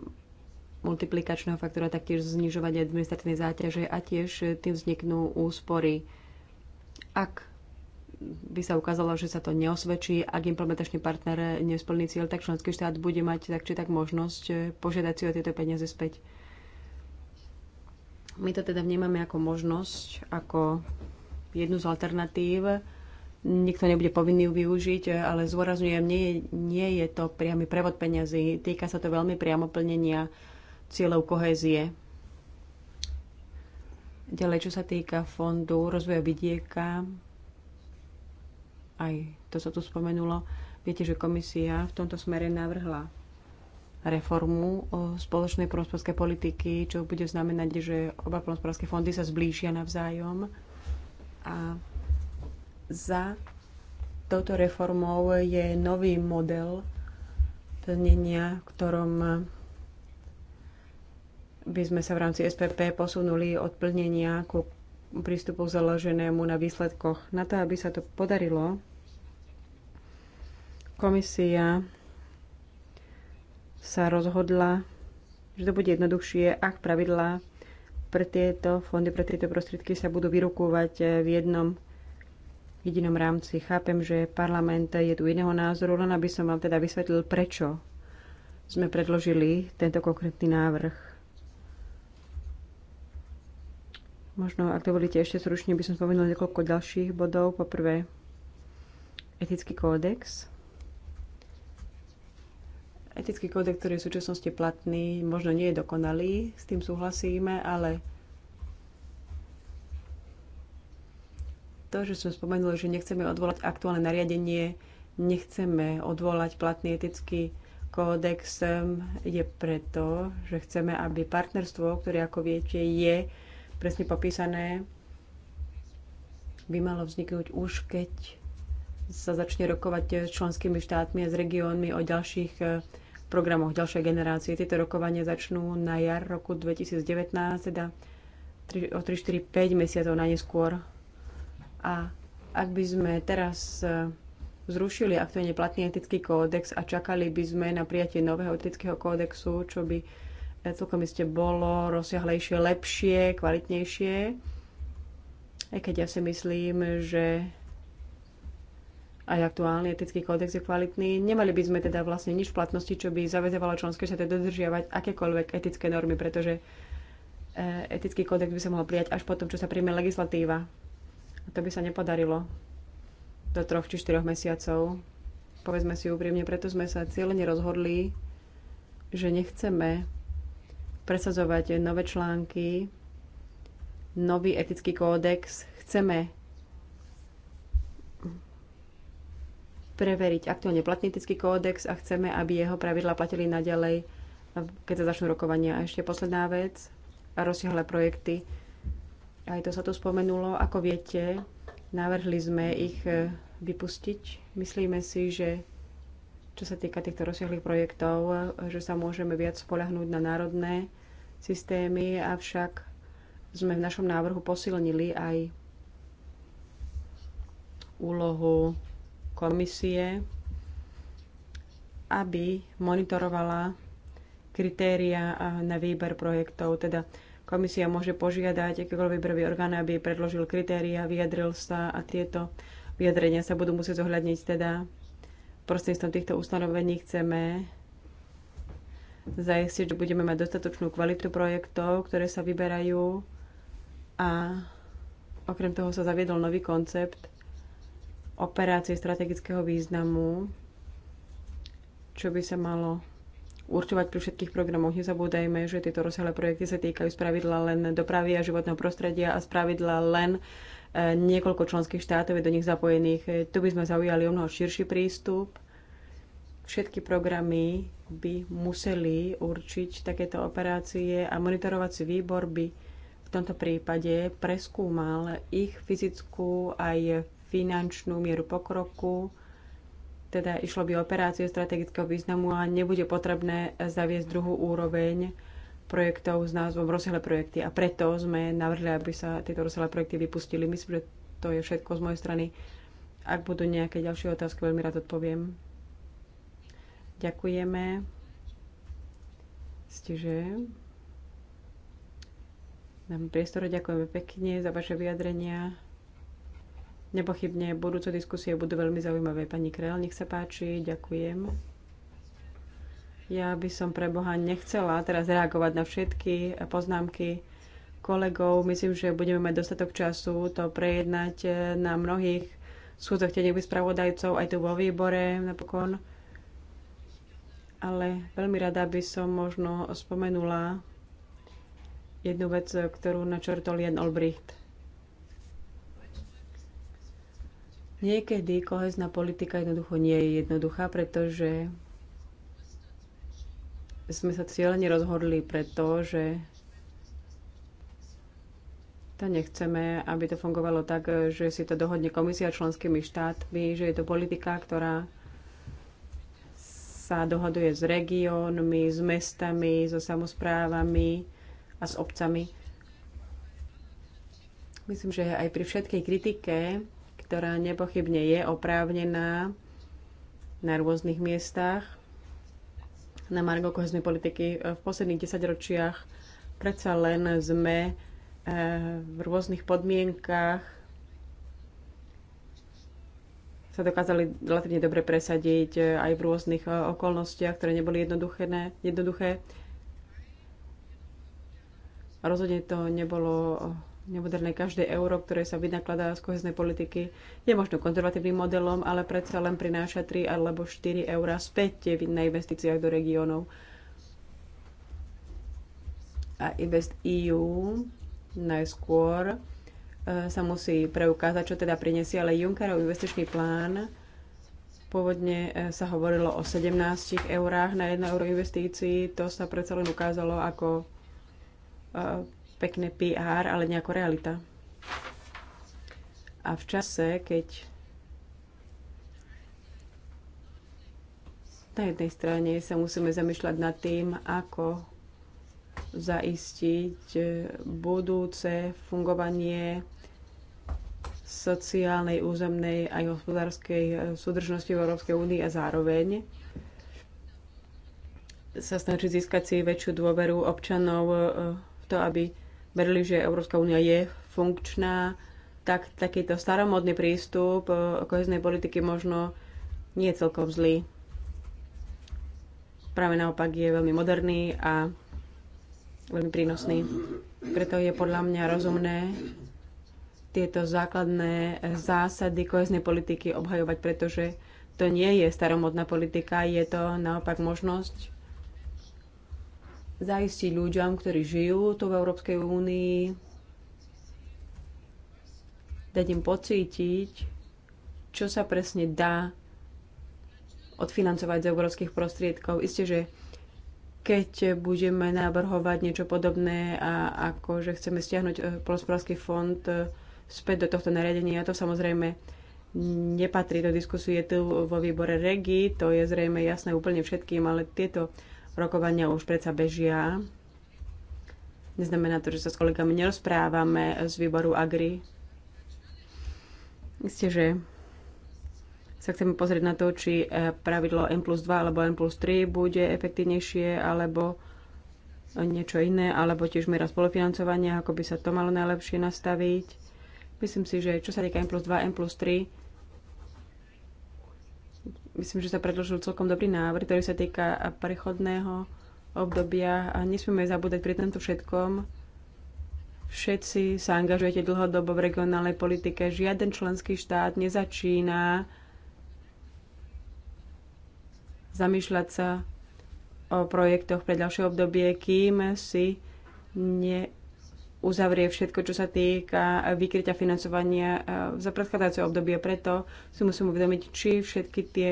Speaker 1: multiplikačného faktora, taktiež znižovať administratívne záťaže a tiež eh, tým vzniknú úspory. Ak by sa ukázalo, že sa to neosvedčí, ak implementačný partner nesplní cieľ, tak členský štát bude mať tak či tak možnosť požiadať si o tieto peniaze späť. My to teda vnímame ako možnosť, ako jednu z alternatív, nikto nebude povinný ju využiť, ale zôrazňujem, nie, nie je to priamy prevod peňazí, týka sa to veľmi priamo plnenia cieľov kohézie. Ďalej, čo sa týka fondu rozvoja vidieka, aj to sa tu spomenulo, viete, že komisia v tomto smere navrhla reformu spoločnej prospodskej politiky, čo bude znamenať, že oba prospodské fondy sa zblížia navzájom a za touto reformou je nový model plnenia, v ktorom by sme sa v rámci SPP posunuli od plnenia ku prístupu založenému na výsledkoch. Na to, aby sa to podarilo, komisia sa rozhodla, že to bude jednoduchšie, ak pravidlá pre tieto fondy, pre tieto prostriedky sa budú vyrukovať eh, v jednom jedinom rámci. Chápem, že parlament je tu iného názoru, len aby som vám teda vysvetlil, prečo sme predložili tento konkrétny návrh. Možno, ak dovolíte, ešte sručne, by som spomenul niekoľko ďalších bodov. Poprvé, etický kódex. Etický kódex, ktorý je v súčasnosti platný, možno nie je dokonalý, s tým súhlasíme, ale To, že som spomenul, že nechceme odvolať aktuálne nariadenie, nechceme odvolať platný etický kódex, je preto, že chceme, aby partnerstvo, ktoré, ako viete, je presne popísané, by malo vzniknúť už keď sa začne rokovať s členskými štátmi a s regiónmi o ďalších eh, programoch ďalšej generácie. Tieto rokovania začnú na jar roku 2019, teda o 3, 4, 5 mesiacov najneskôr. A ak by sme teraz e, zrušili aktuálne platný etický kódex a čakali by sme na prijatie nového etického kódexu, čo by e, celkom iste bolo rozsiahlejšie, lepšie, kvalitnejšie. Aj keď ja si myslím, že aj aktuálny etický kódex je kvalitný, nemali by sme teda vlastne nič v platnosti, čo by zavezovalo členské štáty dodržiavať akékoľvek etické normy, pretože e, etický kódex by sa mohol prijať až potom, čo sa príjme legislatíva. A to by sa nepodarilo do troch či štyroch mesiacov. Povedzme si úprimne, preto sme sa cieľne rozhodli, že nechceme presadzovať nové články, nový etický kódex. Chceme preveriť aktuálne platný etický kódex a chceme, aby jeho pravidla platili naďalej, keď sa začnú rokovania. A ešte posledná vec, rozsiahle projekty. Aj to sa tu spomenulo. Ako viete, navrhli sme ich e, vypustiť. Myslíme si, že čo sa týka týchto rozsiahlých projektov, e, že sa môžeme viac spolahnúť na národné systémy, avšak sme v našom návrhu posilnili aj úlohu komisie, aby monitorovala kritéria e, na výber projektov. Teda Komisia môže požiadať akýkoľvek prvý orgán, aby predložil kritéria, vyjadril sa a tieto vyjadrenia sa budú musieť zohľadniť. Teda prostredníctvom týchto ustanovení chceme zajistiť, že budeme mať dostatočnú kvalitu projektov, ktoré sa vyberajú a okrem toho sa zaviedol nový koncept operácie strategického významu, čo by sa malo určovať pri všetkých programoch. Nezabúdajme, že tieto rozsiahle projekty sa týkajú spravidla len dopravy a životného prostredia a spravidla len e, niekoľko členských štátov je do nich zapojených. Tu by sme zaujali o mnoho širší prístup. Všetky programy by museli určiť takéto operácie a monitorovací výbor by v tomto prípade preskúmal ich fyzickú aj finančnú mieru pokroku, teda išlo by operáciu strategického významu a nebude potrebné zaviesť druhú úroveň projektov s názvom rozsiahle projekty. A preto sme navrhli, aby sa tieto rozsiahle projekty vypustili. Myslím, že to je všetko z mojej strany. Ak budú nejaké ďalšie otázky, veľmi rád odpoviem. Ďakujeme. Stiže. Dáme priestor, ďakujeme pekne za vaše vyjadrenia. Nepochybne budúce diskusie budú veľmi zaujímavé. Pani Krel, nech sa páči, ďakujem. Ja by som pre Boha nechcela teraz reagovať na všetky poznámky kolegov. Myslím, že budeme mať dostatok času to prejednať na mnohých schôdzoch tieňových spravodajcov, aj tu vo výbore napokon. Ale veľmi rada by som možno spomenula jednu vec, ktorú načrtol Jan Olbricht Niekedy kohezná politika jednoducho nie je jednoduchá, pretože sme sa cieľne rozhodli preto, že to nechceme, aby to fungovalo tak, že si to dohodne komisia členskými štátmi, že je to politika, ktorá sa dohoduje s regiónmi, s mestami, so samozprávami a s obcami. Myslím, že aj pri všetkej kritike ktorá nepochybne je oprávnená na rôznych miestach na margo koheznej politiky v posledných desaťročiach predsa len sme eh, v rôznych podmienkach sa dokázali relatívne dobre presadiť eh, aj v rôznych eh, okolnostiach, ktoré neboli jednoduché. jednoduché. Rozhodne to nebolo nemoderné každé euro, ktoré sa vynakladá z koheznej politiky, je možno konzervatívnym modelom, ale predsa len prináša 3 alebo 4 eurá späť na investíciách do regiónov. A Invest EU najskôr e, sa musí preukázať, čo teda prinesie, ale Junckerov investičný plán pôvodne e, sa hovorilo o 17 eurách na 1 euro investícií. To sa predsa len ukázalo ako e, pekné PR, ale nejako realita. A v čase, keď na jednej strane sa musíme zamýšľať nad tým, ako zaistiť e, budúce fungovanie sociálnej, územnej aj hospodárskej e, súdržnosti v Európskej únii a zároveň sa snaží získať si väčšiu dôveru občanov e, v to, aby verili, že Európska únia je funkčná, tak takýto staromodný prístup e, koheznej politiky možno nie je celkom zlý. Práve naopak je veľmi moderný a veľmi prínosný. Preto je podľa mňa rozumné tieto základné zásady koheznej politiky obhajovať, pretože to nie je staromodná politika, je to naopak možnosť zaistiť ľuďom, ktorí žijú tu v Európskej únii, dať im pocítiť, čo sa presne dá odfinancovať z európskych prostriedkov. Isté, že keď budeme navrhovať niečo podobné a ako, že chceme stiahnuť e, polospodársky fond e, späť do tohto nariadenia, to samozrejme nepatrí do diskusie tu vo výbore REGI, to je zrejme jasné úplne všetkým, ale tieto rokovania už predsa bežia. Neznamená to, že sa s kolegami nerozprávame z výboru Agri. Isté, že sa chceme pozrieť na to, či e, pravidlo N plus 2 alebo N plus 3 bude efektívnejšie, alebo niečo iné, alebo tiež miera spolufinancovania, ako by sa to malo najlepšie nastaviť. Myslím si, že čo sa týka N plus 2, M plus 3, myslím, že sa predložil celkom dobrý návrh, ktorý sa týka prechodného obdobia a nesmieme zabúdať pri tomto všetkom. Všetci sa angažujete dlhodobo v regionálnej politike. Žiaden členský štát nezačína zamýšľať sa o projektoch pre ďalšie obdobie, kým si ne uzavrie všetko, čo sa týka eh, vykrytia financovania eh, za predchádzajúce obdobie. Preto si musím uvedomiť, či všetky tie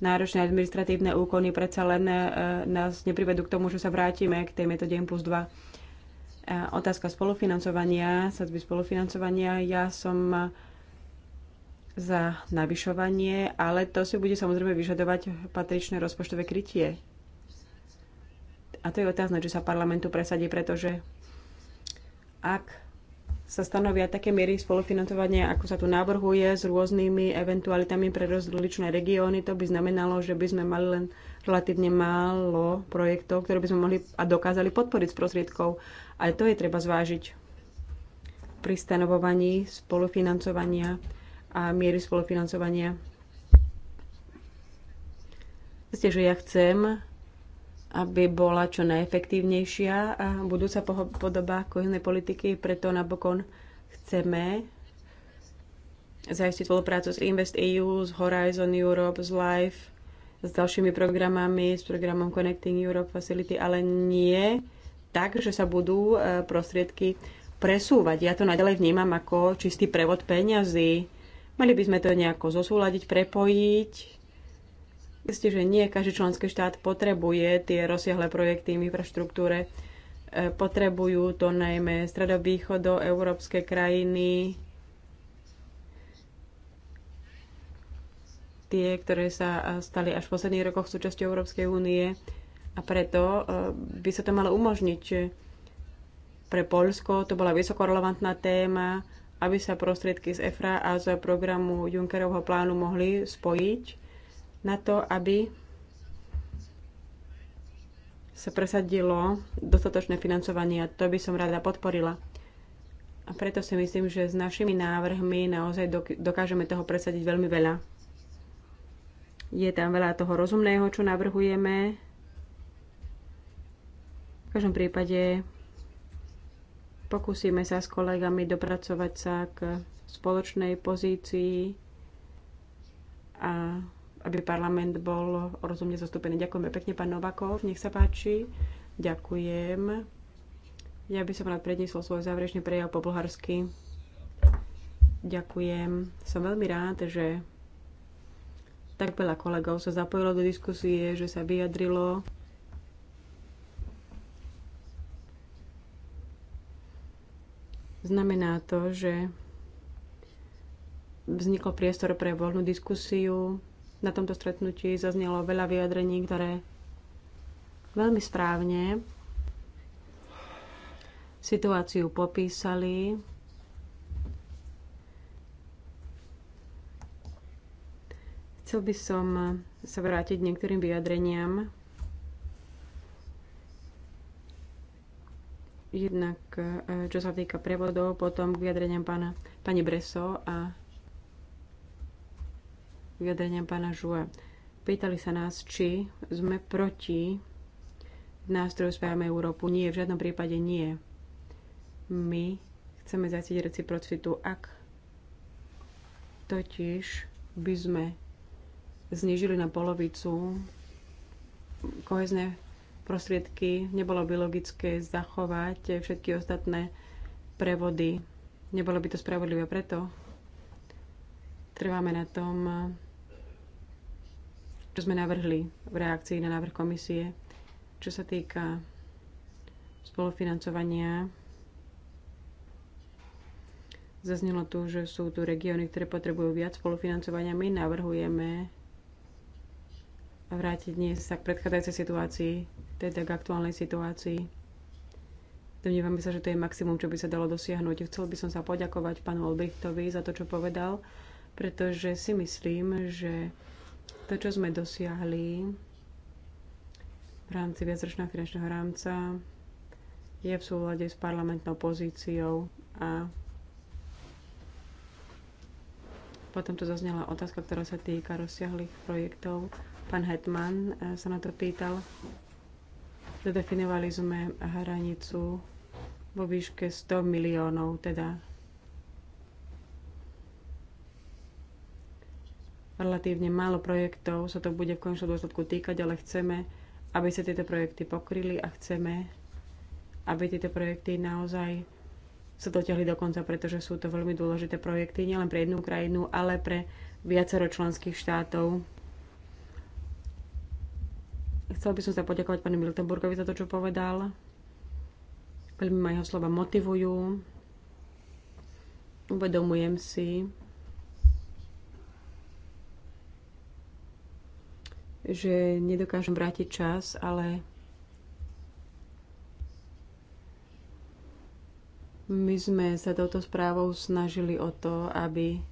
Speaker 1: náročné administratívne úkony predsa len eh, nás neprivedú k tomu, že sa vrátime k tej metóde M plus 2. Otázka spolufinancovania, sadzby spolufinancovania. Ja som za navyšovanie, ale to si bude samozrejme vyžadovať patričné rozpočtové krytie. A to je otázne, či sa parlamentu presadí, pretože ak sa stanovia také miery spolufinancovania, ako sa tu navrhuje, s rôznymi eventualitami pre rozličné regióny, to by znamenalo, že by sme mali len relatívne málo projektov, ktoré by sme mohli a dokázali podporiť z prostriedkov. A to je treba zvážiť pri stanovovaní spolufinancovania a miery spolufinancovania. Ste, že ja chcem aby bola čo najefektívnejšia a budúca podoba koheznej politiky, preto napokon chceme zajistiť spoluprácu s Invest EU, s Horizon Europe, s LIFE, s ďalšími programami, s programom Connecting Europe Facility, ale nie tak, že sa budú e, prostriedky presúvať. Ja to naďalej vnímam ako čistý prevod peňazí. Mali by sme to nejako zosúľadiť, prepojiť, ste, že nie každý členský štát potrebuje tie rozsiahle projekty v infraštruktúre. E, potrebujú to najmä stredovýchodo, európske krajiny, tie, ktoré sa e, stali až v posledných rokoch súčasťou Európskej únie. A preto e, by sa to malo umožniť. Pre Polsko to bola vysokorelevantná téma, aby sa prostriedky z EFRA a z programu Junckerovho plánu mohli spojiť na to, aby sa presadilo dostatočné financovanie a to by som rada podporila. A preto si myslím, že s našimi návrhmi naozaj dokážeme toho presadiť veľmi veľa. Je tam veľa toho rozumného, čo navrhujeme. V každom prípade pokúsime sa s kolegami dopracovať sa k spoločnej pozícii a aby parlament bol rozumne zastúpený. Ďakujeme pekne, pán Novakov, nech sa páči. Ďakujem. Ja by som rád predniesol svoj záverečný prejav po bulharsky. Ďakujem. Som veľmi rád, že tak veľa kolegov sa zapojilo do diskusie, že sa vyjadrilo. Znamená to, že vznikol priestor pre voľnú diskusiu, na tomto stretnutí zaznelo veľa vyjadrení, ktoré veľmi správne situáciu popísali. Chcel by som sa vrátiť niektorým vyjadreniam. Jednak, eh, čo sa týka prevodov, potom k vyjadreniam pána, pani Breso a vyjadreniam pána Žua. Pýtali sa nás, či sme proti nástroju Spájame Európu. Nie, v žiadnom prípade nie. My chceme zaciť reciprocitu, ak totiž by sme znižili na polovicu kohezné prostriedky, nebolo by logické zachovať všetky ostatné prevody. Nebolo by to spravodlivé, preto trváme na tom čo sme navrhli v reakcii na návrh komisie, čo sa týka spolufinancovania. Zaznelo tu, že sú tu regióny, ktoré potrebujú viac spolufinancovania. My navrhujeme vrátiť dnes sa k predchádzajúcej situácii, teda k aktuálnej situácii. Domnievame sa, že to je maximum, čo by sa dalo dosiahnuť. Chcel by som sa poďakovať pánu Olbrichtovi za to, čo povedal, pretože si myslím, že to, čo sme dosiahli v rámci viacročného finančného rámca, je v súlade s parlamentnou pozíciou a potom tu zaznela otázka, ktorá sa týka rozsiahlých projektov. Pán Hetman eh, sa na to pýtal. Zadefinovali sme hranicu vo výške 100 miliónov, teda relatívne málo projektov sa to bude v končnom dôsledku týkať, ale chceme, aby sa tieto projekty pokryli a chceme, aby tieto projekty naozaj sa dotiahli do konca, pretože sú to veľmi dôležité projekty nielen pre jednu krajinu, ale pre viacero členských štátov. Chcel by som sa poďakovať pani Miltenburgovi za to, čo povedal. Veľmi ma jeho slova motivujú. Uvedomujem si, že nedokážem vrátiť čas, ale my sme sa touto správou snažili o to, aby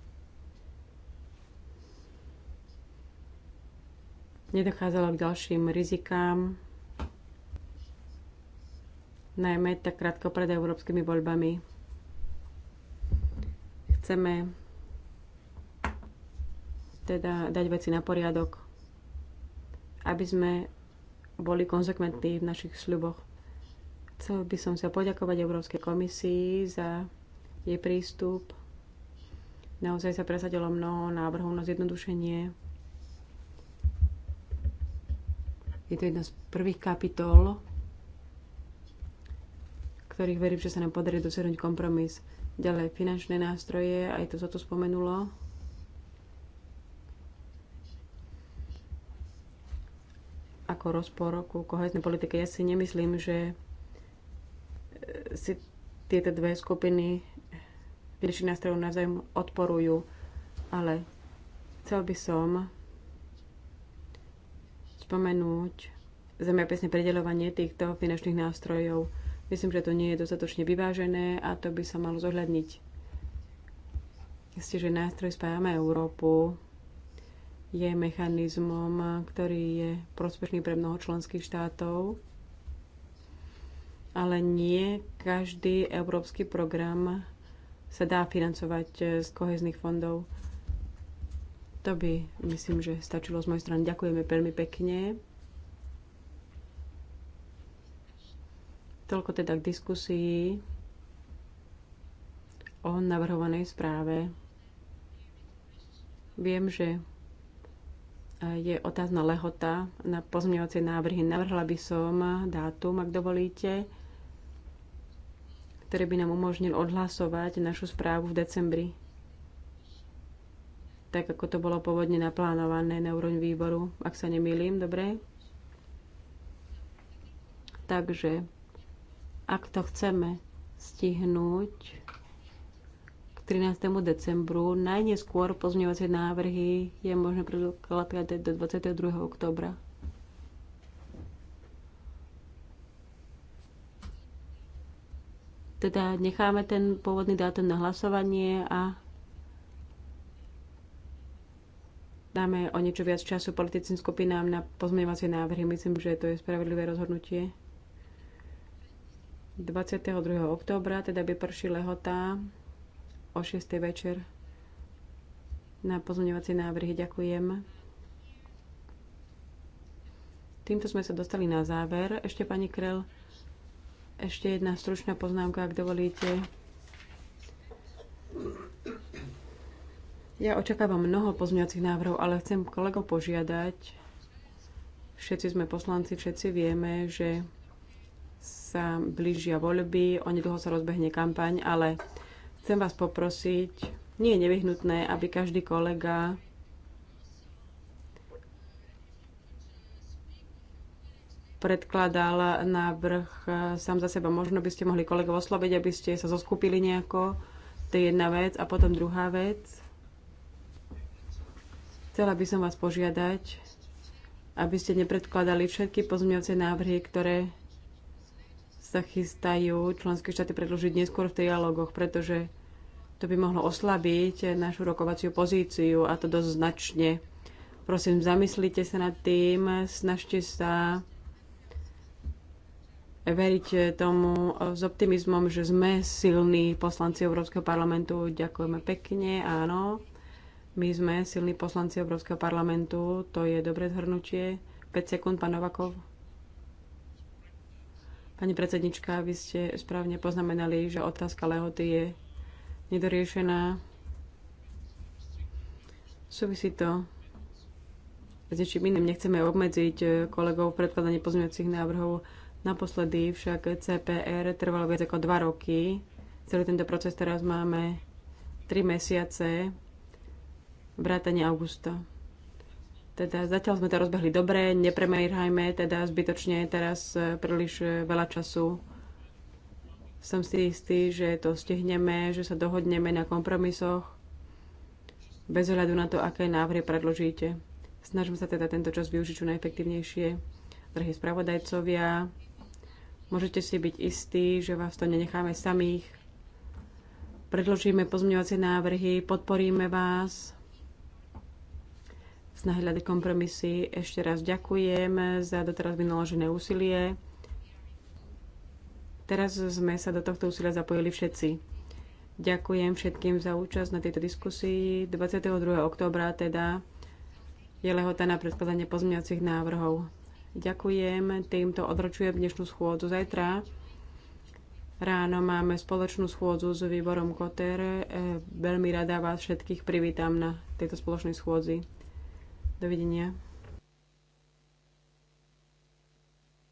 Speaker 1: nedochádzalo k ďalším rizikám, najmä tak krátko pred európskymi voľbami. Chceme teda dať veci na poriadok aby sme boli konzekventní v našich sľuboch. Chcel by som sa poďakovať Európskej komisii za jej prístup. Naozaj sa presadilo mnoho návrhov na zjednodušenie. Je to jedna z prvých kapitol, ktorých verím, že sa nám podarí dosiahnuť kompromis. Ďalej finančné nástroje, aj to sa tu spomenulo. ako rozpor ku koheznej politike. Ja si nemyslím, že e, si tieto dve skupiny finančných nástrojov navzájom odporujú, ale chcel by som spomenúť zemepisné predelovanie týchto finančných nástrojov. Myslím, že to nie je dostatočne vyvážené a to by sa malo zohľadniť. Ste, že nástroj spájame Európu je mechanizmom, ktorý je prospešný pre mnoho členských štátov, ale nie každý európsky program sa dá financovať z kohezných fondov. To by, myslím, že stačilo z mojej strany. Ďakujeme veľmi pekne. Toľko teda k diskusii o navrhovanej správe. Viem, že je otázna lehota na pozmeňovacie návrhy. Navrhla by som dátum, ak dovolíte, ktorý by nám umožnil odhlasovať našu správu v decembri. Tak, ako to bolo pôvodne naplánované na úroveň výboru, ak sa nemýlim, dobre? Takže, ak to chceme stihnúť 13. decembru. Najneskôr pozmeňovacie návrhy je možné predkladať do 22. oktobra. Teda necháme ten pôvodný dátum na hlasovanie a dáme o niečo viac času politickým skupinám na pozmeňovacie návrhy. Myslím, že to je spravedlivé rozhodnutie. 22. októbra, teda by prší lehota o 6. večer na pozmeňovacie návrhy. Ďakujem. Týmto sme sa dostali na záver. Ešte, pani Krel, ešte jedna stručná poznámka, ak dovolíte. Ja očakávam mnoho pozmeňovacích návrhov, ale chcem kolegov požiadať. Všetci sme poslanci, všetci vieme, že sa blížia voľby, onedlho sa rozbehne kampaň, ale Chcem vás poprosiť, nie je nevyhnutné, aby každý kolega predkladal návrh sám za seba. Možno by ste mohli kolegov osloviť, aby ste sa zoskupili nejako. To je jedna vec. A potom druhá vec. Chcela by som vás požiadať, aby ste nepredkladali všetky pozmeňovacie návrhy, ktoré sa chystajú členské štáty predložiť neskôr v trialógoch, pretože to by mohlo oslabiť našu rokovaciu pozíciu a to dosť značne. Prosím, zamyslite sa nad tým, snažte sa veriť tomu s optimizmom, že sme silní poslanci Európskeho parlamentu. Ďakujeme pekne, áno. My sme silní poslanci Európskeho parlamentu. To je dobré zhrnutie. 5 sekúnd, pán Novakov. Pani predsednička, vy ste správne poznamenali, že otázka lehoty je nedoriešená. Súvisí to s niečím iným. Nechceme obmedziť eh, kolegov v predkladaní pozmeňujúcich návrhov. Naposledy však CPR trvalo viac ako 2 roky. Celý tento proces teraz máme 3 mesiace vrátane augusta. Teda zatiaľ sme to rozbehli dobre, nepremejhajme teda zbytočne teraz eh, príliš eh, veľa času som si istý, že to stihneme, že sa dohodneme na kompromisoch bez ohľadu na to, aké návrhy predložíte. Snažím sa teda tento čas využiť čo najefektívnejšie. Drahí spravodajcovia, môžete si byť istí, že vás to nenecháme samých. Predložíme pozmeňovacie návrhy, podporíme vás snahy hľadať kompromisy. Ešte raz ďakujem za doteraz vynaložené úsilie. Teraz sme sa do tohto úsilia zapojili všetci. Ďakujem všetkým za účasť na tejto diskusii. 22. októbra teda je lehota na predkladanie pozmeňovacích návrhov. Ďakujem, týmto odročujem dnešnú schôdzu. Zajtra ráno máme spoločnú schôdzu s výborom Koter. E, veľmi rada vás všetkých privítam na tejto spoločnej schôdzi. Dovidenia.